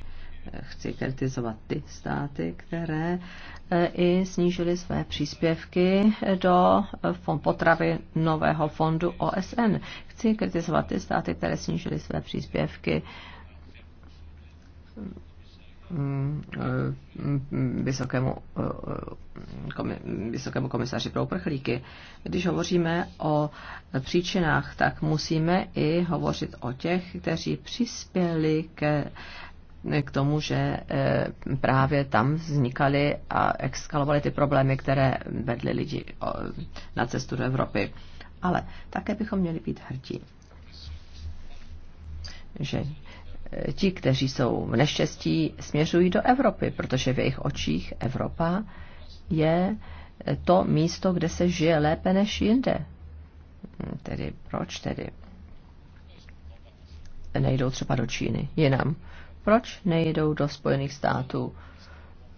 Eh, chci kritizovat ty státy, které eh, i snížily své příspěvky do potravy nového fondu OSN. Chci kritizovat ty státy, které snížily své příspěvky Mm, eh, vysokému, eh, vysokému komisaři pro uprchlíky. Když hovoříme o příčinách, tak musíme i hovořit o těch, kteří přispěli ke k tomu, že eh, právě tam vznikaly a exkalovaly ty problémy, které vedly lidi na cestu do Evropy. Ale také bychom měli být hrdí, že ti, kteří jsou v neštěstí, směřují do Evropy, protože v jejich očích Evropa je to místo, kde se žije lépe než jinde. Tedy proč tedy nejdou třeba do Číny, jinam? Proč nejdou do Spojených států?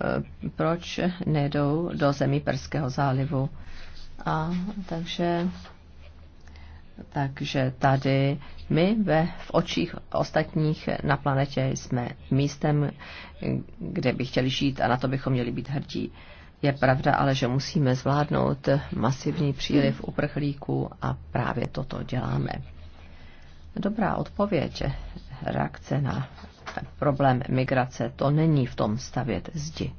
Eh, proč nejdou do zemí Perského zálivu? A takže, takže tady my ve, v očích ostatních na planetě jsme místem, kde by chtěli žít a na to bychom měli být hrdí. Je pravda ale, že musíme zvládnout masivní příliv uprchlíků a právě toto děláme. Dobrá odpověď, reakce na problém migrace, to není v tom stavět zdi.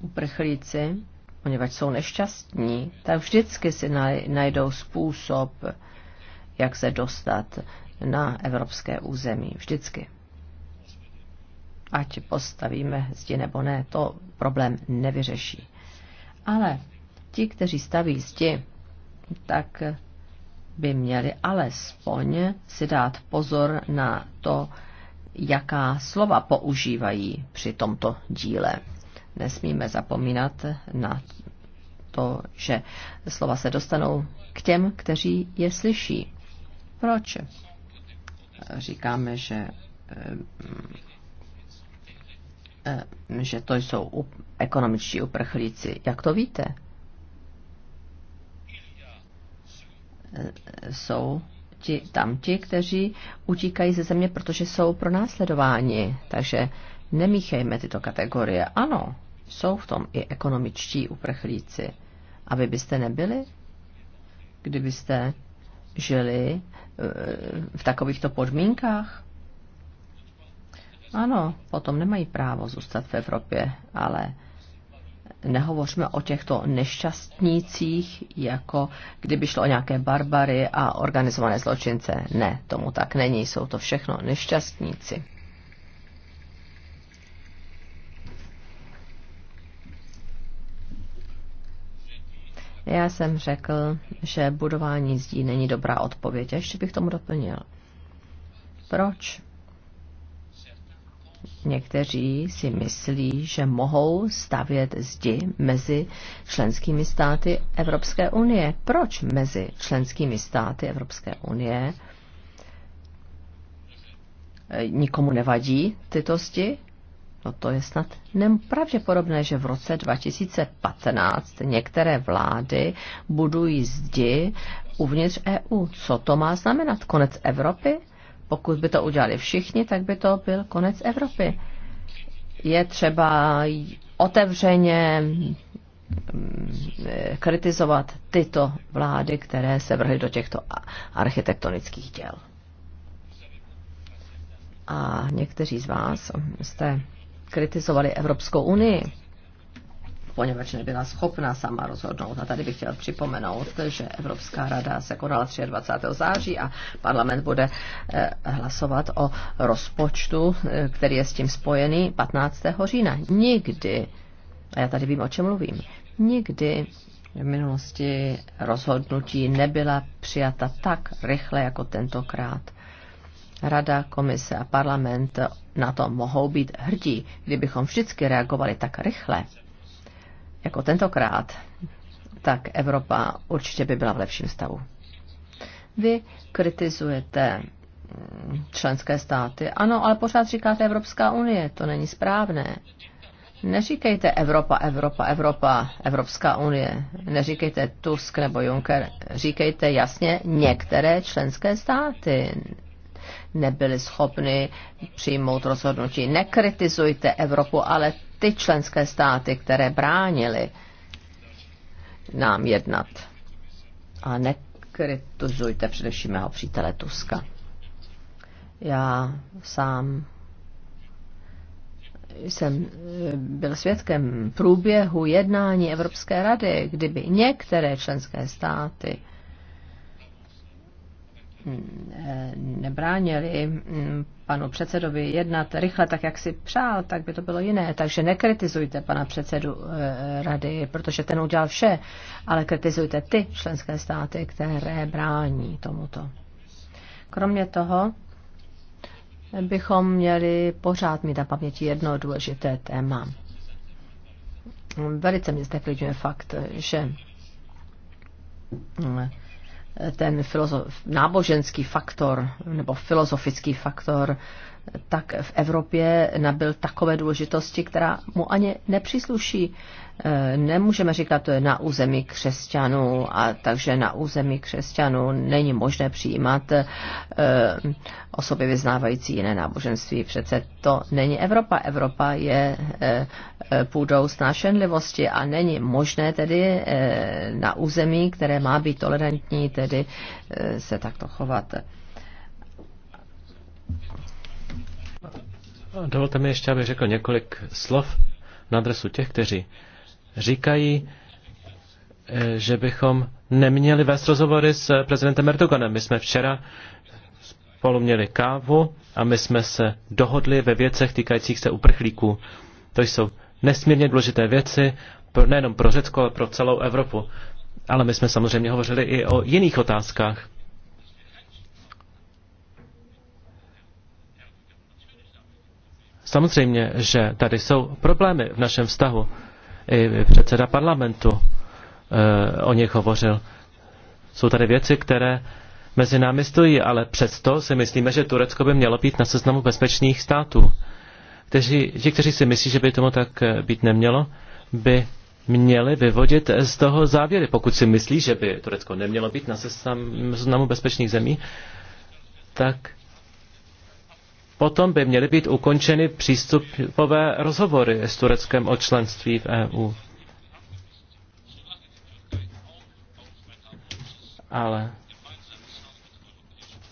Uprchlíci, poněvadž jsou nešťastní, tak vždycky si najdou způsob, jak se dostat na evropské území vždycky. Ať postavíme zdi nebo ne, to problém nevyřeší. Ale ti, kteří staví zdi, tak by měli alespoň si dát pozor na to, jaká slova používají při tomto díle. Nesmíme zapomínat na to, že slova se dostanou k těm, kteří je slyší. Proč říkáme, že eh, eh, že to jsou ekonomičtí uprchlíci. Jak to víte? Eh, jsou ti, tam ti, kteří utíkají ze země, protože jsou pro následování. Takže nemíchejme tyto kategorie. Ano, jsou v tom i ekonomičtí uprchlíci. A vy byste nebyli, kdybyste žili eh, v takovýchto podmínkách? Ano, potom nemají právo zůstat v Evropě, ale nehovořme o těchto nešťastnících, jako kdyby šlo o nějaké barbary a organizované zločince. Ne, tomu tak není, jsou to všechno nešťastníci. Já jsem řekl, že budování zdí není dobrá odpověď. Ještě bych tomu doplnil. Proč? Někteří si myslí, že mohou stavět zdi mezi členskými státy Evropské unie. Proč mezi členskými státy Evropské unie? Nikomu nevadí tyto zdi? No to je snad nepravděpodobné, že v roce 2015 některé vlády budují zdi uvnitř EU. Co to má znamenat? Konec Evropy? Pokud by to udělali všichni, tak by to byl konec Evropy. Je třeba otevřeně mm, eh, kritizovat tyto vlády, které se vrhly do těchto architektonických děl. A někteří z vás jste kritizovali Evropskou unii, poněvadž nebyla schopná sama rozhodnout. A tady bych chtěl připomenout, že Evropská rada se konala 23. září a parlament bude eh, hlasovat o rozpočtu, eh, který je s tím spojený 15. října. Nikdy, a já tady vím, o čem mluvím, nikdy v minulosti rozhodnutí nebyla přijata tak rychle jako tentokrát. Rada, komise a parlament na to mohou být hrdí, kdybychom vždycky reagovali tak rychle, jako tentokrát, tak Evropa určitě by byla v lepším stavu. Vy kritizujete mm, členské státy. Ano, ale pořád říkáte Evropská unie, to není správné. Neříkejte Evropa, Evropa, Evropa, Evropská unie. Neříkejte Tusk nebo Juncker. Říkejte jasně některé členské státy nebyly schopny přijmout rozhodnutí. Nekritizujte Evropu, ale ty členské státy, které bránily nám jednat. A nekritizujte především mého přítele Tuska. Já sám jsem eh, byl svědkem průběhu jednání Evropské rady, kdyby některé členské státy Eh, nebránili mm, panu předsedovi jednat rychle tak, jak si přál, tak by to bylo jiné. Takže nekritizujte pana předsedu eh, rady, protože ten udělal vše, ale kritizujte ty členské státy, které brání tomuto. Kromě toho bychom měli pořád mít na paměti jedno důležité téma. Velice mě zde fakt, že eh, ten filozof, náboženský faktor nebo filozofický faktor tak v Evropě nabil takové důležitosti, která mu ani nepřísluší. E, nemůžeme říkat, to je na území křesťanů a takže na území křesťanů není možné přijímat e, osoby vyznávající jiné náboženství. Přece to není Evropa. Evropa je e, půdou snášenlivosti a není možné tedy na území, které má být tolerantní, tedy se takto chovat. Dovolte mi ještě, abych řekl několik slov na adresu těch, kteří říkají, eh, že bychom neměli vést rozhovory s prezidentem Erdoganem. My jsme včera spolu měli kávu a my jsme se dohodli ve věcech týkajících se uprchlíků. To jsou nesmírně důležité věci, nejenom pro Řecko, ale pro celou Evropu. Ale my jsme samozřejmě hovořili i o jiných otázkách. Samozřejmě, že tady jsou problémy v našem vztahu. I předseda parlamentu e, o nich hovořil. Jsou tady věci, které mezi námi stojí, ale přesto si myslíme, že Turecko by mělo být na seznamu bezpečných států. Kteří, ti, kteří si myslí, že by tomu tak eh, být nemělo, by měli vyvodit z toho závěry. Pokud si myslí, že by Turecko nemělo být na seznamu bezpečných zemí, tak Potom by měly být ukončeny přístupové rozhovory s Tureckem o členství v EU. Ale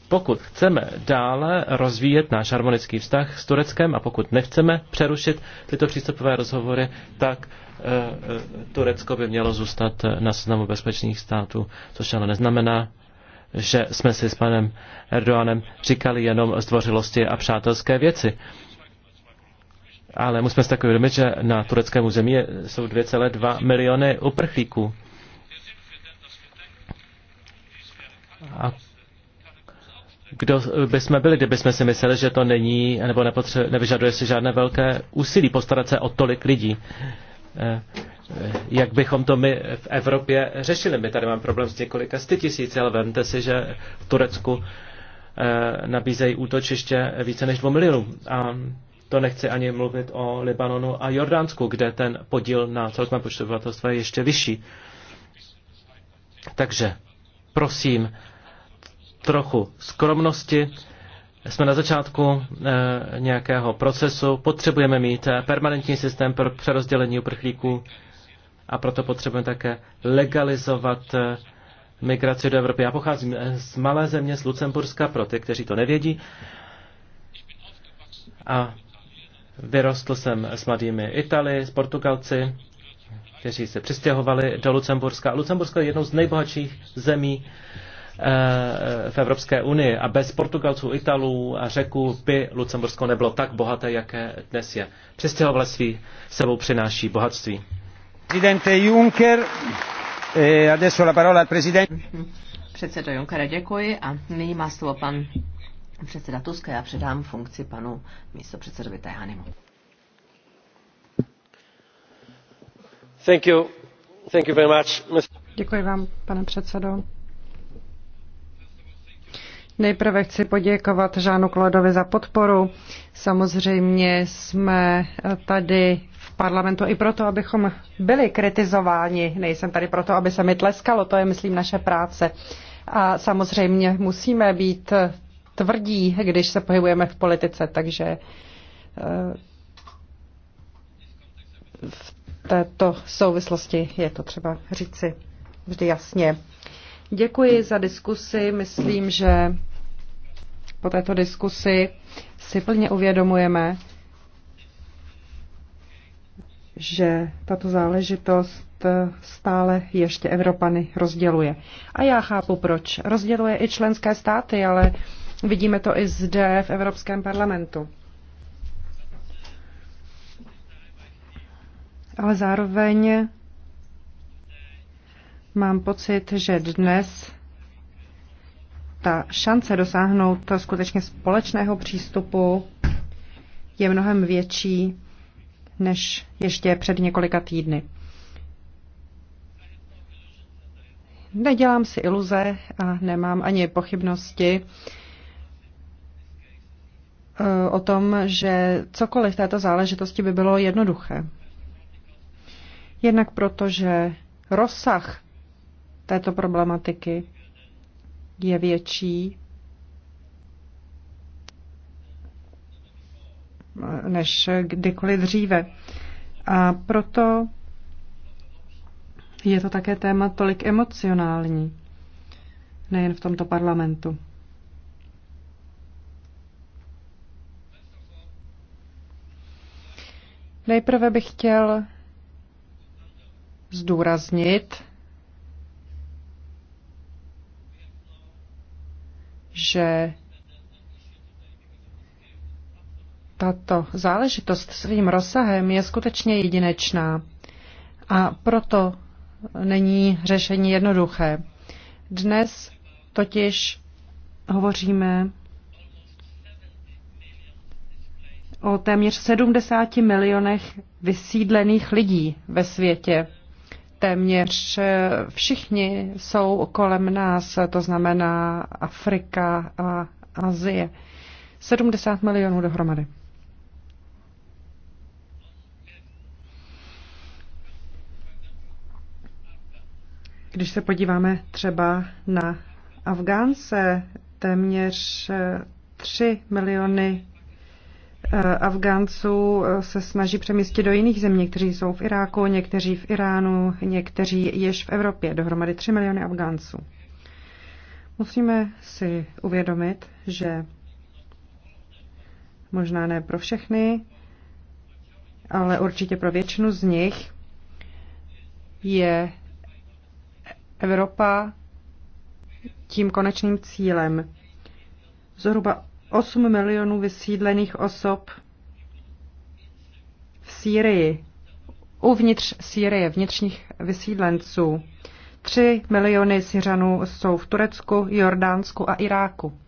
pokud chceme dále rozvíjet náš harmonický vztah s Tureckem a pokud nechceme přerušit tyto přístupové rozhovory, tak eh, eh, Turecko by mělo zůstat na seznamu bezpečných států, což ale neznamená, že jsme si s panem Erdoganem říkali jenom zdvořilosti a přátelské věci. Ale musíme si tak uvědomit, že na tureckém území jsou 2,2 miliony uprchlíků. A kdo by jsme byli, kdyby jsme si mysleli, že to není, nebo nevyžaduje si žádné velké úsilí postarat se o tolik lidí. Eh, Eh, jak bychom to my v Evropě řešili. My tady máme problém s několika sty tisíci, ale vemte si, že v Turecku eh, nabízejí útočiště více než 2 milionů. A to nechci ani mluvit o Libanonu a Jordánsku, kde ten podíl na celkovém počtu obyvatelstva je ještě vyšší. Takže prosím, trochu skromnosti. Jsme na začátku e, nějakého procesu, potřebujeme mít permanentní systém pro přerozdělení uprchlíků a proto potřebujeme také legalizovat eh, migraci do Evropy. Já pocházím eh, z malé země, z Lucemburska, pro ty, kteří to nevědí. A vyrostl jsem s mladými Itali, s Portugalci, kteří se přistěhovali do Lucemburska. A Lucembursko je jednou z nejbohatších zemí eh, v Evropské unii a bez Portugalců, Italů a Řeků by Lucembursko nebylo tak bohaté, jaké dnes je. Přistěhovalství sebou přináší bohatství. Presidente Juncker, eh, adesso la parola al presidente. Předsedo Junckere, děkuji a nyní má slovo pan předseda Tusk a Já předám funkci panu místopředsedovi Tajanimu. Thank you. Thank you very much. Děkuji vám, pane předsedo. Nejprve chci poděkovat Žánu Klodovi za podporu. Samozřejmě jsme tady parlamentu i proto, abychom byli kritizováni. Nejsem tady proto, aby se mi tleskalo, to je, myslím, naše práce. A samozřejmě musíme být tvrdí, když se pohybujeme v politice, takže eh, v této souvislosti je to třeba říci vždy jasně. Děkuji za diskusi. Myslím, že po této diskusi si plně uvědomujeme, že tato záležitost eh, stále ještě Evropany rozděluje. A já chápu proč. Rozděluje i členské státy, ale vidíme to i zde v Evropském parlamentu. Ale zároveň mám pocit, že dnes ta šance dosáhnout skutečně společného přístupu je mnohem větší než ještě před několika týdny. Nedělám si iluze a nemám ani pochybnosti eh, o tom, že cokoliv této záležitosti by bylo jednoduché. Jednak proto, že rozsah této problematiky je větší než kdykoliv dříve. A proto je to také téma tolik emocionální, nejen v tomto parlamentu. Nejprve bych chtěl zdůraznit, že tato záležitost svým rozsahem je skutečně jedinečná a proto není řešení jednoduché. Dnes totiž hovoříme o téměř 70 milionech vysídlených lidí ve světě. Téměř eh, všichni jsou kolem nás, to znamená Afrika a Azie. 70 milionů dohromady. Když se podíváme třeba na Afgánce, téměř 3 eh, miliony eh, Afgánců eh, se snaží přemístit do jiných zemí. kteří jsou v Iráku, někteří v Iránu, někteří jež v Evropě. Dohromady 3 miliony Afgánců. Musíme si uvědomit, že možná ne pro všechny, ale určitě pro většinu z nich je Evropa tím konečným cílem. Zhruba 8 milionů vysídlených osob v Sýrii, uvnitř Sýrie, vnitřních vysídlenců. 3 miliony Syřanů jsou v Turecku, Jordánsku a Iráku.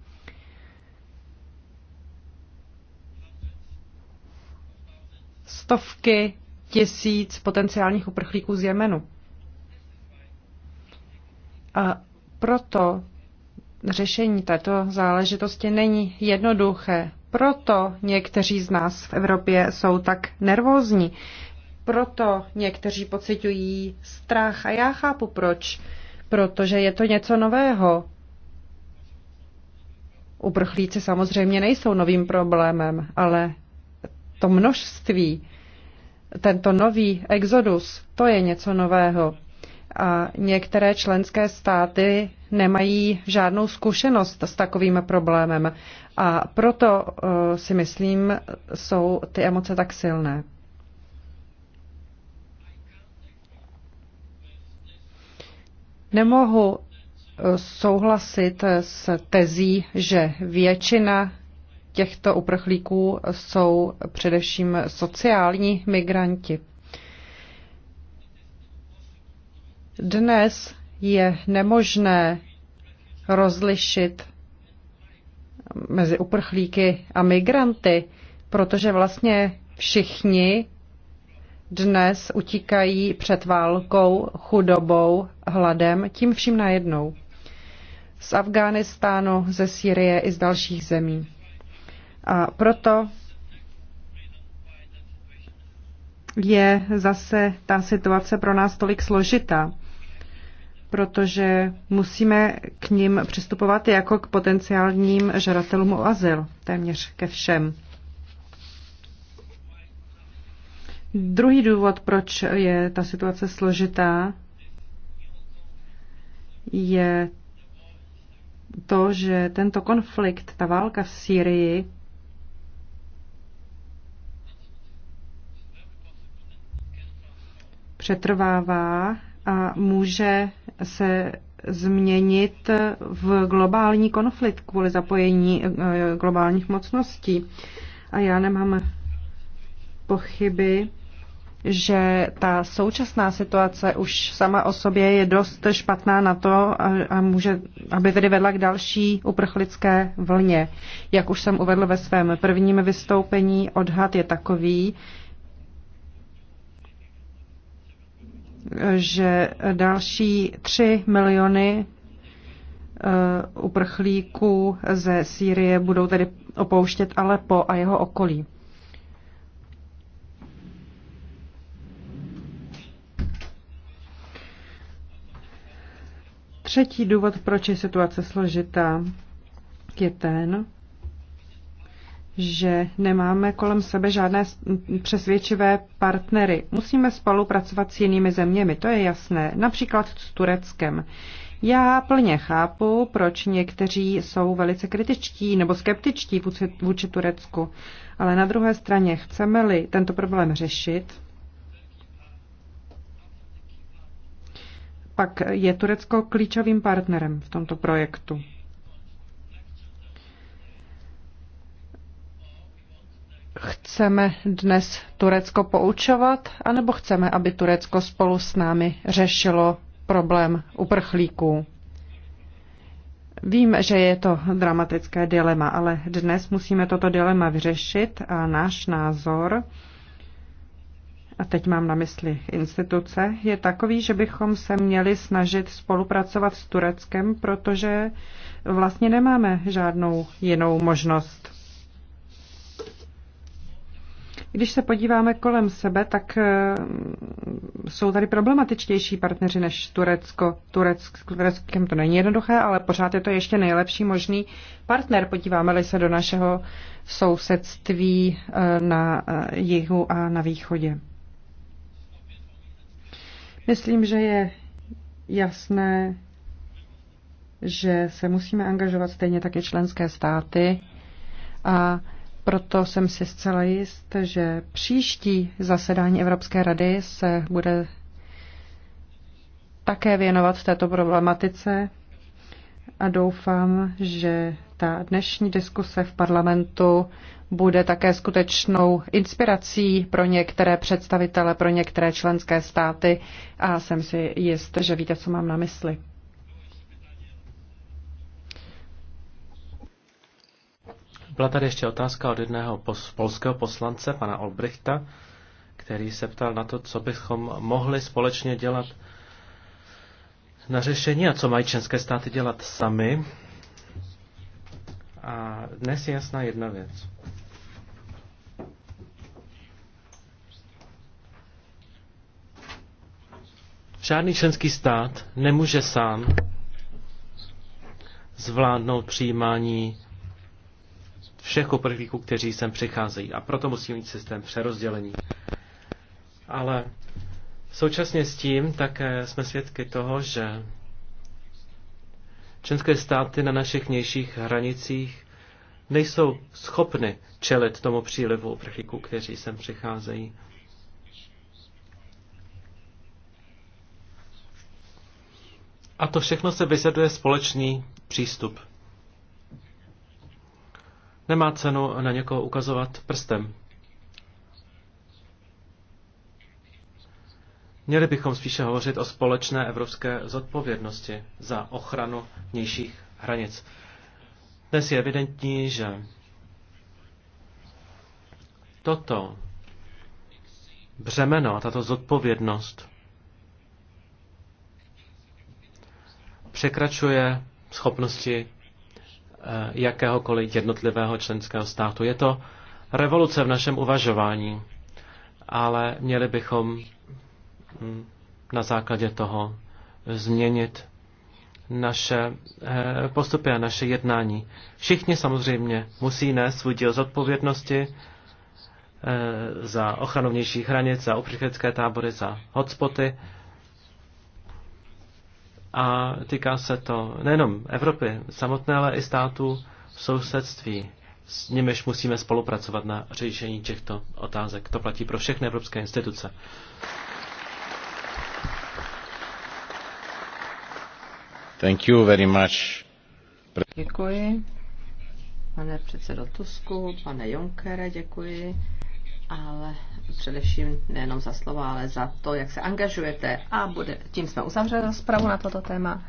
Stovky tisíc potenciálních uprchlíků z Jemenu. A proto řešení této záležitosti není jednoduché. Proto někteří z nás v Evropě jsou tak nervózní. Proto někteří pocitují strach. A já chápu proč. Protože je to něco nového. Uprchlíci samozřejmě nejsou novým problémem, ale to množství, tento nový exodus, to je něco nového. A některé členské státy nemají žádnou zkušenost s takovým problémem. A proto uh, si myslím, jsou ty emoce tak silné. Nemohu uh, souhlasit s tezí, že většina těchto uprchlíků jsou především sociální migranti. Dnes je nemožné rozlišit mezi uprchlíky a migranty, protože vlastně všichni dnes utíkají před válkou, chudobou, hladem, tím vším najednou. Z Afghánistánu, ze Sýrie i z dalších zemí. A proto je zase ta situace pro nás tolik složitá protože musíme k ním přistupovat jako k potenciálním žadatelům o azyl, téměř ke všem. Druhý důvod, proč je ta situace složitá, je to, že tento konflikt, ta válka v Sýrii, přetrvává a může se změnit v globální konflikt kvůli zapojení eh, globálních mocností. A já nemám pochyby, že ta současná situace už sama o sobě je dost špatná na to, a, a může, aby tedy vedla k další uprchlické vlně. Jak už jsem uvedl ve svém prvním vystoupení, odhad je takový, že další 3 miliony eh, uprchlíků ze Sýrie budou tedy opouštět Alepo a jeho okolí. Třetí důvod, proč je situace složitá, je ten, že nemáme kolem sebe žádné přesvědčivé partnery. Musíme spolupracovat s jinými zeměmi, to je jasné, například s Tureckem. Já plně chápu, proč někteří jsou velice kritičtí nebo skeptičtí vůči Turecku, ale na druhé straně chceme-li tento problém řešit, pak je Turecko klíčovým partnerem v tomto projektu. Chceme dnes Turecko poučovat, anebo chceme, aby Turecko spolu s námi řešilo problém uprchlíků? Vím, že je to dramatické dilema, ale dnes musíme toto dilema vyřešit a náš názor, a teď mám na mysli instituce, je takový, že bychom se měli snažit spolupracovat s Tureckem, protože vlastně nemáme žádnou jinou možnost. Když se podíváme kolem sebe, tak eh, jsou tady problematičtější partneři než Turecko. Turecko Tureckem to není jednoduché, ale pořád je to ještě nejlepší možný partner. Podíváme-li se do našeho sousedství eh, na eh, jihu a na východě. Myslím, že je jasné, že se musíme angažovat stejně také členské státy a proto jsem si zcela jist, že příští zasedání Evropské rady se bude také věnovat této problematice a doufám, že ta dnešní diskuse v parlamentu bude také skutečnou inspirací pro některé představitele, pro některé členské státy a jsem si jist, že víte, co mám na mysli. Byla tady ještě otázka od jedného pos- polského poslance, pana Olbrichta, který se ptal na to, co bychom mohli společně dělat na řešení a co mají české státy dělat sami. A dnes je jasná jedna věc. Žádný členský stát nemůže sám zvládnout přijímání všech uprchlíků, kteří sem přicházejí. A proto musíme mít systém přerozdělení. Ale současně s tím také jsme svědky toho, že členské státy na našich vnějších hranicích nejsou schopny čelit tomu přílivu uprchlíků, kteří sem přicházejí. A to všechno se vyžaduje společný přístup. Nemá cenu na někoho ukazovat prstem. Měli bychom spíše hovořit o společné evropské zodpovědnosti za ochranu vnějších hranic. Dnes je evidentní, že toto břemeno, a tato zodpovědnost překračuje schopnosti Eh, jakéhokoliv jednotlivého členského státu. Je to revoluce v našem uvažování, ale měli bychom hm, na základě toho změnit naše eh, postupy a naše jednání. Všichni samozřejmě musí nést svůj díl zodpovědnosti eh, za ochranu vnějších hranic, za uprchlické tábory, za hotspoty, a týká se to nejenom Evropy samotné, ale i států v sousedství. S nimiž musíme spolupracovat na řešení těchto otázek. To platí pro všechny evropské instituce. Thank you very much. Děkuji. Pane předsedo Tusku, pane Junkere, děkuji ale především nejenom za slova, ale za to, jak se angažujete a bude, tím jsme uzavřeli rozpravu na toto téma.